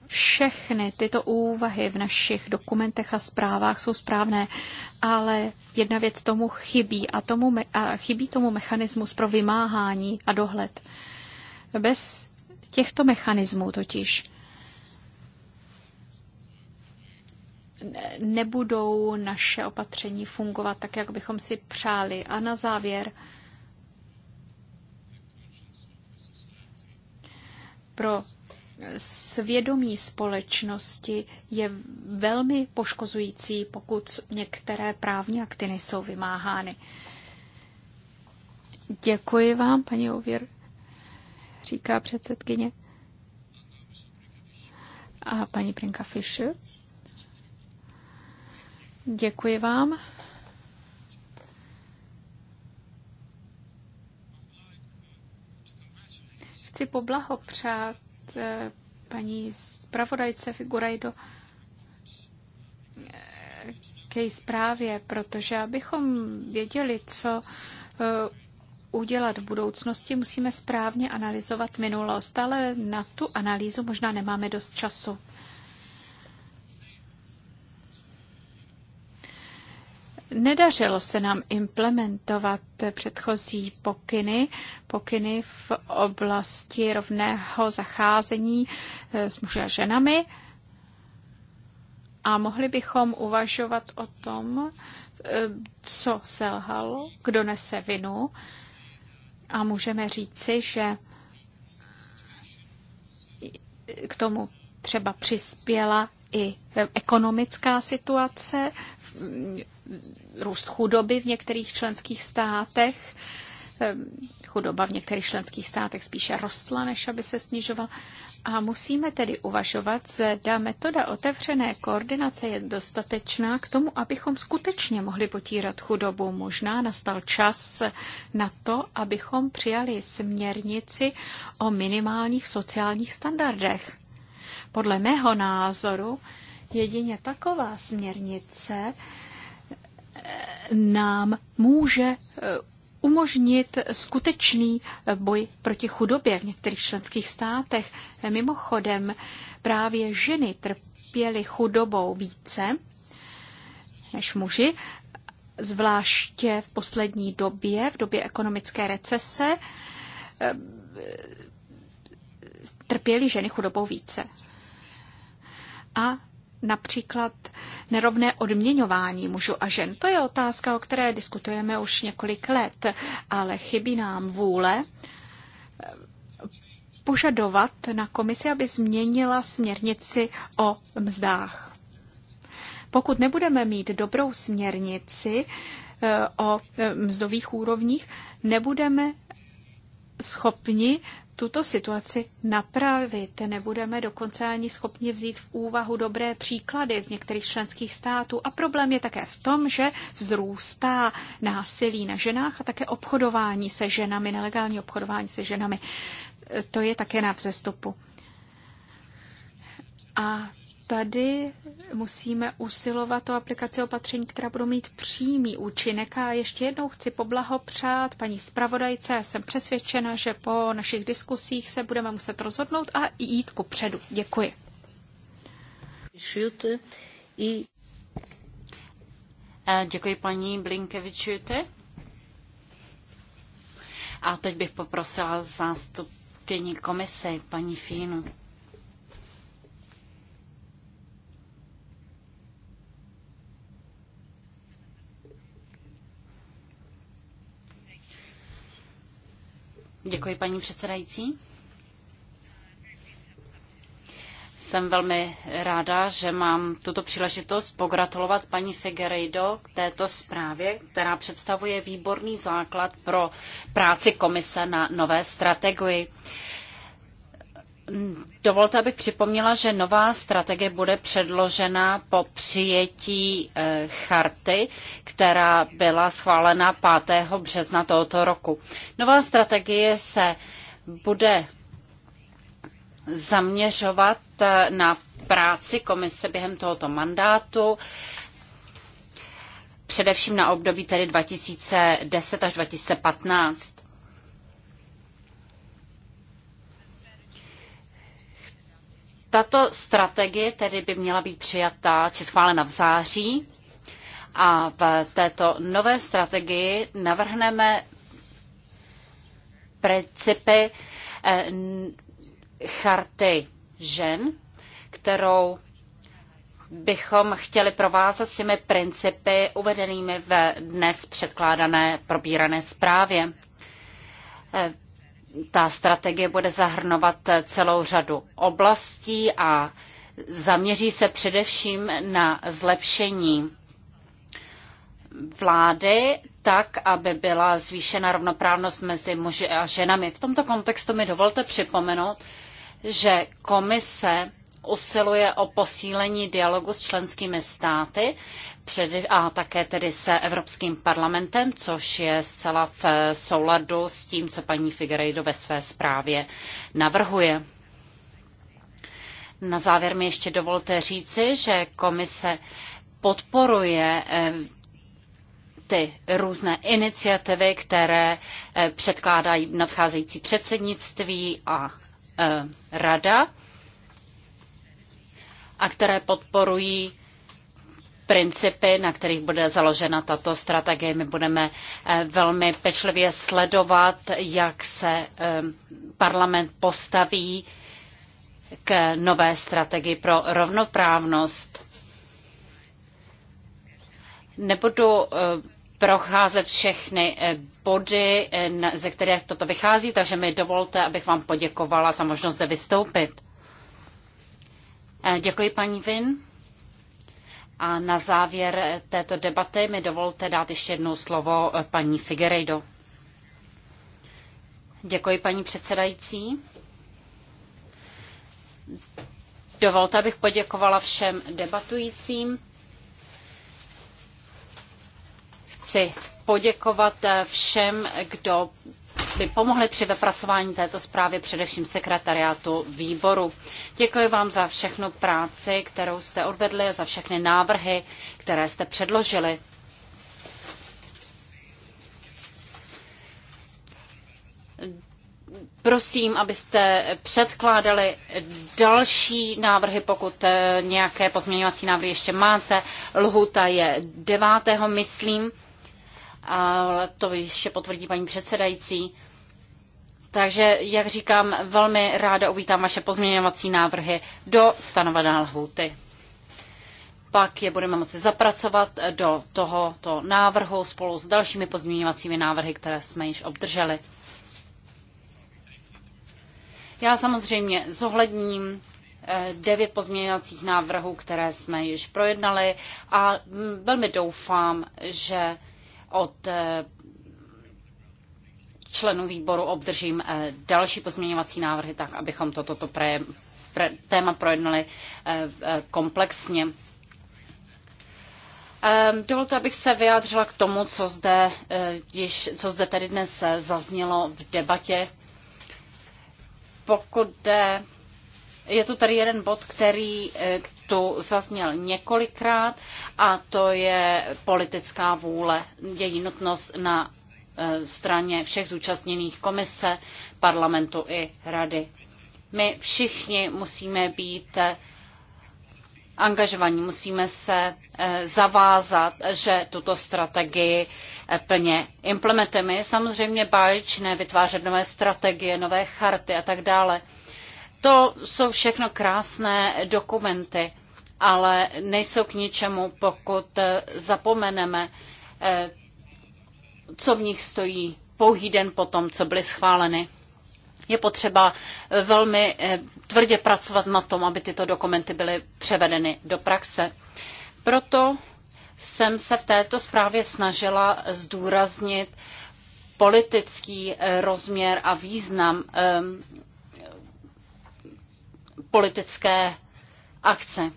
Speaker 3: všechny tyto úvahy v našich dokumentech a zprávách jsou správné, ale jedna věc tomu chybí a, tomu me- a chybí tomu mechanismus pro vymáhání a dohled. Bez těchto mechanismů totiž nebudou naše opatření fungovat tak, jak bychom si přáli. A na závěr pro svědomí společnosti je velmi poškozující, pokud některé právní akty nejsou vymáhány. Děkuji vám, paní Ověr, říká předsedkyně. A paní Prinka Fischer. Děkuji vám. Chci poblahopřát Eh, paní zpravodajce Figurajdo eh, k její zprávě, protože abychom věděli, co eh, udělat v budoucnosti, musíme správně analyzovat minulost, ale na tu analýzu možná nemáme dost času. Nedařilo se nám implementovat předchozí pokyny, pokyny v oblasti rovného zacházení eh, s muži a ženami. A mohli bychom uvažovat o tom, eh, co selhalo, kdo nese vinu. A můžeme říci, že k tomu třeba přispěla i ekonomická situace, růst chudoby v některých členských státech. Ehm, chudoba v některých členských státech spíše rostla, než aby se snižovala. A musíme tedy uvažovat, zda metoda otevřené koordinace je dostatečná k tomu, abychom skutečně mohli potírat chudobu. Možná nastal čas na to, abychom přijali směrnici o minimálních sociálních standardech. Podle mého názoru jedině taková směrnice eh, nám může eh, umožnit skutečný eh, boj proti chudobě v některých členských státech. Mimochodem, právě ženy trpěly chudobou více než muži, zvláště v poslední době, v době ekonomické recese, trpěly ženy chudobou více a například nerovné odměňování mužů a žen. To je otázka, o které diskutujeme už několik let, ale chybí nám vůle eh, požadovat na komisi, aby změnila směrnici o mzdách. Pokud nebudeme mít dobrou směrnici eh, o eh, mzdových úrovních, nebudeme schopni tuto situaci napravit. Nebudeme dokonce ani schopni vzít v úvahu dobré příklady z některých členských států. A problém je také v tom, že vzrůstá násilí na ženách a také obchodování se ženami, nelegální obchodování se ženami. E, to je také na vzestupu. A tady musíme usilovat o aplikaci opatření, která budou mít přímý účinek. A ještě jednou chci poblahopřát paní zpravodajce. Jsem přesvědčena, že po našich diskusích se budeme muset rozhodnout a jít ku předu. Děkuji.
Speaker 2: Děkuji paní Blinkevičujte. A teď bych poprosila zástupkyni komise, paní Fínu. Děkuji, paní předsedající. Jsem velmi ráda, že mám tuto příležitost pogratulovat paní Figueiredo k této zprávě, která představuje výborný základ pro práci komise na nové strategii. Dovolte, abych připomněla, že nová strategie bude předložena po přijetí eh, charty, která byla schválena 5. března tohoto roku. Nová strategie se bude zaměřovat eh, na práci komise během tohoto mandátu, především na období tedy 2010 až 2015. Tato strategie tedy by měla být přijatá či schválena v září a v této nové strategii navrhneme principy eh, charty žen, kterou bychom chtěli provázat s těmi principy uvedenými ve dnes předkládané probírané zprávě. Eh, ta strategie bude zahrnovat celou řadu oblastí a zaměří se především na zlepšení vlády tak, aby byla zvýšena rovnoprávnost mezi muži a ženami. V tomto kontextu mi dovolte připomenout, že komise usiluje o posílení dialogu s členskými státy a také tedy se Evropským parlamentem, což je zcela v souladu s tím, co paní Figueiredo ve své zprávě navrhuje. Na závěr mi ještě dovolte říci, že komise podporuje eh, ty různé iniciativy, které eh, předkládají nadcházející předsednictví a eh, rada a které podporují principy, na kterých bude založena tato strategie. My budeme eh, velmi pečlivě sledovat, jak se eh, parlament postaví k nové strategii pro rovnoprávnost. Nebudu eh, procházet všechny body, ze kterých toto vychází, takže mi dovolte, abych vám poděkovala za možnost zde vystoupit. Eh, děkuji, paní Vin. A na závěr této debaty mi dovolte dát ještě jednou slovo eh, paní Figueiredo. Děkuji, paní předsedající. Dovolte, abych poděkovala všem debatujícím. Chci poděkovat eh, všem, kdo by pomohli při vypracování této zprávy především sekretariátu výboru. Děkuji vám za všechnu práci, kterou jste odvedli, za všechny návrhy, které jste předložili. Prosím, abyste předkládali další návrhy, pokud eh, nějaké pozměňovací návrhy ještě máte. Lhuta je 9. myslím, ale to ještě potvrdí paní předsedající. Takže, jak říkám, velmi ráda uvítám vaše pozměňovací návrhy do stanovené lhůty. Pak je budeme moci zapracovat do tohoto návrhu spolu s dalšími pozměňovacími návrhy, které jsme již obdrželi. Já samozřejmě zohledním eh, devět pozměňovacích návrhů, které jsme již projednali a mm, velmi doufám, že od eh, členů výboru obdržím eh, další pozměňovací návrhy, tak abychom toto to pre, pre, téma projednali eh, eh, komplexně. Ehm, dovolte, abych se vyjádřila k tomu, co zde, již, co zde tedy dnes zaznělo v debatě. Pokud jde, je tu tady jeden bod, který tu zazněl několikrát, a to je politická vůle, její nutnost na Eh, straně všech zúčastněných komise, parlamentu i rady. My všichni musíme být eh, angažovaní, musíme se eh, zavázat, že tuto strategii plně implementujeme. Je samozřejmě báječné vytvářet nové strategie, nové charty a tak dále. To jsou všechno krásné dokumenty, ale nejsou k ničemu, pokud zapomeneme co v nich stojí pouhý den po tom, co byly schváleny. Je potřeba eh, velmi eh, tvrdě pracovat na tom, aby tyto dokumenty byly převedeny do praxe. Proto jsem se v této zprávě snažila zdůraznit politický eh, rozměr a význam ehm, politické akce.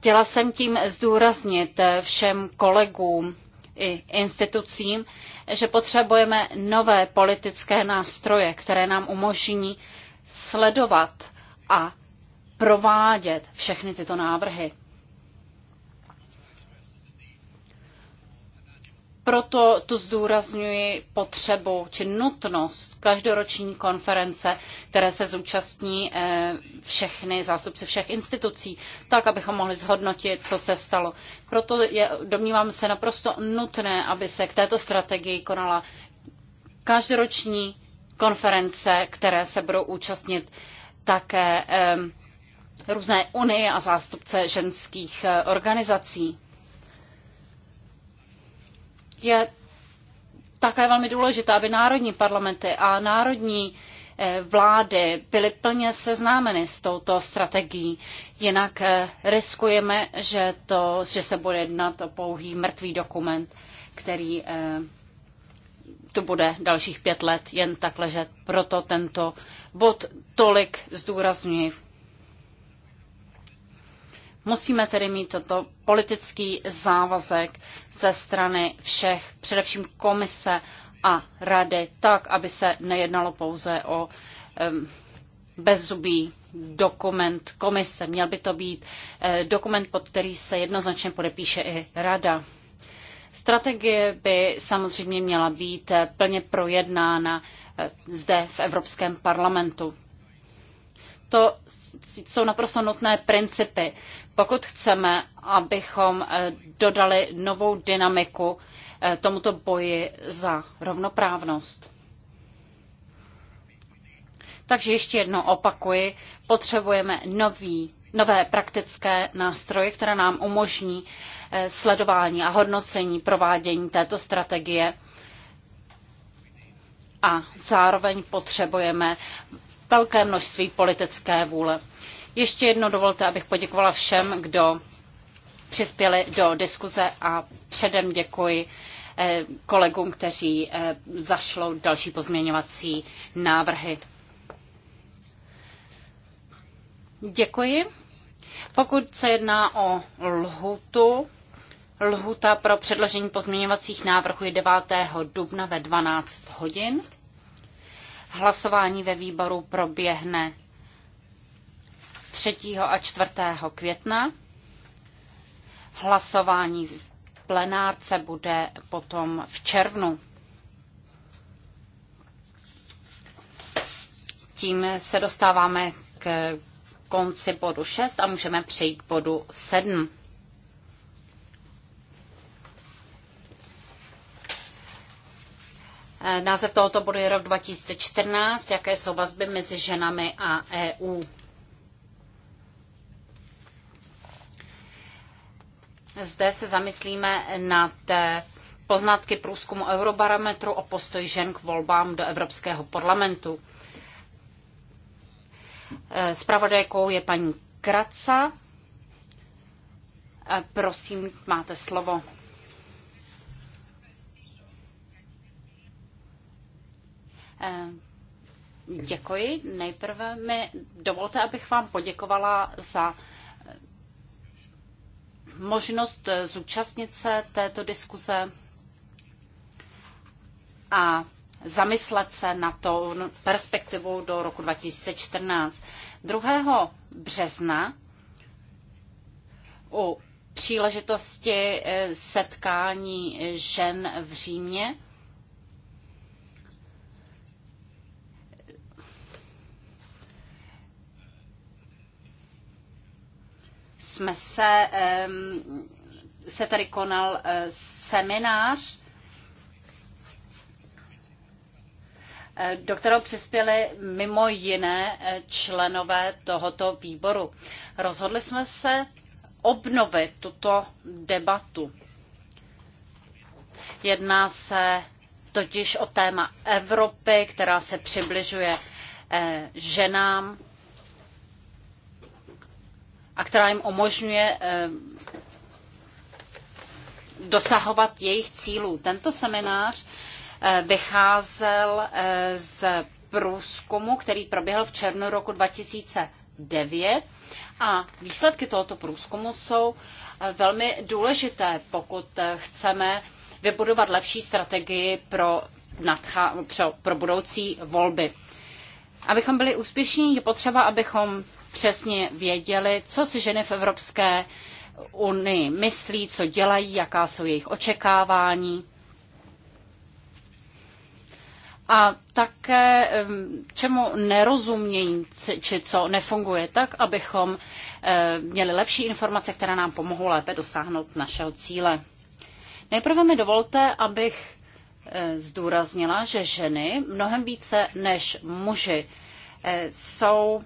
Speaker 2: Chtěla jsem tím zdůraznit všem kolegům, i institucím, že potřebujeme nové politické nástroje, které nám umožní sledovat a provádět všechny tyto návrhy. Proto tu zdůrazňuji potřebu či nutnost každoroční konference, které se zúčastní eh, všechny zástupci všech institucí, tak, abychom mohli zhodnotit, co se stalo. Proto je, domnívám se naprosto nutné, aby se k této strategii konala každoroční konference, které se budou účastnit také eh, různé unie a zástupce ženských eh, organizací je také velmi důležité, aby národní parlamenty a národní eh, vlády byly plně seznámeny s touto strategií. Jinak eh, riskujeme, že, to, že se bude jednat o pouhý mrtvý dokument, který eh, to bude dalších pět let jen tak ležet. Proto tento bod tolik zdůrazňuji Musíme tedy mít toto politický závazek ze strany všech, především komise a rady, tak, aby se nejednalo pouze o um, bezzubý dokument komise. Měl by to být eh, dokument, pod který se jednoznačně podepíše i rada. Strategie by samozřejmě měla být eh, plně projednána eh, zde v Evropském parlamentu. To jsou naprosto nutné principy. Pokud chceme, abychom eh, dodali novou dynamiku eh, tomuto boji za rovnoprávnost. Takže ještě jednou opakuji, potřebujeme nový, nové praktické nástroje, které nám umožní eh, sledování a hodnocení provádění této strategie. A zároveň potřebujeme velké množství politické vůle. Ještě jednou dovolte, abych poděkovala všem, kdo přispěli do diskuze a předem děkuji eh, kolegům, kteří eh, zašlou další pozměňovací návrhy. Děkuji. Pokud se jedná o lhutu, lhuta pro předložení pozměňovacích návrhů je 9. dubna ve 12 hodin. Hlasování ve výboru proběhne 3. a 4. května. Hlasování v plenárce bude potom v červnu. Tím se dostáváme k konci bodu 6 a můžeme přejít k bodu 7. Název tohoto bodu je rok 2014, jaké jsou vazby mezi ženami a EU. Zde se zamyslíme nad eh, poznatky průzkumu Eurobarometru o postoj žen k volbám do Evropského parlamentu. Spravodajkou eh, je paní Kraca. Eh, prosím, máte slovo. Děkuji. Nejprve mi dovolte, abych vám poděkovala za možnost eh, zúčastnit se této diskuze a zamyslet se na to perspektivu do roku 2014. 2. března u příležitosti eh, setkání žen v Římě jsme se, se tady konal eh, seminář, eh, do kterého přispěli mimo jiné eh, členové tohoto výboru. Rozhodli jsme se obnovit tuto debatu. Jedná se totiž o téma Evropy, která se přibližuje ženám a která jim umožňuje eh, dosahovat jejich cílů. Tento seminář eh, vycházel eh, z průzkumu, který proběhl v červnu roku 2009 a výsledky tohoto průzkumu jsou velmi důležité, pokud chceme vybudovat lepší strategii pro, nadchá, pro, pro budoucí volby. Abychom byli úspěšní, je potřeba, abychom přesně věděli, co si ženy v Evropské unii myslí, co dělají, jaká jsou jejich očekávání. A také čemu nerozumějí, či co nefunguje tak, abychom eh, měli lepší informace, které nám pomohou lépe dosáhnout našeho cíle. Nejprve mi dovolte, abych eh, zdůraznila, že ženy mnohem více než muži eh, jsou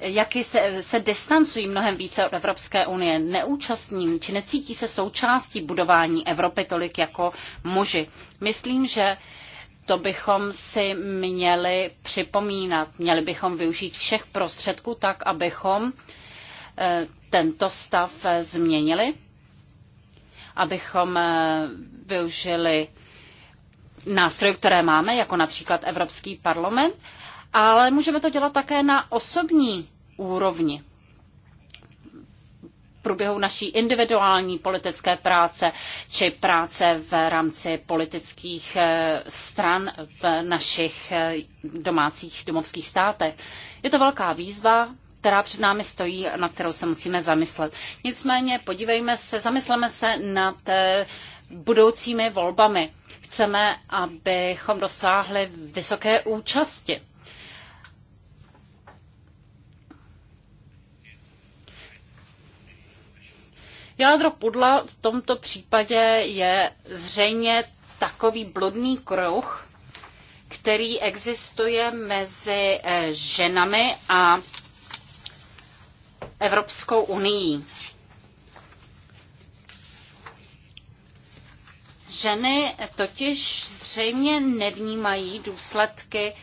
Speaker 2: jaký se, se distancují mnohem více od Evropské unie, neúčastní či necítí se součástí budování Evropy tolik jako muži. Myslím, že to bychom si měli připomínat. Měli bychom využít všech prostředků tak, abychom eh, tento stav eh, změnili, abychom eh, využili nástroj, které máme, jako například Evropský parlament, ale můžeme to dělat také na osobní úrovni průběhu naší individuální politické práce či práce v rámci politických eh, stran v našich eh, domácích domovských státech. Je to velká výzva, která před námi stojí, na kterou se musíme zamyslet. Nicméně podívejme se, zamysleme se nad eh, budoucími volbami. Chceme, abychom dosáhli vysoké účasti. Jádro pudla v tomto případě je zřejmě takový bludný kruh, který existuje mezi eh, ženami a Evropskou unii. Ženy totiž zřejmě nevnímají důsledky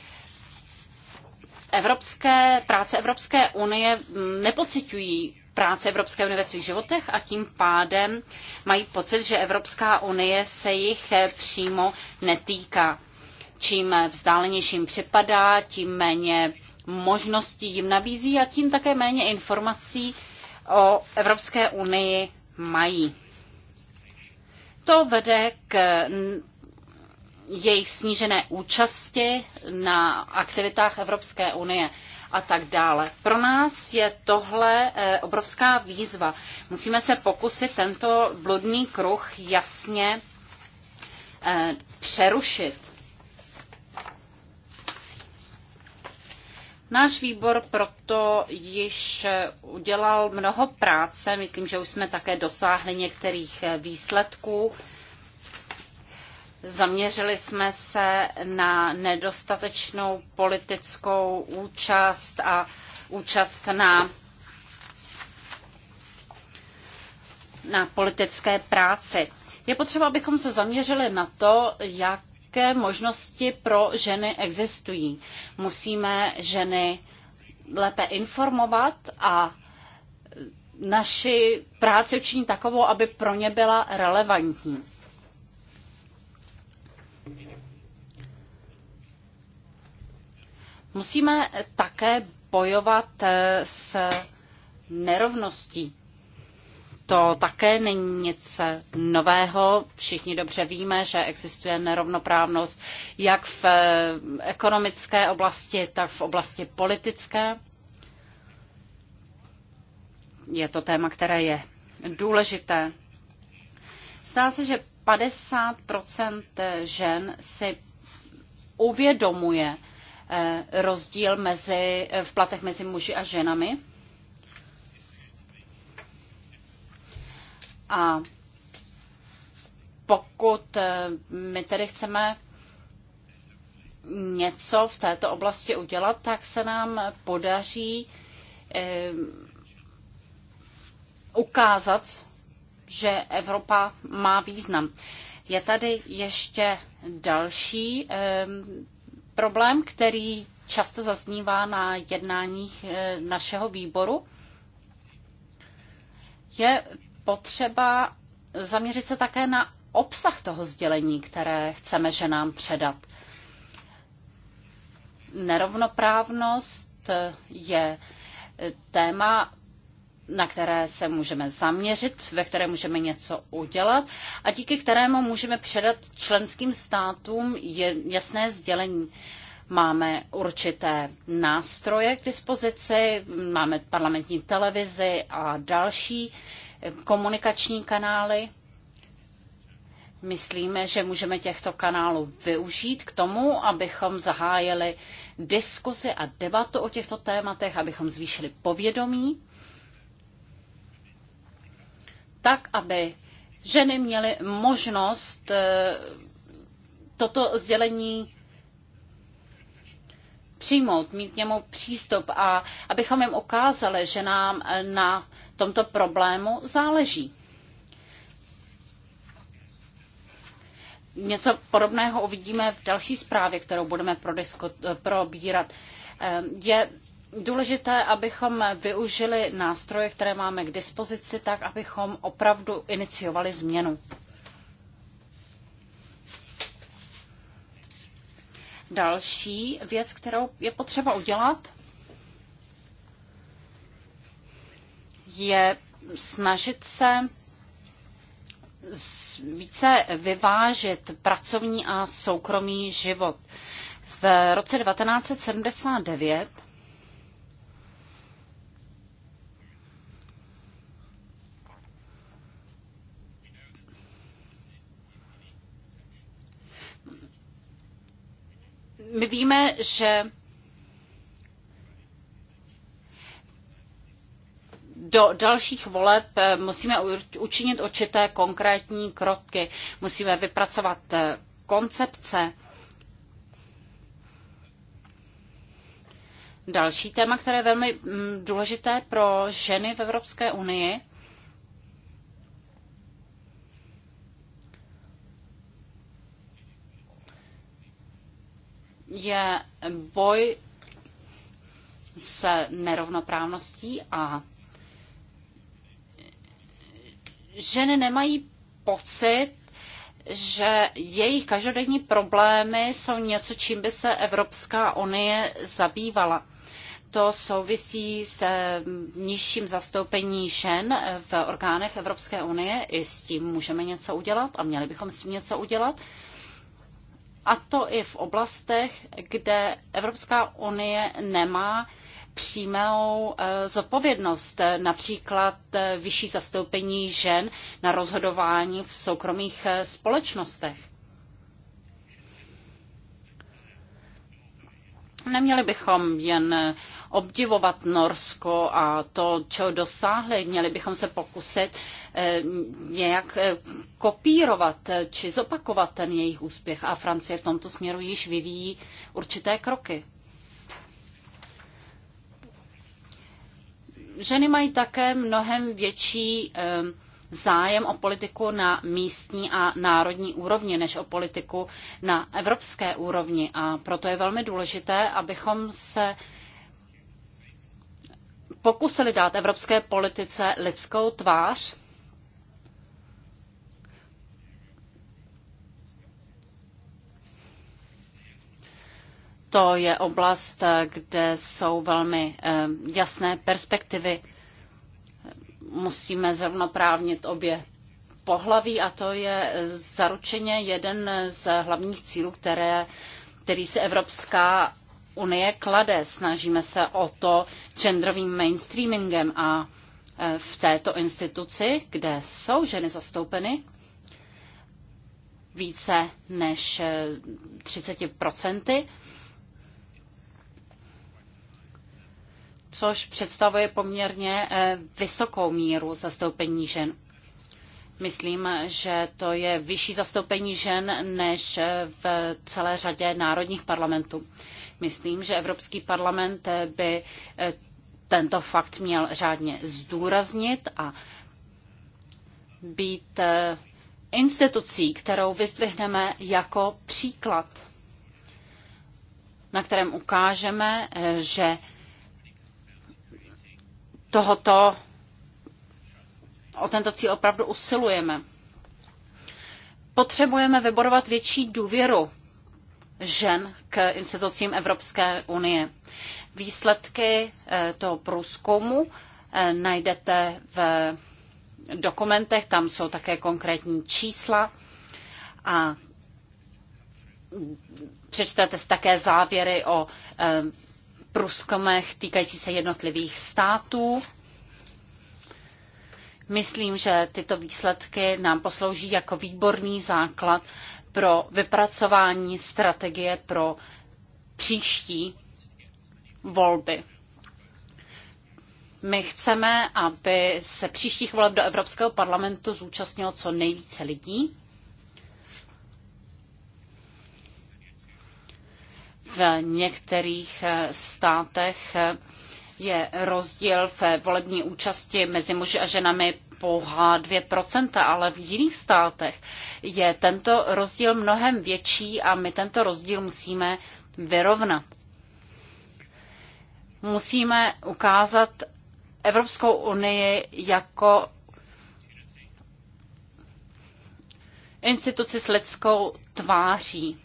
Speaker 2: evropské, práce Evropské unie, nepocitují práce Evropské unie ve svých životech a tím pádem mají pocit, že Evropská unie se jich eh, přímo netýká. Čím vzdálenějším připadá, tím méně možností jim nabízí a tím také méně informací o Evropské unii mají. To vede k jejich snížené účasti na aktivitách Evropské unie a tak dále. Pro nás je tohle eh, obrovská výzva. Musíme se pokusit tento bludný kruh jasně eh, přerušit. Náš výbor proto již eh, udělal mnoho práce, myslím, že už jsme také dosáhli některých výsledků. Zaměřili jsme se na nedostatečnou politickou účast a účast na, na politické práci. Je potřeba, abychom se zaměřili na to, jak jaké možnosti pro ženy existují. Musíme ženy lépe informovat a naši práci učinit takovou, aby pro ně byla relevantní. Musíme také bojovat eh, s nerovností. To také není nic nového. Všichni dobře víme, že existuje nerovnoprávnost jak v eh, ekonomické oblasti, tak v oblasti politické. Je to téma, které je důležité. Zdá se, že 50 žen si uvědomuje, Eh, rozdíl mezi, eh, v platech mezi muži a ženami. A pokud eh, my tedy chceme něco v této oblasti udělat, tak se nám podaří ukázat, že Evropa má význam. Je tady ještě další Problém, který často zaznívá na jednáních eh, našeho výboru, je potřeba zaměřit se také na obsah toho sdělení, které chceme ženám předat. Nerovnoprávnost eh, je eh, téma, na které se můžeme zaměřit, ve které můžeme něco udělat a díky kterému můžeme předat členským státům jasné sdělení. Máme určité nástroje k dispozici, máme parlamentní televizi a další komunikační kanály. Myslíme, že můžeme těchto kanálů využít k tomu, abychom zahájili diskuzi a debatu o těchto tématech, abychom zvýšili povědomí tak, aby ženy měly možnost eh, toto sdělení přijmout, mít k němu přístup a abychom jim ukázali, že nám eh, na tomto problému záleží. Něco podobného uvidíme v další zprávě, kterou budeme eh, probírat. Je důležité, abychom využili nástroje, které máme k dispozici, tak, abychom opravdu iniciovali změnu. Další věc, kterou je potřeba udělat, je snažit se více vyvážit pracovní a soukromý život. V roce 1979 My víme, že do dalších voleb eh, musíme učinit určité konkrétní kroky. Musíme vypracovat eh, koncepce. Další téma, které je velmi mm, důležité pro ženy v Evropské unii, je boj se nerovnoprávností a ženy nemají pocit, že jejich každodenní problémy jsou něco, čím by se Evropská unie zabývala. To souvisí s eh, nižším zastoupení žen v orgánech Evropské unie. I s tím můžeme něco udělat a měli bychom s tím něco udělat a to i v oblastech, kde Evropská unie nemá přímou eh, zodpovědnost, například eh, vyšší zastoupení žen na rozhodování v soukromých eh, společnostech. Neměli bychom jen obdivovat Norsko a to, co dosáhli. Měli bychom se pokusit eh, nějak eh, kopírovat eh, či zopakovat ten jejich úspěch. A Francie v tomto směru již vyvíjí určité kroky. Ženy mají také mnohem větší zájem o politiku na místní a národní úrovni než o politiku na evropské úrovni. A proto je velmi důležité, abychom se pokusili dát evropské politice lidskou tvář. To je oblast, kde jsou velmi eh, jasné perspektivy musíme zrovnoprávnit obě pohlaví a to je zaručeně jeden z hlavních cílů, které, který se Evropská unie klade. Snažíme se o to genderovým mainstreamingem a e, v této instituci, kde jsou ženy zastoupeny, více než 30%, e, což představuje poměrně eh, vysokou míru zastoupení žen. Myslím, že to je vyšší zastoupení žen než eh, v celé řadě národních parlamentů. Myslím, že Evropský parlament eh, by tento fakt měl řádně zdůraznit a být institucí, kterou vyzdvihneme jako příklad, na kterém ukážeme, že tohoto, o tento cíl opravdu usilujeme. Potřebujeme vyborovat větší důvěru žen k institucím Evropské unie. Výsledky eh, toho průzkumu eh, najdete v dokumentech, tam jsou také konkrétní čísla a přečtete také závěry o eh, průzkumech týkající se jednotlivých států. Myslím, že tyto výsledky nám poslouží jako výborný základ pro vypracování strategie pro příští volby. My chceme, aby se příštích voleb do Evropského parlamentu zúčastnilo co nejvíce lidí. v některých eh, státech eh, je rozdíl v volební účasti mezi muži a ženami pouhá 2%, ale v jiných státech je tento rozdíl mnohem větší a my tento rozdíl musíme vyrovnat. Musíme ukázat Evropskou unii jako instituci s lidskou tváří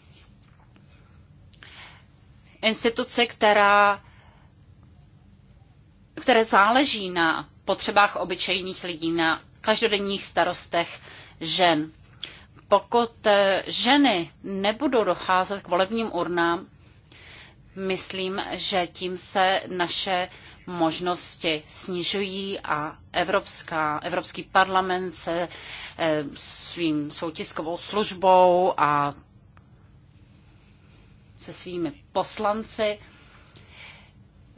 Speaker 2: instituci, která, které záleží na potřebách obyčejných lidí, na každodenních starostech žen. Pokud eh, ženy nebudou docházet k volebním urnám, myslím, že tím se naše možnosti snižují a Evropská, Evropský parlament se eh, svým svou tiskovou službou a se svými poslanci,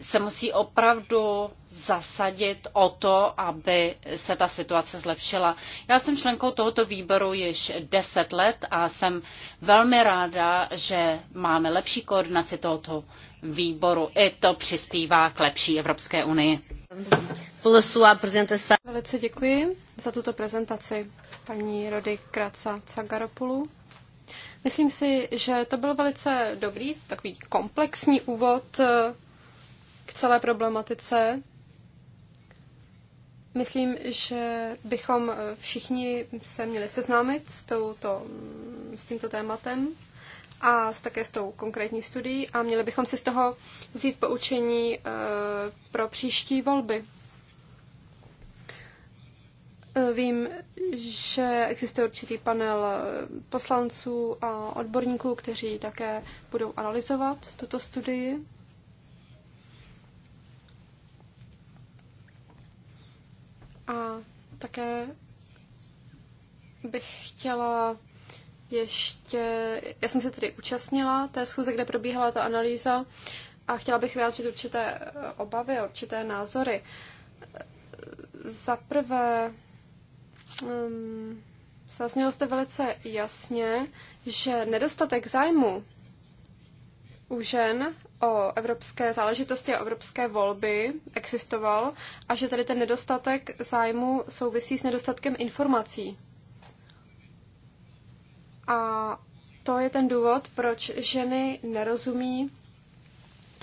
Speaker 2: se musí opravdu zasadit o to, aby se ta situace zlepšila. Já jsem členkou tohoto výboru již 10 let a jsem velmi ráda, že máme lepší koordinaci tohoto výboru. I to přispívá k lepší Evropské unii.
Speaker 1: Velice děkuji za tuto prezentaci paní Rody Kraca Cagaropulu. Myslím si, že to byl velice dobrý, takový komplexní úvod eh, k celé problematice. Myslím, že bychom eh, všichni se měli seznámit s, touto, mm, s tímto tématem a s, také s tou konkrétní studií a měli bychom si z toho vzít poučení eh, pro příští volby. Vím, že existuje určitý panel eh, poslanců a odborníků, kteří také budou analyzovat tuto studii. A také bych chtěla ještě... Já jsem se tedy účastnila té schůze, kde probíhala ta analýza a chtěla bych vyjádřit určité eh, obavy, určité názory. Za prvé, um, zaznělo jste velice jasně, že nedostatek zájmu u žen o evropské záležitosti a evropské volby existoval a že tady ten nedostatek zájmu souvisí s nedostatkem informací. A to je ten důvod, proč ženy nerozumí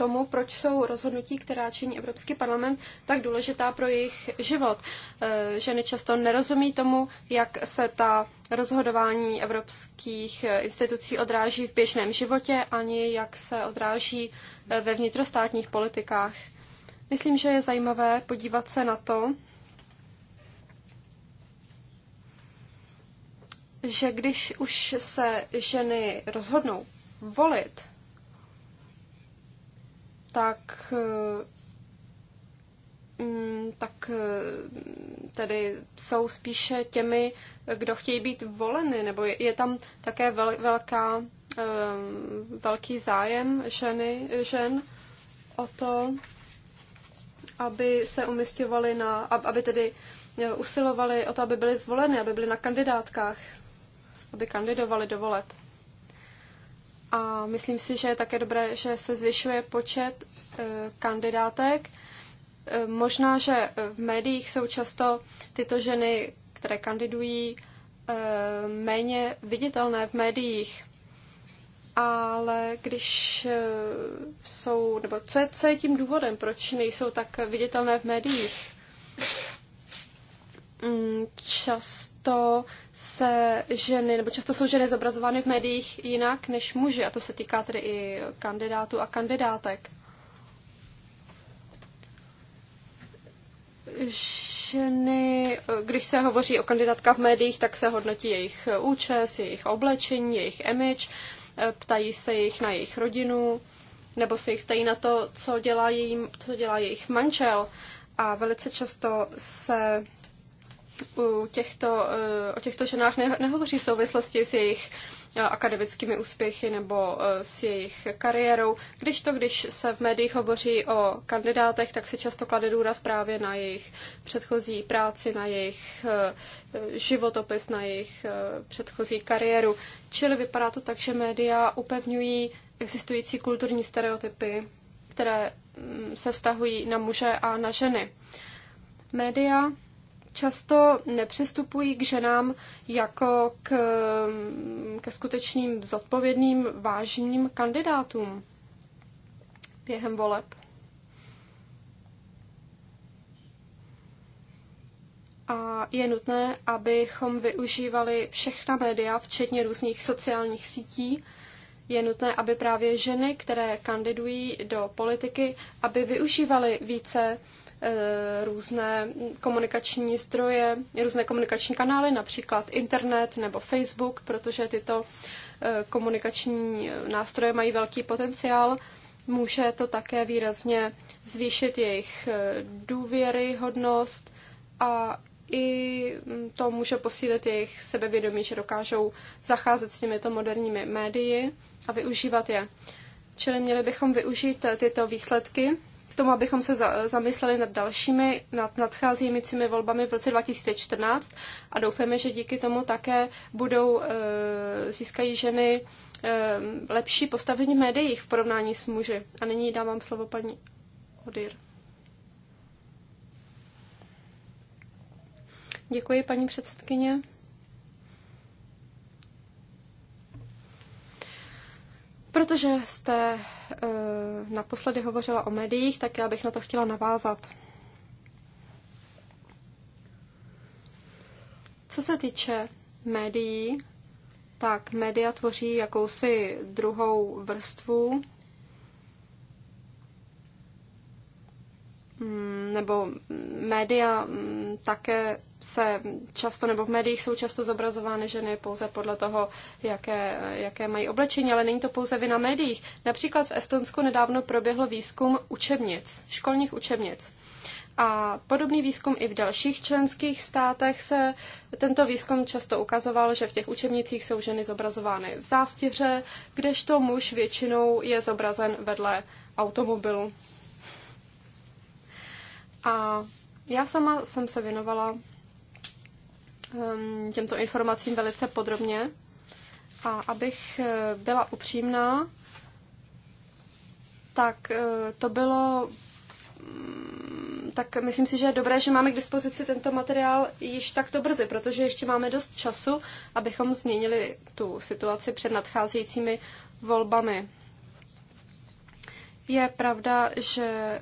Speaker 1: tomu, proč jsou rozhodnutí, která činí Evropský parlament, tak důležitá pro jejich život. Eh, ženy často nerozumí tomu, jak se ta rozhodování evropských eh, institucí odráží v běžném životě, ani jak se odráží eh, ve vnitrostátních politikách. Myslím, že je zajímavé podívat se na to, že když už se ženy rozhodnou volit, tak eh, mm, tak eh, tedy jsou spíše těmi, kdo chtějí být voleny, nebo je, je tam také vel, velká, eh, velký zájem ženy, žen o to, aby se umistěvali na, aby tedy usilovali o to, aby byly zvoleny, aby byly na kandidátkách, aby kandidovali do voleb. A myslím si, že je také dobré, že se zvyšuje počet eh, kandidátek. Eh, možná, že eh, v médiích jsou často tyto ženy, které kandidují, méně viditelné v médiích. Ale když jsou, nebo co je, co je tím důvodem, proč nejsou tak viditelné v médiích? Mm, často se ženy, nebo často jsou ženy zobrazovány v médiích jinak než muži, a to se týká tedy i kandidátů a kandidátek. Ženy, když se hovoří o kandidátkách v médiích, tak se hodnotí jejich účes, jejich oblečení, jejich image, ptají se jich na jejich rodinu, nebo se jich ptají na to, co dělá, jejím, co dělá jejich manžel. A velice často se u těchto, eh, o těchto ženách nehovoří v souvislosti s jejich eh, akademickými úspěchy nebo eh, s jejich kariérou. Když to, když se v médiích hovoří o kandidátech, tak se často klade důraz právě na jejich předchozí práci, na jejich životopis, na jejich předchozí kariéru. Čili vypadá to tak, že média upevňují existující kulturní stereotypy, které mm, se vztahují na muže a na ženy. Média často nepřistupují k ženám jako k, ke skutečným zodpovědným, vážným kandidátům během voleb. A je nutné, abychom využívali všechna média, včetně různých sociálních sítí. Je nutné, aby právě ženy, které kandidují do politiky, aby využívaly více Eh, různé komunikační zdroje, různé komunikační kanály, například internet nebo Facebook, protože tyto eh, komunikační eh, nástroje mají velký potenciál. Může to také výrazně zvýšit jejich důvěryhodnost a i mm, to může posílit jejich sebevědomí, že dokážou zacházet s těmito moderními médii a využívat je. Čili měli bychom využít tyto výsledky k tomu, abychom se za, zamysleli nad dalšími, nad nadcházejícími volbami v roce 2014 a doufáme, že díky tomu také budou, e, získají ženy e, lepší postavení v médiích v porovnání s muži. A nyní dávám slovo paní Odir. Děkuji, paní předsedkyně. Protože jste uh, naposledy hovořila o médiích, tak já bych na to chtěla navázat. Co se týče médií, tak média tvoří jakousi druhou vrstvu. Hmm nebo média mm, také se často, nebo v médiích jsou často zobrazovány ženy pouze podle toho, jaké, jaké mají oblečení, ale není to pouze vina médiích. Například v Estonsku nedávno proběhl výzkum učebnic, školních učebnic. A podobný výzkum i v dalších členských státech se tento výzkum často ukazoval, že v těch učebnicích jsou ženy zobrazovány v zástěře, kdežto muž většinou je zobrazen vedle automobilu a já sama jsem se věnovala ehm, těmto informacím velice podrobně. A abych eh, byla upřímná, tak eh, to bylo mm, tak myslím si, že je dobré, že máme k dispozici tento materiál již takto brzy, protože ještě máme dost času, abychom změnili tu situaci před nadcházejícími volbami. Je pravda, že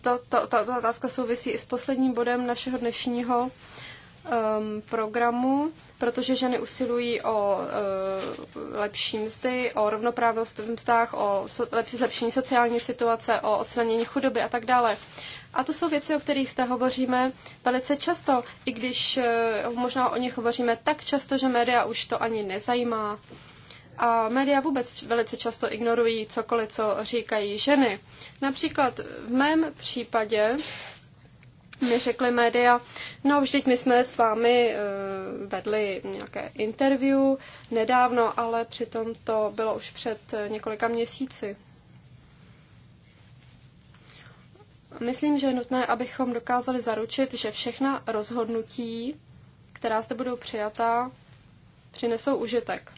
Speaker 1: to, to, tato otázka souvisí i s posledním bodem našeho dnešního um, programu, protože ženy usilují o uh, lepší mzdy, o rovnoprávnost v mzdách, o so, lepší, zlepšení sociální situace, o odstranění chudoby a tak dále. A to jsou věci, o kterých zde hovoříme velice často, i když uh, možná o nich hovoříme tak často, že média už to ani nezajímá a média vůbec velice často ignorují cokoliv, co říkají ženy. Například v mém případě mi řekly média, no vždyť my jsme s vámi eh, vedli nějaké interview nedávno, ale přitom to bylo už před eh, několika měsíci. Myslím, že je nutné, abychom dokázali zaručit, že všechna rozhodnutí, která zde budou přijatá, přinesou užitek.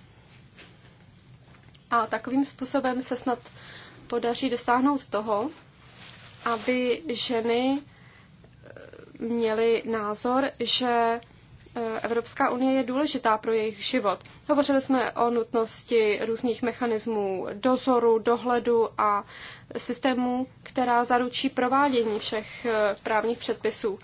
Speaker 1: A takovým způsobem se snad podaří dosáhnout toho, aby ženy eh, měly názor, že eh, Evropská unie je důležitá pro jejich život. Hovořili jsme o nutnosti různých mechanismů dozoru, dohledu a systému, která zaručí provádění všech eh, právních předpisů.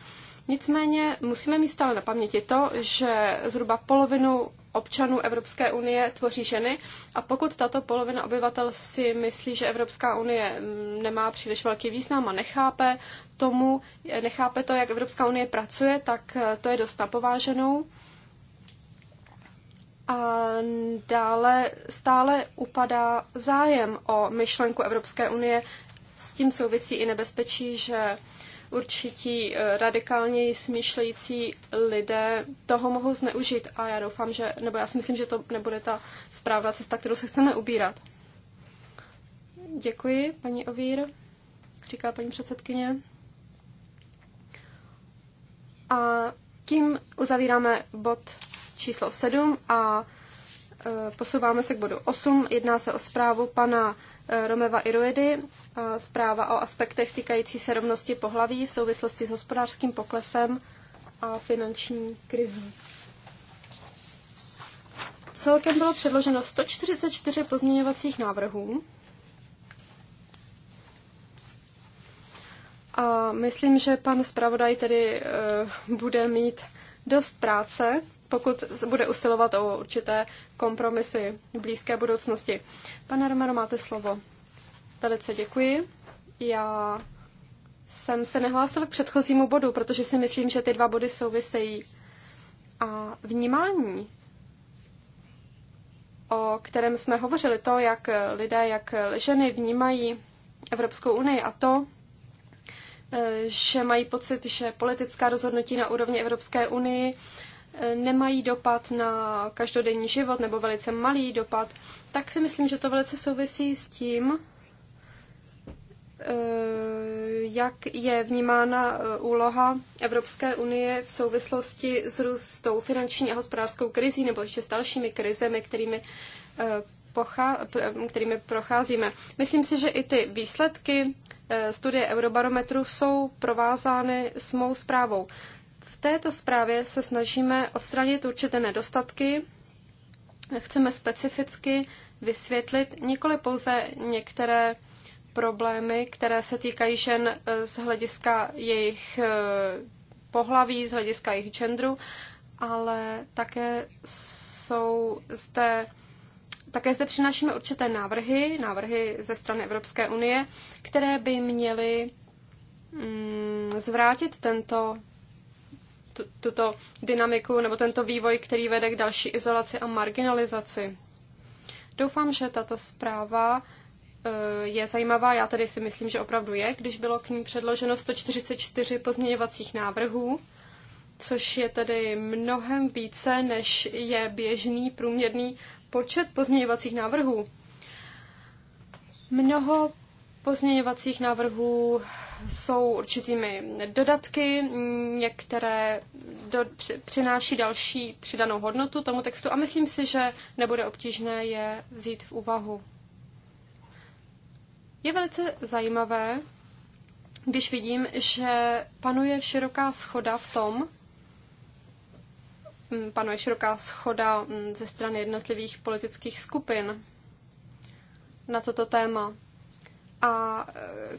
Speaker 1: Nicméně musíme mít stále na paměti to, že zhruba polovinu občanů Evropské unie tvoří ženy a pokud tato polovina obyvatel si myslí, že Evropská unie mm, nemá příliš velký význam a nechápe tomu, nechápe to, jak Evropská unie pracuje, tak eh, to je dost napováženou. A dále stále upadá zájem o myšlenku Evropské unie. S tím souvisí i nebezpečí, že určití eh, radikálněji smýšlející lidé toho mohou zneužít a já doufám, že, nebo já si myslím, že to nebude ta správná cesta, kterou se chceme ubírat. Děkuji, paní Ovír, říká paní předsedkyně. A tím uzavíráme bod číslo 7 a eh, posouváme se k bodu 8. Jedná se o zprávu pana eh, Romeva Iroedy, zpráva o aspektech týkající se rovnosti pohlaví v souvislosti s hospodářským poklesem a finanční krizí. Celkem bylo předloženo 144 pozměňovacích návrhů. A myslím, že pan zpravodaj tedy e, bude mít dost práce, pokud bude usilovat o určité kompromisy v blízké budoucnosti. Pane Romero, máte slovo. Velice děkuji. Já jsem se nehlásil k předchozímu bodu, protože si myslím, že ty dva body souvisejí. A vnímání, o kterém jsme hovořili, to, jak lidé, jak ženy vnímají Evropskou unii a to, že mají pocit, že politická rozhodnutí na úrovni Evropské unii nemají dopad na každodenní život nebo velice malý dopad, tak si myslím, že to velice souvisí s tím, Eh, jak je vnímána eh, úloha Evropské unie v souvislosti s růstou finanční a hospodářskou krizí nebo ještě s dalšími krizemi, kterými, eh, pochá, kterými procházíme. Myslím si, že i ty výsledky studie Eurobarometru jsou provázány s mou zprávou. V této zprávě se snažíme odstranit určité nedostatky. Chceme specificky vysvětlit nikoli pouze některé problémy, které se týkají žen eh, z hlediska jejich eh, pohlaví, z hlediska jejich genderu, ale také jsou zde také zde přinášíme určité návrhy, návrhy ze strany Evropské unie, které by měly mm, zvrátit tento, tuto dynamiku nebo tento vývoj, který vede k další izolaci a marginalizaci. Doufám, že tato zpráva Eh, je zajímavá. Já tady si myslím, že opravdu je, když bylo k ní předloženo 144 pozměňovacích návrhů, což je tedy mnohem více, než je běžný průměrný počet pozměňovacích návrhů. Mnoho pozměňovacích návrhů jsou určitými dodatky, některé do, přináší další přidanou hodnotu tomu textu a myslím si, že nebude obtížné je vzít v úvahu. Je velice zajímavé, když vidím, že panuje široká schoda v tom, mm, panuje široká schoda mm, ze strany jednotlivých politických skupin na toto téma. A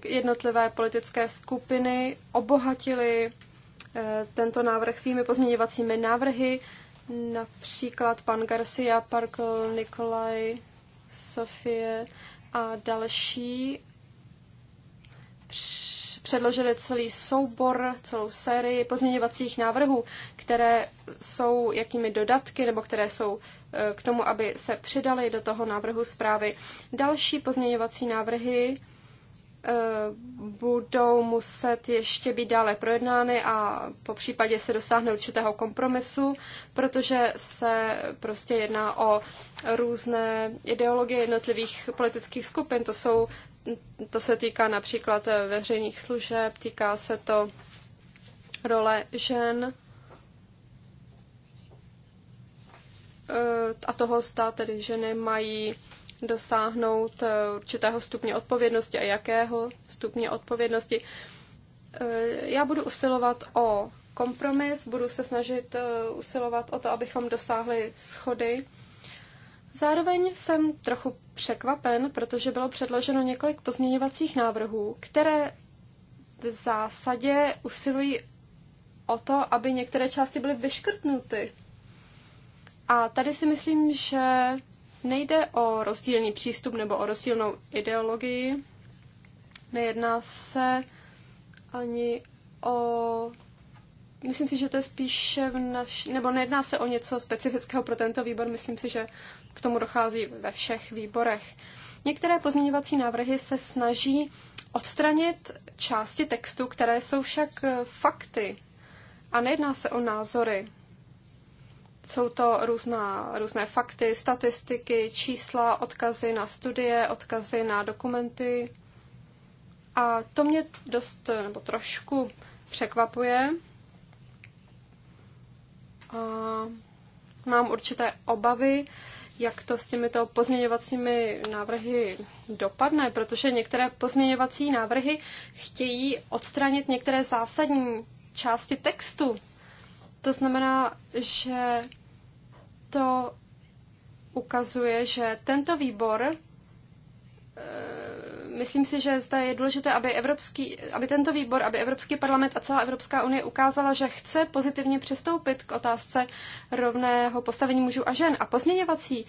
Speaker 1: eh, jednotlivé politické skupiny obohatily eh, tento návrh svými pozměňovacími návrhy. Například pan Garcia, Parkl, Nikolaj, Sofie, a další předložili celý soubor, celou sérii pozměňovacích návrhů, které jsou jakými dodatky nebo které jsou e, k tomu, aby se přidali do toho návrhu zprávy. Další pozměňovací návrhy Eh, budou muset ještě být dále projednány a po případě se dosáhne určitého kompromisu, protože se prostě jedná o různé ideologie jednotlivých politických skupin. To, jsou, to se týká například veřejných služeb, týká se to role žen eh, a toho stát, tedy ženy mají dosáhnout eh, určitého stupně odpovědnosti a jakého stupně odpovědnosti. Eh, já budu usilovat o kompromis, budu se snažit eh, usilovat o to, abychom dosáhli schody. Zároveň jsem trochu překvapen, protože bylo předloženo několik pozměňovacích návrhů, které v zásadě usilují o to, aby některé části byly vyškrtnuty. A tady si myslím, že Nejde o rozdílný přístup nebo o rozdílnou ideologii. Nejedná se ani o myslím si, že to je spíše v naš... nebo nejedná se o něco specifického pro tento výbor, myslím si, že k tomu dochází ve všech výborech. Některé pozměňovací návrhy se snaží odstranit části textu, které jsou však eh, fakty a nejedná se o názory. Jsou to různá, různé fakty, statistiky, čísla, odkazy na studie, odkazy na dokumenty. A to mě dost nebo trošku překvapuje. A mám určité obavy, jak to s těmito pozměňovacími návrhy dopadne, protože některé pozměňovací návrhy chtějí odstranit některé zásadní části textu. To znamená, že to ukazuje, že tento výbor, eh, myslím si, že zde je důležité, aby, Evropský, aby tento výbor, aby Evropský parlament a celá Evropská unie ukázala, že chce pozitivně přistoupit k otázce rovného postavení mužů a žen. A pozměňovací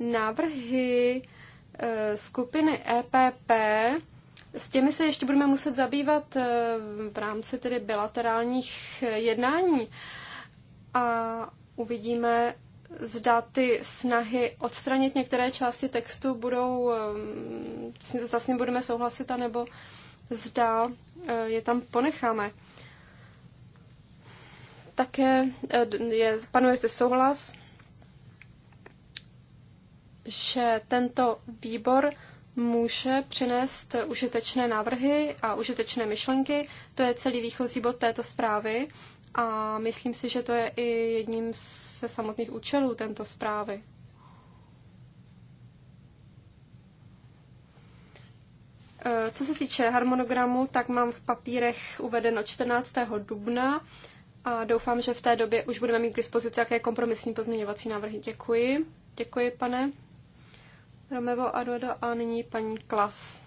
Speaker 1: návrhy eh, skupiny EPP, s těmi se ještě budeme muset zabývat eh, v rámci tedy bilaterálních jednání. A uvidíme, zda ty snahy odstranit některé části textu budou, eh, zda s ním budeme souhlasit, anebo zda eh, je tam ponecháme. Také eh, je, panuje zde souhlas, že tento výbor může přinést užitečné návrhy a užitečné myšlenky. To je celý výchozí bod této zprávy. A myslím si, že to je i jedním ze samotných účelů této zprávy. E, co se týče harmonogramu, tak mám v papírech uvedeno 14. dubna a doufám, že v té době už budeme mít k dispozici také kompromisní pozměňovací návrhy. Děkuji. Děkuji, pane Romevo Arodo a nyní paní Klas.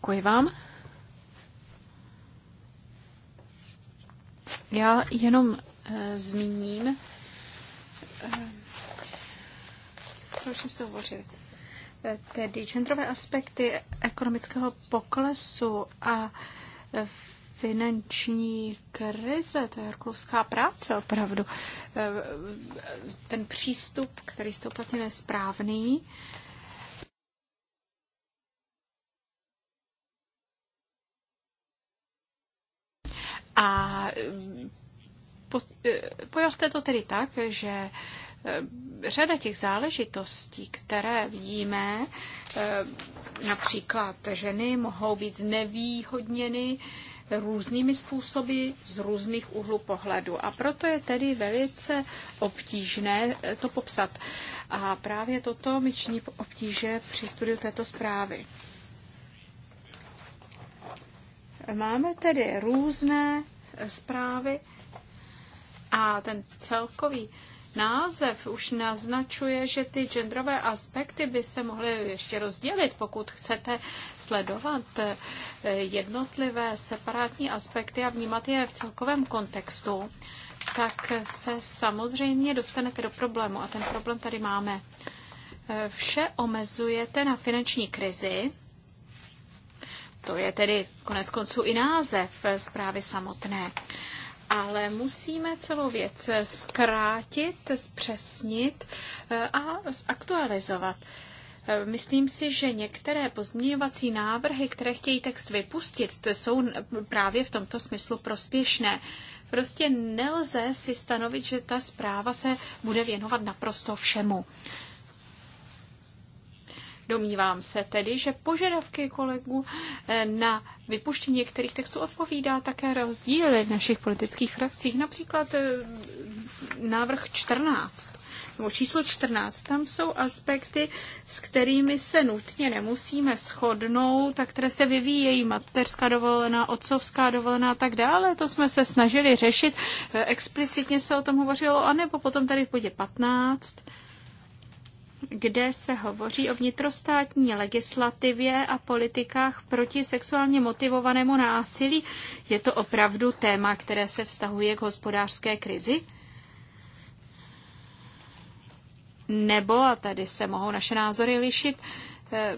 Speaker 3: Děkuji vám. Já jenom uh, zmíním, uh, eh, proč jsme jste hovořili, eh, tedy genderové aspekty ekonomického poklesu a finanční krize, to je harkovská práce opravdu. ten přístup, který jste uplatnil, je správný. A eh, eh, jste to tedy tak, že eh, řada těch záležitostí, které vidíme, například ženy mohou být znevýhodněny různými způsoby z různých úhlů pohledu. A proto je tedy velice obtížné to popsat. A právě toto mi činí obtíže při studiu této zprávy. Máme tedy různé eh, zprávy a ten celkový název už naznačuje, že ty genderové aspekty by se mohly ještě rozdělit. Pokud chcete sledovat eh, jednotlivé separátní aspekty a vnímat je v celkovém kontextu, tak se samozřejmě dostanete do problému. A ten problém tady máme. Eh, Vše omezujete na finanční krizi, to je tedy konec konců i název zprávy samotné. Ale musíme celou věc zkrátit, zpřesnit eh, a zaktualizovat. Eh, myslím si, že některé pozměňovací návrhy, které chtějí text vypustit, to jsou právě v tomto smyslu prospěšné. Prostě nelze si stanovit, že ta zpráva se bude věnovat naprosto všemu. Domnívám se tedy, že požadavky kolegů eh, na vypuštění některých textů odpovídá také rozdíly v našich politických frakcích. Například eh, návrh 14 nebo číslo 14, tam jsou aspekty, s kterými se nutně nemusíme shodnout a které se vyvíjejí mateřská dovolená, otcovská dovolená a tak dále. To jsme se snažili řešit, eh, explicitně se o tom hovořilo, anebo potom tady v bodě 15, kde se hovoří o vnitrostátní legislativě a politikách proti sexuálně motivovanému násilí. Je to opravdu téma, které se vztahuje k hospodářské krizi? Nebo, a tady se mohou naše názory lišit, eh,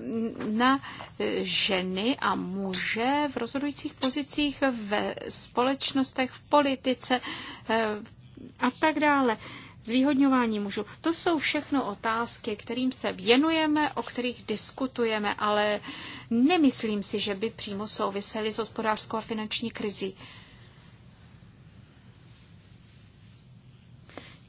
Speaker 3: na ženy a muže v rozhodujících pozicích ve společnostech, v politice eh, a tak dále zvýhodňování mužů. To jsou všechno otázky, kterým se věnujeme, o kterých diskutujeme, ale nemyslím si, že by přímo souvisely s hospodářskou a finanční krizí.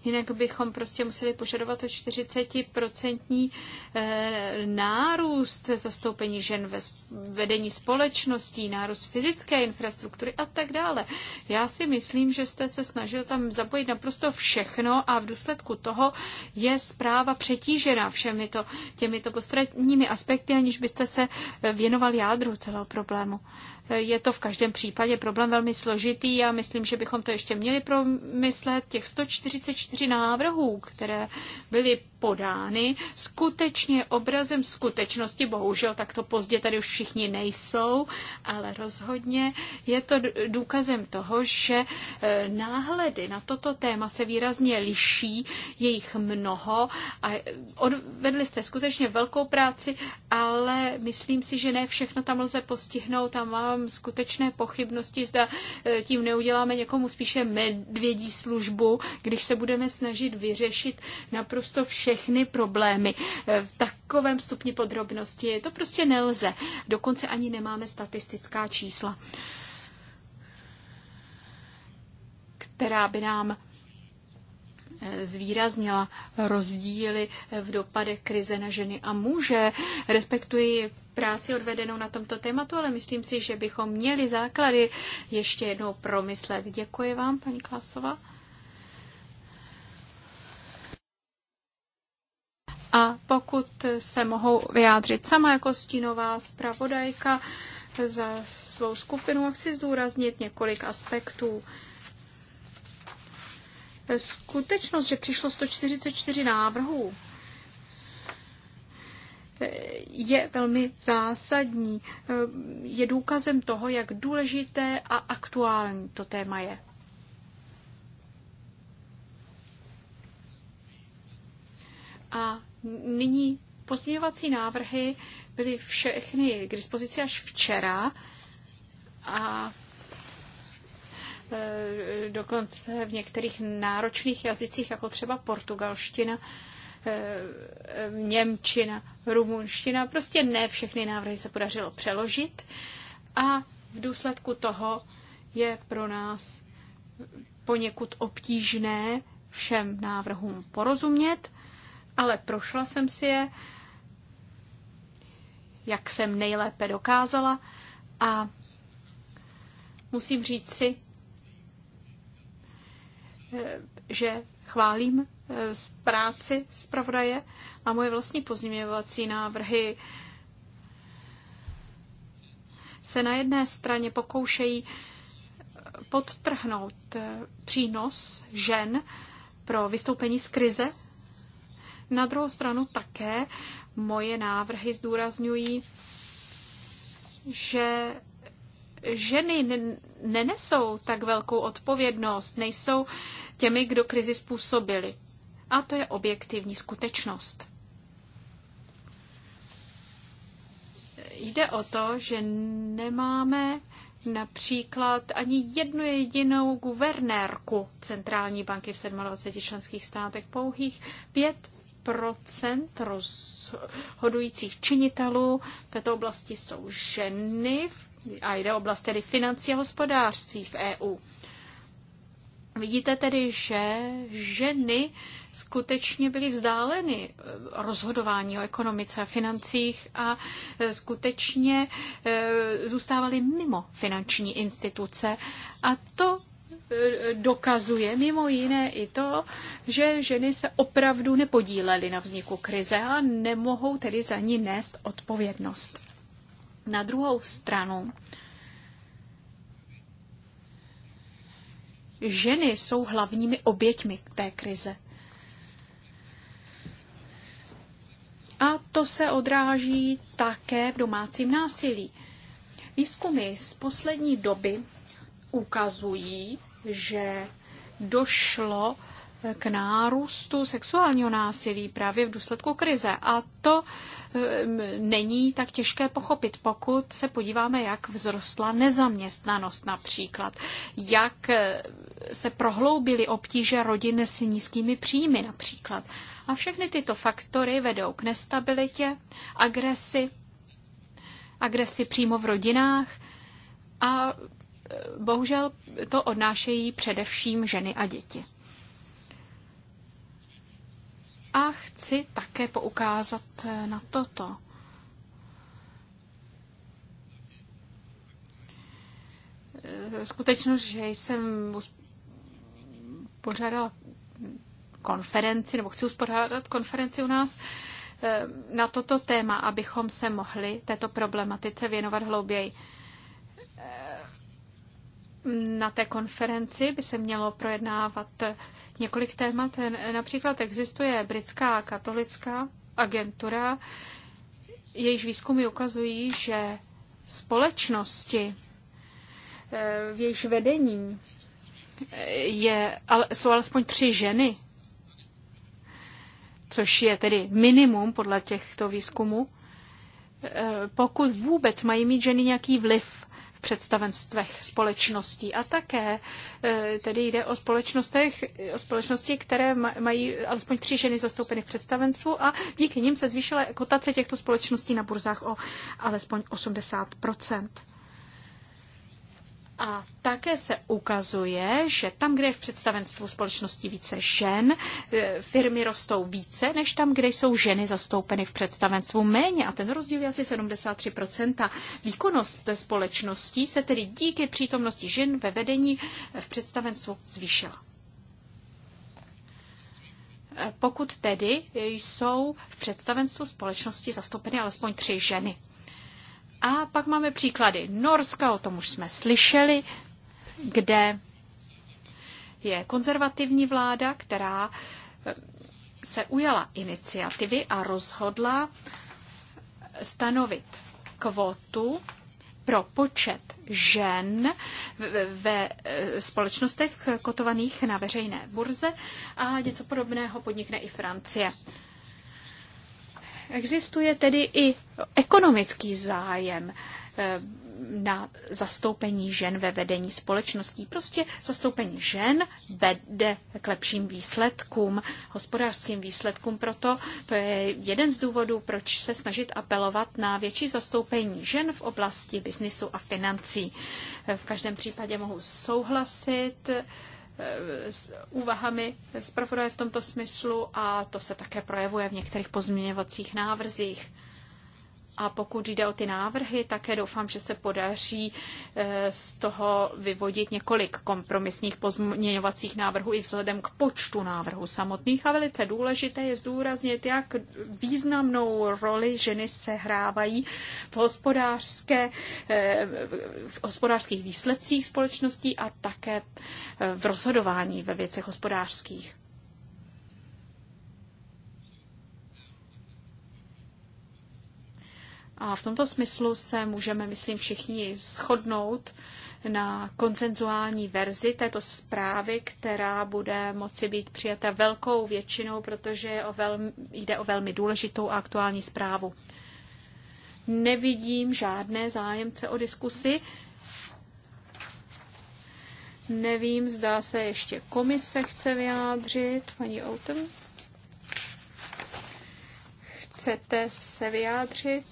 Speaker 3: Jinak bychom prostě museli požadovat o 40% eh, nárůst zastoupení žen ve vedení společností, nárůst fyzické infrastruktury a tak dále. Já si myslím, že jste se snažil tam zapojit naprosto všechno a v důsledku toho je zpráva přetížena všemi to, těmito postranními aspekty, aniž byste se eh, věnoval jádru celého problému je to v každém případě problém velmi složitý a myslím, že bychom to ještě měli promyslet. Těch 144 návrhů, které byly podány skutečně obrazem skutečnosti. Bohužel to pozdě tady už všichni nejsou, ale rozhodně je to důkazem toho, že e, náhledy na toto téma se výrazně liší, je jich mnoho a e, odvedli jste skutečně velkou práci, ale myslím si, že ne všechno tam lze postihnout a mám skutečné pochybnosti, zda e, tím neuděláme někomu spíše medvědí službu, když se budeme snažit vyřešit naprosto všechno všechny problémy eh, v takovém stupni podrobnosti. To prostě nelze. Dokonce ani nemáme statistická čísla, která by nám eh, zvýraznila rozdíly eh, v dopadech krize na ženy a muže. Respektuji práci odvedenou na tomto tématu, ale myslím si, že bychom měli základy ještě jednou promyslet. Děkuji vám, paní Klasova. A pokud se mohou vyjádřit sama jako stínová zpravodajka za svou skupinu, chci zdůraznit několik aspektů. Skutečnost, že přišlo 144 návrhů, je velmi zásadní. Je důkazem toho, jak důležité a aktuální to téma je. A Nyní pozměňovací návrhy byly všechny k dispozici až včera a e, dokonce v některých náročných jazycích, jako třeba portugalština, e, e, němčina, rumunština, prostě ne všechny návrhy se podařilo přeložit a v důsledku toho je pro nás poněkud obtížné všem návrhům porozumět ale prošla jsem si je, jak jsem nejlépe dokázala a musím říct si, eh, že chválím z eh, práci zpravodaje a moje vlastní pozměňovací návrhy se na jedné straně pokoušejí eh, podtrhnout přínos žen pro vystoupení z krize na druhou stranu také moje návrhy zdůrazňují, že ženy nenesou tak velkou odpovědnost, nejsou těmi, kdo krizi způsobili. A to je objektivní skutečnost. Jde o to, že nemáme například ani jednu jedinou guvernérku centrální banky v 27 členských státech, pouhých pět rozhodujících činitelů v této oblasti jsou ženy a jde oblast tedy financí a hospodářství v EU. Vidíte tedy, že ženy skutečně byly vzdáleny eh, rozhodování o ekonomice a financích a eh, skutečně eh, zůstávaly mimo finanční instituce. A to dokazuje mimo jiné i to, že ženy se opravdu nepodílely na vzniku krize a nemohou tedy za ní nést odpovědnost. Na druhou stranu, ženy jsou hlavními oběťmi té krize. A to se odráží také v domácím násilí. Výzkumy z poslední doby ukazují, že došlo k nárůstu sexuálního násilí právě v důsledku krize. A to není tak těžké pochopit, pokud se podíváme, jak vzrostla nezaměstnanost například, jak eh, se prohloubily obtíže rodin s nízkými příjmy například. A všechny tyto faktory vedou k nestabilitě, agresi, agresi přímo v rodinách a bohužel to odnášejí především ženy a děti. A chci také poukázat eh, na toto. Eh, skutečnost, že jsem pořádala konferenci, nebo chci uspořádat konferenci u nás eh, na toto téma, abychom se mohli této problematice věnovat hlouběji. Na té konferenci by se mělo projednávat několik témat. Například existuje britská katolická agentura, jejíž výzkumy ukazují, že společnosti eh, v jejich vedení eh, je, ale jsou alespoň tři ženy, což je tedy minimum podle těchto výzkumů, eh, pokud vůbec mají mít ženy nějaký vliv představenstvech společností. A také e, tedy jde o, společnostech, o společnosti, které mají alespoň tři ženy zastoupeny v představenstvu a díky nim se zvýšila kotace těchto společností na burzách o alespoň 80 a také se ukazuje, že tam, kde je v představenstvu společnosti více žen, e, firmy rostou více, než tam, kde jsou ženy zastoupeny v představenstvu méně. A ten rozdíl je asi 73%. Výkonnost společnosti se tedy díky přítomnosti žen ve vedení e, v představenstvu zvýšila. E, pokud tedy jsou v představenstvu společnosti zastoupeny alespoň tři ženy. A pak máme příklady Norska, o tom už jsme slyšeli, kde je konzervativní vláda, která eh, se ujala iniciativy a rozhodla stanovit kvotu pro počet žen ve eh, společnostech kotovaných na veřejné burze a něco podobného podnikne i Francie. Existuje tedy i ekonomický zájem eh, na zastoupení žen ve vedení společností. Prostě zastoupení žen vede k lepším výsledkům, hospodářským výsledkům. Proto to je jeden z důvodů, proč se snažit apelovat na větší zastoupení žen v oblasti biznisu a financí. V každém případě mohu souhlasit Eh, s úvahami zpravodaje v tomto smyslu a to se také projevuje v některých pozměňovacích návrzích. A pokud jde o ty návrhy, také doufám, že se podaří eh, z toho vyvodit několik kompromisních pozměňovacích návrhů i vzhledem k počtu návrhů samotných. A velice důležité je zdůraznit, jak významnou roli ženy se hrávají v, hospodářské, eh, v hospodářských výsledcích společností a také eh, v rozhodování ve věcech hospodářských. A v tomto smyslu se můžeme, myslím, všichni shodnout na koncenzuální verzi této zprávy, která bude moci být přijata velkou většinou, protože o velmi, jde o velmi důležitou a aktuální zprávu. Nevidím žádné zájemce o diskusi. Nevím, zdá se ještě komise chce vyjádřit. Paní Outem, chcete se vyjádřit?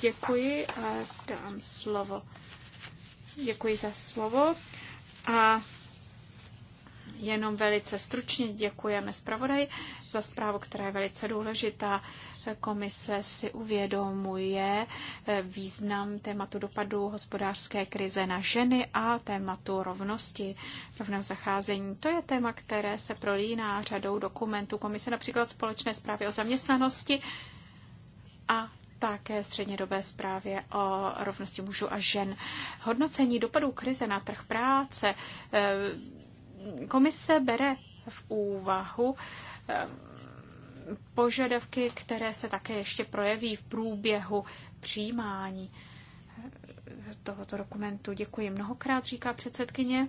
Speaker 3: děkuji a dám slovo. Děkuji za slovo a jenom velice stručně děkujeme zpravodaj za zprávu, která je velice důležitá. Komise si uvědomuje eh, význam tématu dopadu hospodářské krize na ženy a tématu rovnosti, rovného zacházení. To je téma, které se prolíná řadou dokumentů. Komise například společné zprávy o zaměstnanosti, a také střednědobé zprávě o rovnosti mužů a žen. Hodnocení dopadů krize na trh práce eh, komise bere v úvahu eh, požadavky, které se také ještě projeví v průběhu přijímání eh, tohoto dokumentu. Děkuji mnohokrát, říká předsedkyně.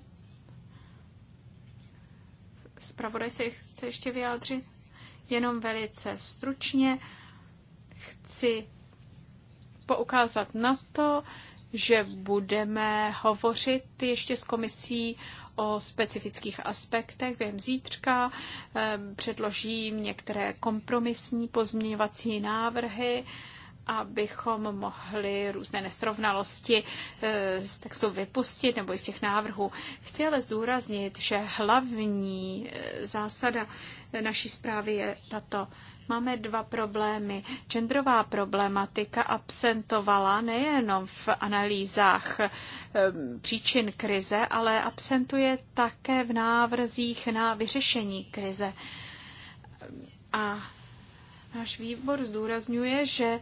Speaker 3: Zpravodaj se chce ještě vyjádřit? Jenom velice stručně chci poukázat na to, že budeme hovořit ještě s komisí o specifických aspektech. Během zítřka eh, předložím některé kompromisní pozměňovací návrhy, abychom mohli různé nesrovnalosti eh, z textu vypustit nebo z těch návrhů. Chci ale zdůraznit, že hlavní eh, zásada naší zprávy je tato. Máme dva problémy. Genderová problematika absentovala nejenom v analýzách ehm, příčin krize, ale absentuje také v návrzích na vyřešení krize. A náš výbor zdůrazňuje, že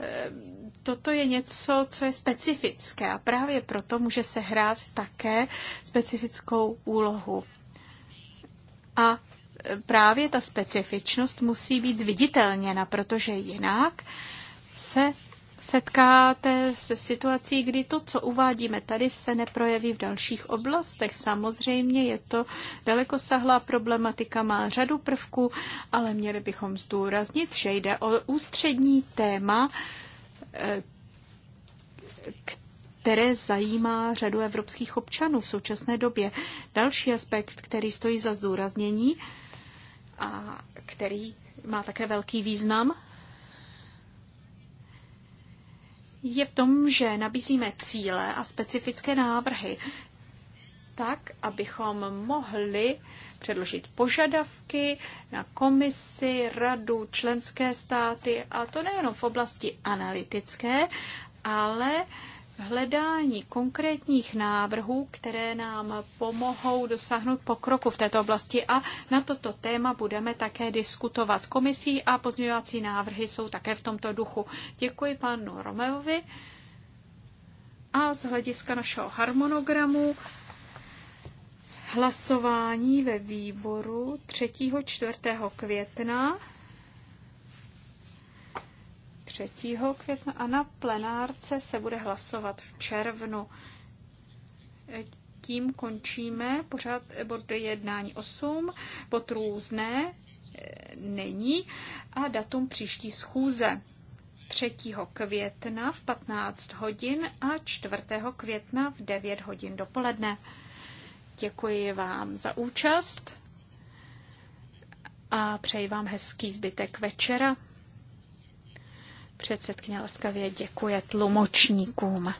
Speaker 3: ehm, toto je něco, co je specifické a právě proto může se hrát také specifickou úlohu. A právě ta specifičnost musí být zviditelněna, protože jinak se setkáte se situací, kdy to, co uvádíme tady, se neprojeví v dalších oblastech. Samozřejmě je to daleko sahlá problematika, má řadu prvků, ale měli bychom zdůraznit, že jde o ústřední téma, eh, které zajímá řadu evropských občanů v současné době. Další aspekt, který stojí za zdůraznění, a který má také velký význam, je v tom, že nabízíme cíle a specifické návrhy tak, abychom mohli předložit požadavky na komisi, radu, členské státy, a to nejenom v oblasti analytické, ale hledání konkrétních návrhů, které nám pomohou dosáhnout pokroku v této oblasti a na toto téma budeme také diskutovat s komisí a pozměňovací návrhy jsou také v tomto duchu. Děkuji panu Romeovi a z hlediska našeho harmonogramu hlasování ve výboru 3. 4. května 3. května a na plenárce se bude hlasovat v červnu. Tím končíme pořád bod jednání 8, bod různé e, není a datum příští schůze. 3. května v 15 hodin a 4. května v 9 hodin dopoledne. Děkuji vám za účast a přeji vám hezký zbytek večera. Předsedkyně laskavě děkuje tlumočníkům.